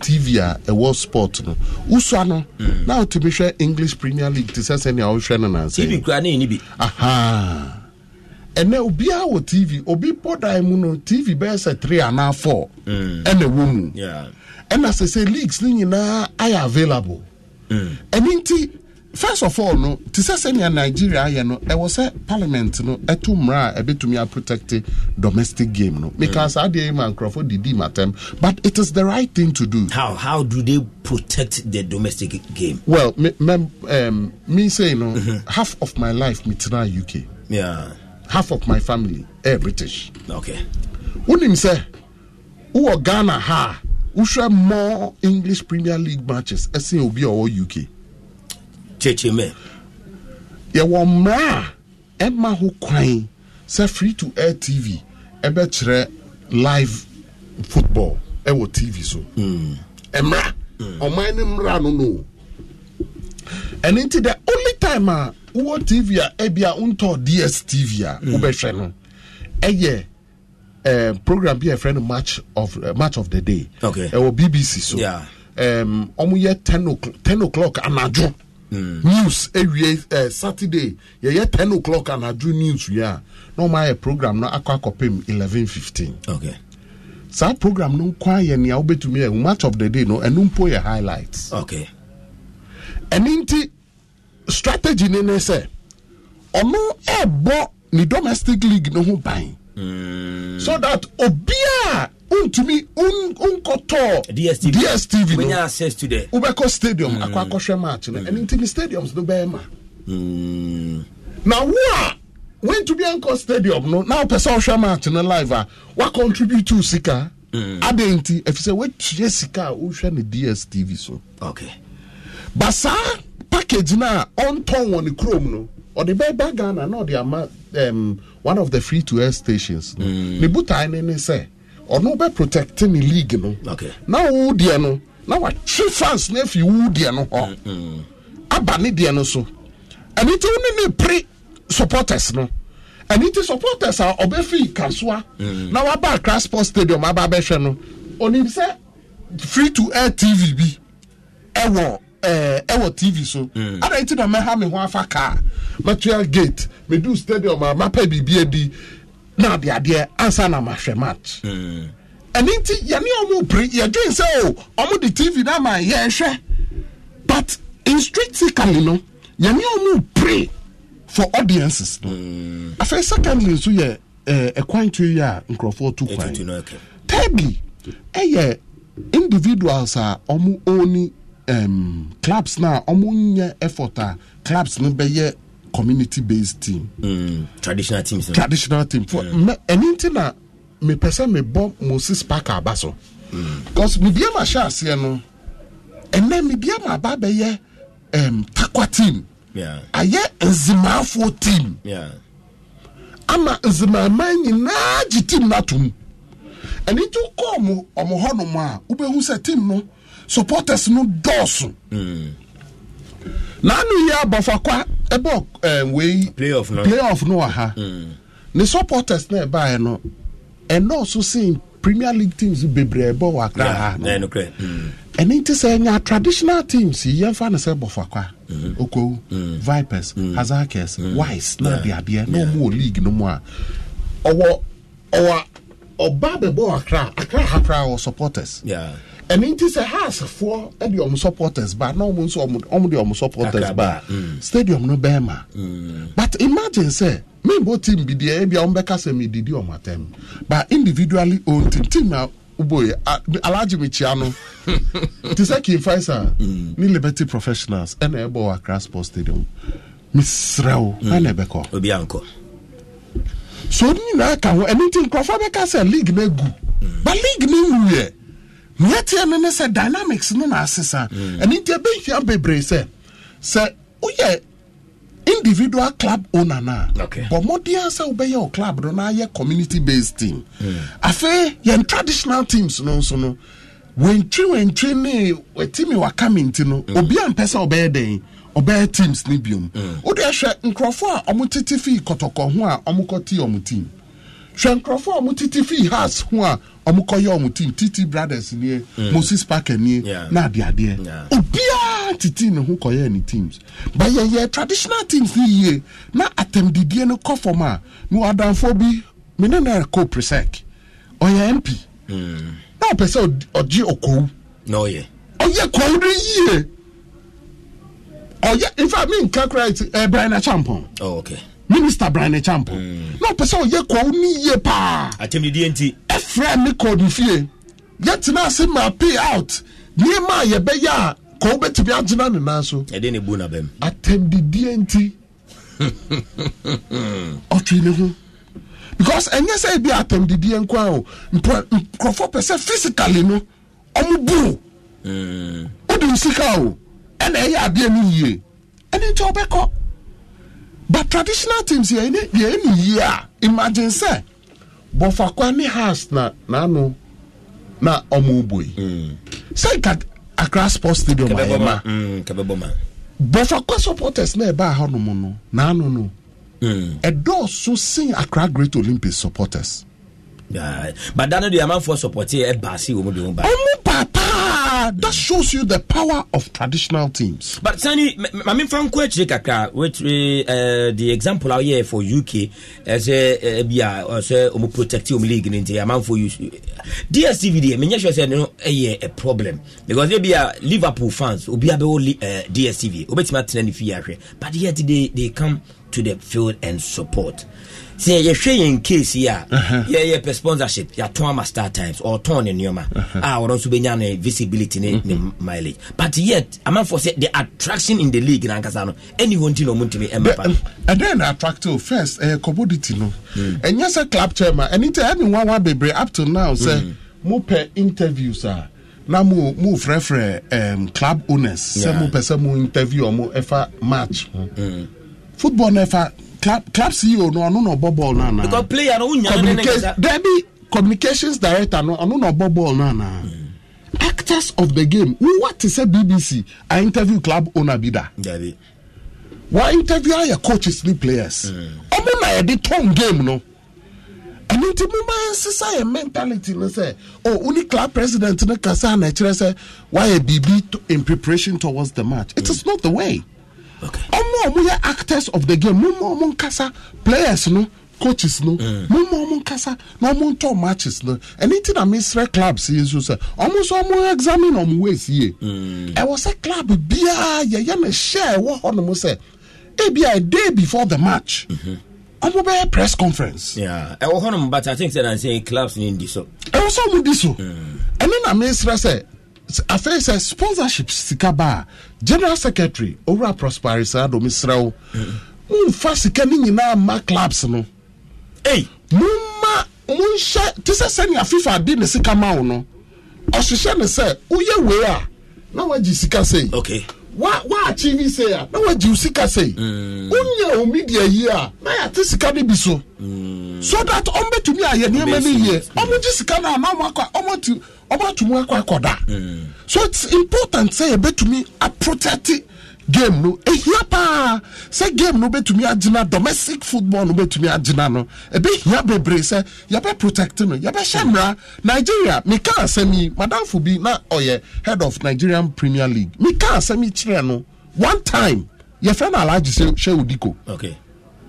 tv a ɛwɔ eh, sport no wosua no mm. na wotumi hwɛ english premier league te sɛ sɛnea wohwɛ no nansɛ aha ɛnɛ obiara wɔ tv obi bɔdan mu no tv bɛyɛ sɛ three anaa four mm. ɛna ɛwɔ mu ɛna sɛ sɛ leagues ni nyinaa ayɛ available mm. ɛno mm. nti first of all no te sɛ sɛnea nigeria ayɛ no ɛwɔ sɛ parliament no ɛto mmara a ɛbɛtumi aprotect domestic game no mm. because saa deɛ yi ma nkurɔfoɔ didi matam but it is the right thing to do how how do they protect the domestic game well me, me, um, me say no mm-hmm. half of my life me metena uk yeah. half of my family ɛyɛ eh, british okay wonim sɛ wowɔ ghana ha a wohwɛ more english premier league matches ɛsen obi a ɔwɔ uk kyekye mɛ yɛwɔ mmara a ɛma ho kwan sɛ free to air tv Ebe chere live football Ewo tv so hmm. mmara hmm. ɔman ne mmara no no And into the only time a wowɔ tv a ebi a wontɔ dstv ube hmm. wobɛhwɛ no ɛyɛ eh, program be a yɛfrɛ match of uh, match of the day okay. Ewo bbc so yeah. um, yɛ ten o'clock ten o'clock anadwo. Mm. news ewie eh, saturday yɛyɛ ten o'clock and adu news yɛ a na ɔmo ayɛ program na akɔ akɔpem eleven fifteen. okay. saa program no nkɔ ayɛ nea wobɛtumi yɛ much of the day no ɛno mpo yɛ highlights. okay. ɛne nti strategy ne ne sɛ ɔno ɛɛbɔ ne domestic league no ho ban. Mm. so that obiara wontumi wonkɔtɔɔ dstv, DSTV no access to the wobɛkɔ stadium mm. akɔ match no ɛno hmm. nti stadiums no bɛɛma mm. na wo a wento ankɔ stadium no na wopɛ sɛ wohwɛ match no live a woacontribute to sika mm. adɛn nti ɛfiri sɛ woatua sika a wohwɛ no dstv so okay. but saa package no a ɔntɔn wɔ ne kurom no ɔde bɛɛba ghana na ɔde ama um, one of the free to air stations no mm. ne botae ne ne sɛ ɔno bɛ protect ne league no na wo deɛ no na watwe fans no afi wo deɛ no hɔ aba ne deɛ no so ɛno nti wo ne ne pere supporters no ɛno nti supporters a ɔbɛfii kasoa mm. na waba akra sport stadium aba abɛhwɛ no ɔnim sɛ free to air tv bi ɛwɔ ɛɛ ɛwɔ tv so mm. adan ti na mɛha me ho afa kaa material gate medu stadium a mapa biribi adi na de adeɛ ansa na mahwɛ match ɛne nti yɛne ɔmo pere yɛdwen sɛ o ɔmo de tv na ma yɛhwɛ but intrinsically no yɛne ɔmo pere for audiences no afei secondly nso yɛ ɛkwan to yi a nkurɔfoɔ to kwan thirdly ɛyɛ eh, individuals a ɔmo oni um, clubs na ɔmo nyɛ effort a ah, clubs no bɛyɛ community based team. Mm, traditional team. So. traditional team for ɛni mm. ti na mepɛ sɛ mebɔ moses parker aba so. Mm. because mibia ma hyɛ aseɛ no ɛnɛ mibia ma aba bɛyɛ um, takwa team. Yeah. ayɛ nzimafo team. Yeah. ama nzimaaman nyinaa gye team n'atum ɛni tí kɔɔ mu ɔmo hɔnom a wobɛhu sɛ team no supporters no dɔɔso. Mm nanu yɛ abɔfakwa ɛbɔ ɛɛ eh, wei playoff no ha hmm. ne supporters na ɛbaayɛ no ɛnɔɔso sin premier league teams bebree bɔ wɔ akra ha no ɛne nti sɛ ɛnya traditional teams yi yɛmfa no sɛ bɔfakwa hmm. okow hmm. vipers hazakers wise na de adeɛ na ɔmo league no mu a ɔwɔ ɔwɔ ɔba bɛbɔ akra akra ha koraa wɔ supporters ɛno nti sɛ haasefoɔ de ɔm supporters ba na ɔm nso ɔm de ɔm supporters ba mm. stadium no bɛrima mm. but imagine sɛ membo team bi deɛ ebia ɔm bɛka sɛ medidi ɔm atɛm but individually own team team a wobɔe alagye mekyia no te sɛ kimfaisa ne liberty professionals ɛna ɛbɔ wɔ akra sport stadium mesrɛ wo ɛna ɛbɛkɔ obi ankɔ so ne nyinaa ka ho ɛno nti nkurɔfoɔ bɛka sɛ league no agu mm. but league no nwuiɛ nea teɛ no ne sɛ dynamics no na ase saa mm. ɛno nti ɛbɛhia bebree sɛ sɛ woyɛ individual club owner na okay. but mmɔden sɛ wobɛyɛ wo club no na ayɛ community based team mm. afei yɛn traditional teams no nso no wɛntwi wɛntwi ne watimi waka me nti no mm. obi ampɛ sɛ ɔbɛyɛ dɛn ɔbɛyɛ teams ne biom mm. wode mm. ɛhwɛ nkurɔfoɔ a ɔmo tete fii kɔtɔkɔ ho a ɔmo ɔmo team hwɛ nkurɔfoɔ a ɔmo titi fii house ho a ɔmo kɔyɛ team titi brothers nie mm. moses parker nie na ade adeɛ obiara titi ne ho kɔyɛ ne teams but yɛyɛ yeah, traditional teams ne yie na atɛmdidie no kɔ fam a na wadanfoɔ bi me na ɛkɔ presec ɔyɛ mp mm. na ɔpɛ sɛ ɔgye ɔkɔwu na ɔyɛ ɔyɛ kɔwu no yie ɔyɛ in fact mi nka kora ɛbɛn eh, champon. Oh, Minister brian echampo mm. na ɔpɛ sɛ ɔyɛ kɔ ni yie paa atɛmdidie nti ɛfrɛ e me kɔɔdu fie yɛtena ase ma pay out nneɛma a yɛbɛyɛ a kɔ wobɛtumi agyena ne nan so ɛde e ne bu na bɛm atɛmdidie nti ɔtwe ne ho because ɛnyɛ sɛ ebi atɛmdidie nko a o nkurɔfoɔ pɛ sɛ physically no ɔmo bu mm. o wode nsika o ɛna ɛyɛ adeɛ no yie ɛne nti ɔbɛkɔ but traditional teams yɛn ni yɛn ni yie a imagine sɛ bɔfakwa ne house na n'ano na ɔmo bɔ yi sɛ nka accra sports stadium ayɛ eh, ma mm, bɔfakwa supporters na ɛbaa hɔnom no n'ano no ɛdɔɔso mm. sin accra great olympic supporters. Yeah. but dano de amanfoɔ support yɛ eh, ɛbaase wɔn de wɔn ba. ɔmo Papa. Ah, that shows you the power of traditional teams. but sani maame nfa nko which uh, the example out here for uk ɛsɛ ɛbi a ɔsɛ ɔmo um, protect ɔmo um, league ne nti for you. Uh, dstv mean, menyɛ sure sɛ no ɛyɛ a problem because they be a uh, liverpool fans obi be dstv obetumi atena but yet they they come to the field and support. sɛ yɛhwɛ yɛn case yi a yɛyɛ uh-huh. pɛ sponsorship yɛato ama star times ɔtɔn ne nneɔma uh-huh. a wɔno nso bɛnya no visibility ne ne uh-huh. mileage but yet amanfoɔ sɛ the attraction in the league nankasa no ɛni hɔ nti na ɔmo ntumi ɛma pa ɛdɛn na attract first ɛyɛ commodity no hmm. ɛnyɛ sɛ club chairman ɛni tɛ ɛni nwa nwa bebree up to now sɛ hmm. mo pɛ interviews a na mo mo frɛfrɛ um, club owners sɛ mo pɛ sɛ mo interview ɔmo ɛfa match hmm. football na club ceo no ɔno na ɔbɔ bɔɔl no anaa because player no wonya no ne nsa dabi communications director no ɔno na ɔbɔ bɔɔl no actors of the game wíwá ti sẹ bbc i interview club owner bi da wà interview ayẹ coaches ni players hmm. ọmọ náà yẹ di turn game no ẹni tí mo máa ń sísá yẹ mentality ni sẹ o oh, oní club president ní kasa náà ẹ kyerẹ sẹ wà yẹ bìbí in preparation towards the match it mm. is not the way ọmọ ọmọ yẹ actors of the game mo mọ ọmọ nkasa players no coaches no mm. mo mọ ọmọ nkasa na ọmọ ntọ matches no anything tí na mi clubs yi nso sẹ ọmọ nso ọmọ examine ọmọ ways yie mm. ẹwọ sẹ club biara yẹyẹ na ṣẹ ẹwọ hɔ nom sẹ ebi a day before the match. Mm-hmm ọmọ bẹ press conference. ẹwọ hɔ nom but i think say na say clubs ni n di so. ẹwọ sọ ọmọ di so mm. ẹni na mi srẹ sẹ afei sɛ sponsorship sika ba general secretary owura prosperi saa dɔm srɛ wo momfa sika no nyinaa ma clubs no ei momma monhyɛ te sɛ sɛnea fifa de ne sika ma wo no ɔhyehyɛ ne sɛ woyɛ wei a na woagye sika sei okay wa wa achieve se a na wagye wo sika sei mm. wonya wo media yi a na yɛate sika no bi so mm. so that ɔmbɛtumi ayɛ nneɛma no yie ɔmogye sika no a na ɔmatu ɔmatu mu akɔ akɔda so it's important say. a protect it game no ehia paa sɛ game no bɛtumi agyina domestic football no bɛtumi agyina no ebɛhia bebree sɛ yɛbɛ protect no yɛbɛhyɛ mmara nigeria meka asɛm yi madamfo bi na ɔyɛ head of nigerian premier league meka asɛm yi kyerɛ no one time yɛfrɛ no alagye sɛ hyɛ odiko okay.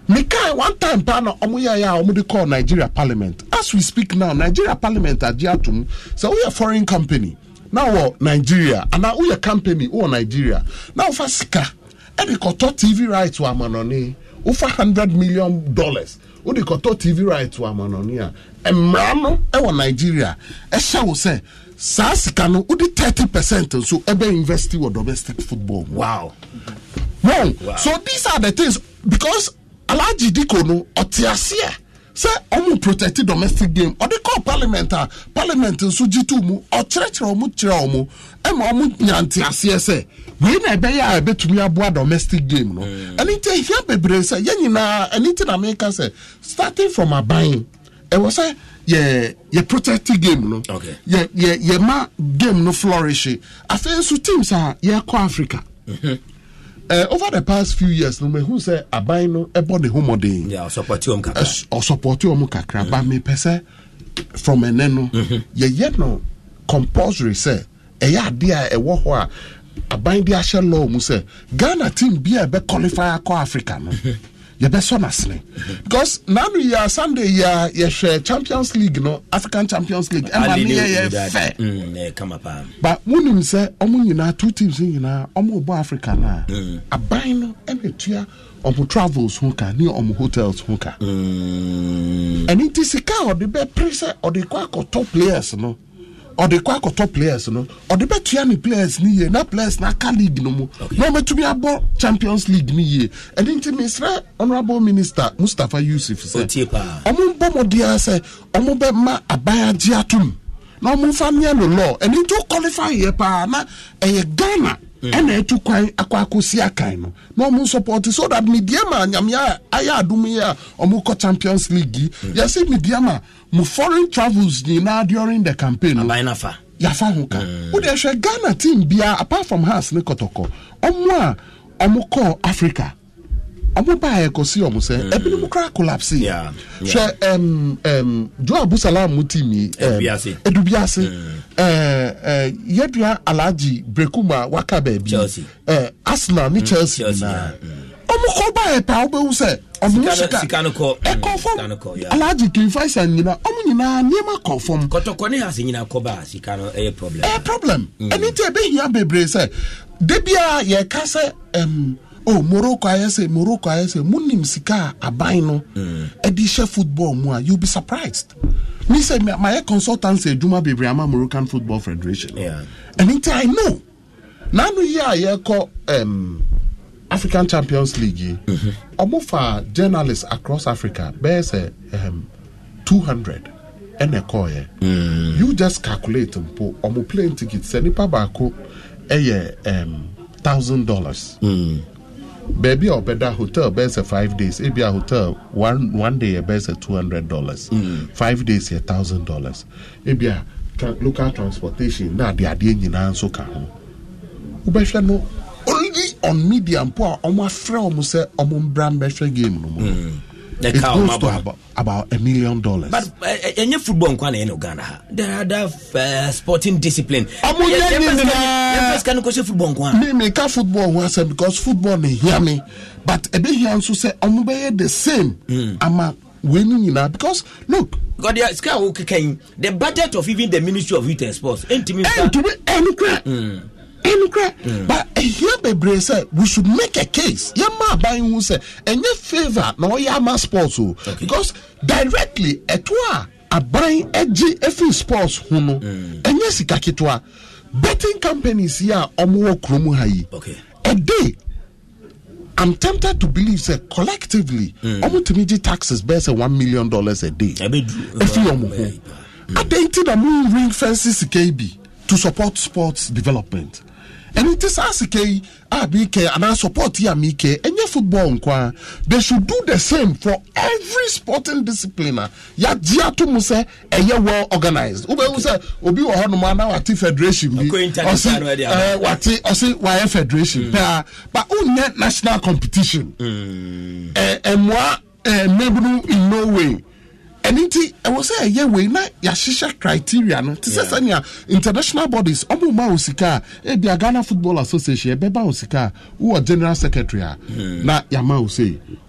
mekae one time paa na ɔmo yɛ yɛ a ɔmo de kɔɔ nigeria parliament as we speak now nigeria parliament agye atom sɛ woyɛ foreign company na wɔ nigeria anaa woyɛ company Oh nigeria Now wofa sika ɛde kɔtɔ tv rights wɔ amanoni, over hundred million dollars wode kɔtɔ tv right wɔ amanɔne a mmara no wɔ nigeria ɛhyɛ wo sɛ saa sika no wode thirty percent nso ɛbɛ invest wɔ domestic football wow wrong wow. so these are the things because alhaji diko no ɔte aseɛ sɛ ɔmo protecti domestic game ɔde kɔ parliament a parliament nso gye to mu ɔkyerɛkyerɛ ɔmo kyerɛ ɔmo ɛma ɔmo nyante aseɛ sɛ wei na ɛbɛyɛ a ɛbɛtumi aboa domestic game no ɛne nti ahia bebree sɛ yɛn nyinaa ɛne nti na meka sɛ starting from aban ɛwɔ sɛ yɛ yɛ protecti game no yɛ yɛ yɛ ma game no flourish afei nso teams a yɛkɔ africa. Uh, over the past few years no mehu sɛ aban no ɛbɔ ne ho mmɔden ɔsɔpɔte ɔm kakra ba mepɛ sɛ from ɛnɛ no mhm. yɛyɛ no compulsory sɛ ɛyɛ e adeɛ a ɛwɔ e hɔ a aban de ahyɛ law mu sɛ ghana team bi a ɛbɛ qualify akɔ africa no mhm yɛbɛsɔ no asene because nano yi a sunday yi a yɛhwɛ champions league no african champions league ɛma ne yɛyɛ fɛ but wonim sɛ ɔmo nyinaa two teams nyinaa ɔmo ɔbɔ africa no mm. a mm. aban no ɛna tua ɔmo travels ho ka ne ɔmo hotels ho ka ɛno nti sika a ɔde bɛpere sɛ ɔde kɔ akɔtɔ players no ɔde kɔ akɔtɔ players no ɔde bɛtua ne players ni yie na players na aka league no mu na ɔmɛtumi abɔ champions league ni yie ɛne nti mesrɛ honorable minister mustapha yusuf sɛ ɔmo mbɔ mɔdeɛ sɛ ɔmo bɛma aban agye atom na ɔmo nfa mmea no law ɛne nti qualify yɛ paa na ɛyɛ ghana mm. ɛna ɛtu kwan akɔ akɔsi akan no na ɔmo support so that mediama nyame a ayɛ adom yi a ɔmo kɔ champions league yi mm. yɛsɛ mediama Mu foreign travels nyinaa during the campaign no yɛafa ho ka mm. wode ɛhwɛ ghana team biara apart from hans ne kɔtɔkɔ ɔmo a ɔmo kɔɔ africa ɔmo baa yɛ kɔsi ɔmo sɛ mm. ebinom kora collapse hwɛ joe abusalam mu team yi edubiase mm. eh, eh, yɛdua alhaji brekuma waka baabi eh, arsenal ne chelsea nyinaa ɔmo kɔ ba yɛ ta ɔbɛwu sɛ ɔmo sika ɛkɔ fam alaji kirifa sa nyina ɔmo nyinaa nneɛma kɔ fam. kɔtɔkɔ ne ase nyinaa kɔ ba sika no ɛyɛ problem. ɛyɛ problem ɛni mm. tí ebi hia bebree sɛ debia yɛ ka sɛ o morocco ayɛ sɛ morocco ayɛ sɛ mo nim sika aban no ɛde hyɛ football mu a you be surprised mi sɛ mayɛ consultancy adwuma bebree ama moroccan football federation ɛni tí i know nanu yi a yɛ kɔ Um, african champions league yi ɔmo fa journalists across africa bɛyɛ sɛ um, 200 ɛna ɛkɔɔyɛ mm. you just calculate mpo ɔmo plane ticket sɛ nipa baako ɛyɛ ehm, thousand dollars hmm. baabi a ɔbɛda hotel bɛyɛ sɛ five days ebi a hotel one one day yɛ bɛyɛ sɛ two hundred dollars hmm. five days yɛ thousand dollars ebi a local transportation na ade adeɛ nyinaa nso ka ho wobɛhwɛ no only on media mpo a ɔmo afrɛ ɔmo sɛ ɔmo mbra mbɛhwɛ game no mu. Mm. The it goes to about, about a million dollars. But any eh, eh, uh, football nkwa na Ghana ha. There are other uh, sporting discipline. Ọmọ yẹn ni nina. Yẹn fẹsẹ̀ kan kò ṣe football nkwa. Mi mi ka football nkwa sẹ because football ni hia mi but ebi hia nso sẹ ọmọ bẹ yẹ the same. Mm. Ama wei ni nyinaa because look. God ya sika awo kẹkẹ the budget of even the ministry of youth and sports. Ntumi nsa. Ntumi ẹnukura ɛnukura but ɛhia bebree sɛ we should make a case yɛn mma aban ho sɛ ɛnyɛ favour na ɔyɛ ama sports o because directly ɛto a aban agye efi sports ho no ɛnyɛ mm. sika ketewa betting companies yi a wɔwɔ kurom ha yi ɛde i'm tempted to believe say collectively ɔmo tumi gye taxes bɛyɛ sɛ one million dollars a day efi ɔmo ho adanti na mo ring fences sika yi bi to support sports development ɛno nti saa sika yi a meekɛ anaa support yi a meekɛ ɛnyɛ football nkoa they should do the same for every sporting discipline Ya yɛagye ato mu sɛ ɛyɛ well organized wobɛhu sɛ obi wɔ hɔnom ana wate federation bi ɔse Wati, ɔse wayɛ federation paa but wonyɛ national competition ɛmmoa mmabunu in no way ɛno nti ɛwɔ sɛ ɛyɛ wei na yɛahyehyɛ criteria no te sɛ sɛnea international bodies ɔmo ma wo a ɛdi a ghana football association ɛbɛba wo sika a general secretary a hmm. na yɛama wo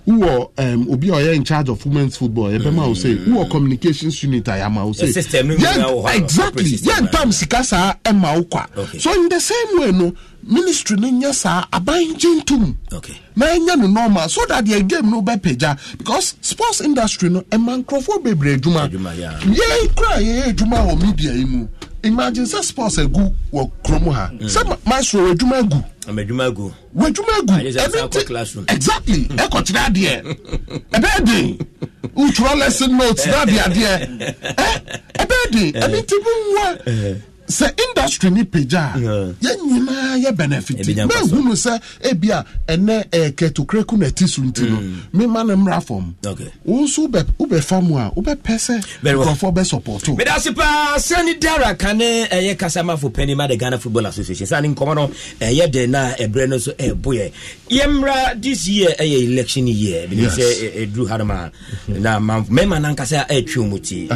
wowɔ um, obi a in charge of women's football yɛbɛma wo sɛ wowɔ hmm. communications unit a yɛama wo sɛ exactly yɛntam sika saa ɛma wo kɔ so in the same way no ministry no nyɛ saa aban gye ntom na ɛnyɛ no normal so that yɛ game no wobɛpagya because sports industry no ɛma nkurɔfoɔ bebree adwuma yɛkora yɛyɛ adwuma wɔ media yi mu imagine sɛ sports agu wɔ kurom ha mm. sɛ maestro wadwuma agu wadwuma agu ɛno nti exactly ɛkɔkyerɛ adeɛ ɛbɛɛ den wotwerɛ lesson notes na adeadeɛ ɛbɛɛ den eh. ɛno nti monwa sɛ industry ni pagya a yɛn nyinaa yɛ benefit mɛhu no sɛ ebi a ɛnɛ ɛɛ kɛtokuraku na ɛti so nti no mm. mema no mmra fam wɔn nso wobɛfa mu a wobɛpɛ sɛ nkurɔfoɔ bɛsɔpɔto meda ase paa sani dara ka ne ɛyɛ kasamafo pani ma de ghana football association saa ne nkɔmmɔ no ɛyɛ den na ɛberɛ no so ɛboyɛ yɛmmra this year ɛyɛ election year menim sɛ ɛduru ha no na mɛma no ankasa ɛtwe mu ti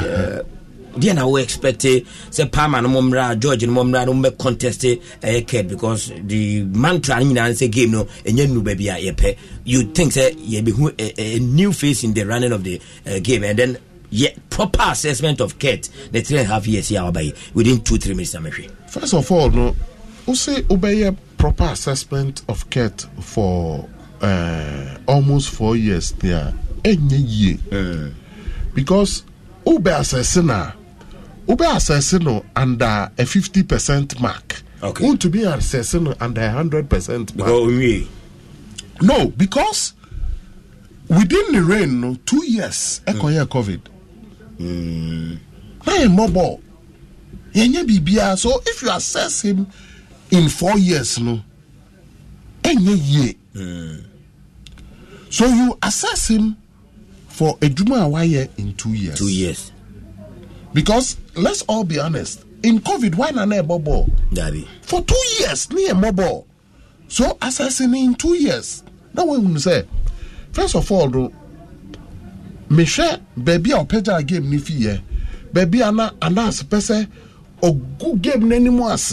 deɛ na wo expect eh, sɛ palma no mommra george no mommra no mommɛ contest ɛyɛ eh, cat eh, because the mantra no nyinaa sɛ game no ɛnyɛ nu baabi a ah, yɛpɛ you think sɛ yɛbɛhu a, a new face in the running of the uh, game and then yeah, proper assessment of cat the three and a half years here by within two three minutes amehwe first of all no wo say wobɛyɛ proper assessment of cat for uh, almost four years there ɛnyɛ yie because be assessing her wobɛ asɛse no under a 50 percent mark okay. wontumi asɛse no under a 100 percent mark because no because within the rain no two years ɛkɔyɛ mm. covid mm. na yɛmmɔbɔ yɛnyɛ biribiaa so if you assess him in four years no ɛnyɛ yie mm. so you assess him for adwuma a wayɛ in two years two years because let's all be honest in covid why na na ɛbɔ Daddy. for two years ne yɛ mɔ ball so assessing in two years na wɔn we say? first of all do mehwɛ baabi a ɔpɛgya game ne fi eh? yɛ baabi a na anaasepɛ sɛ ogu game n'anim ase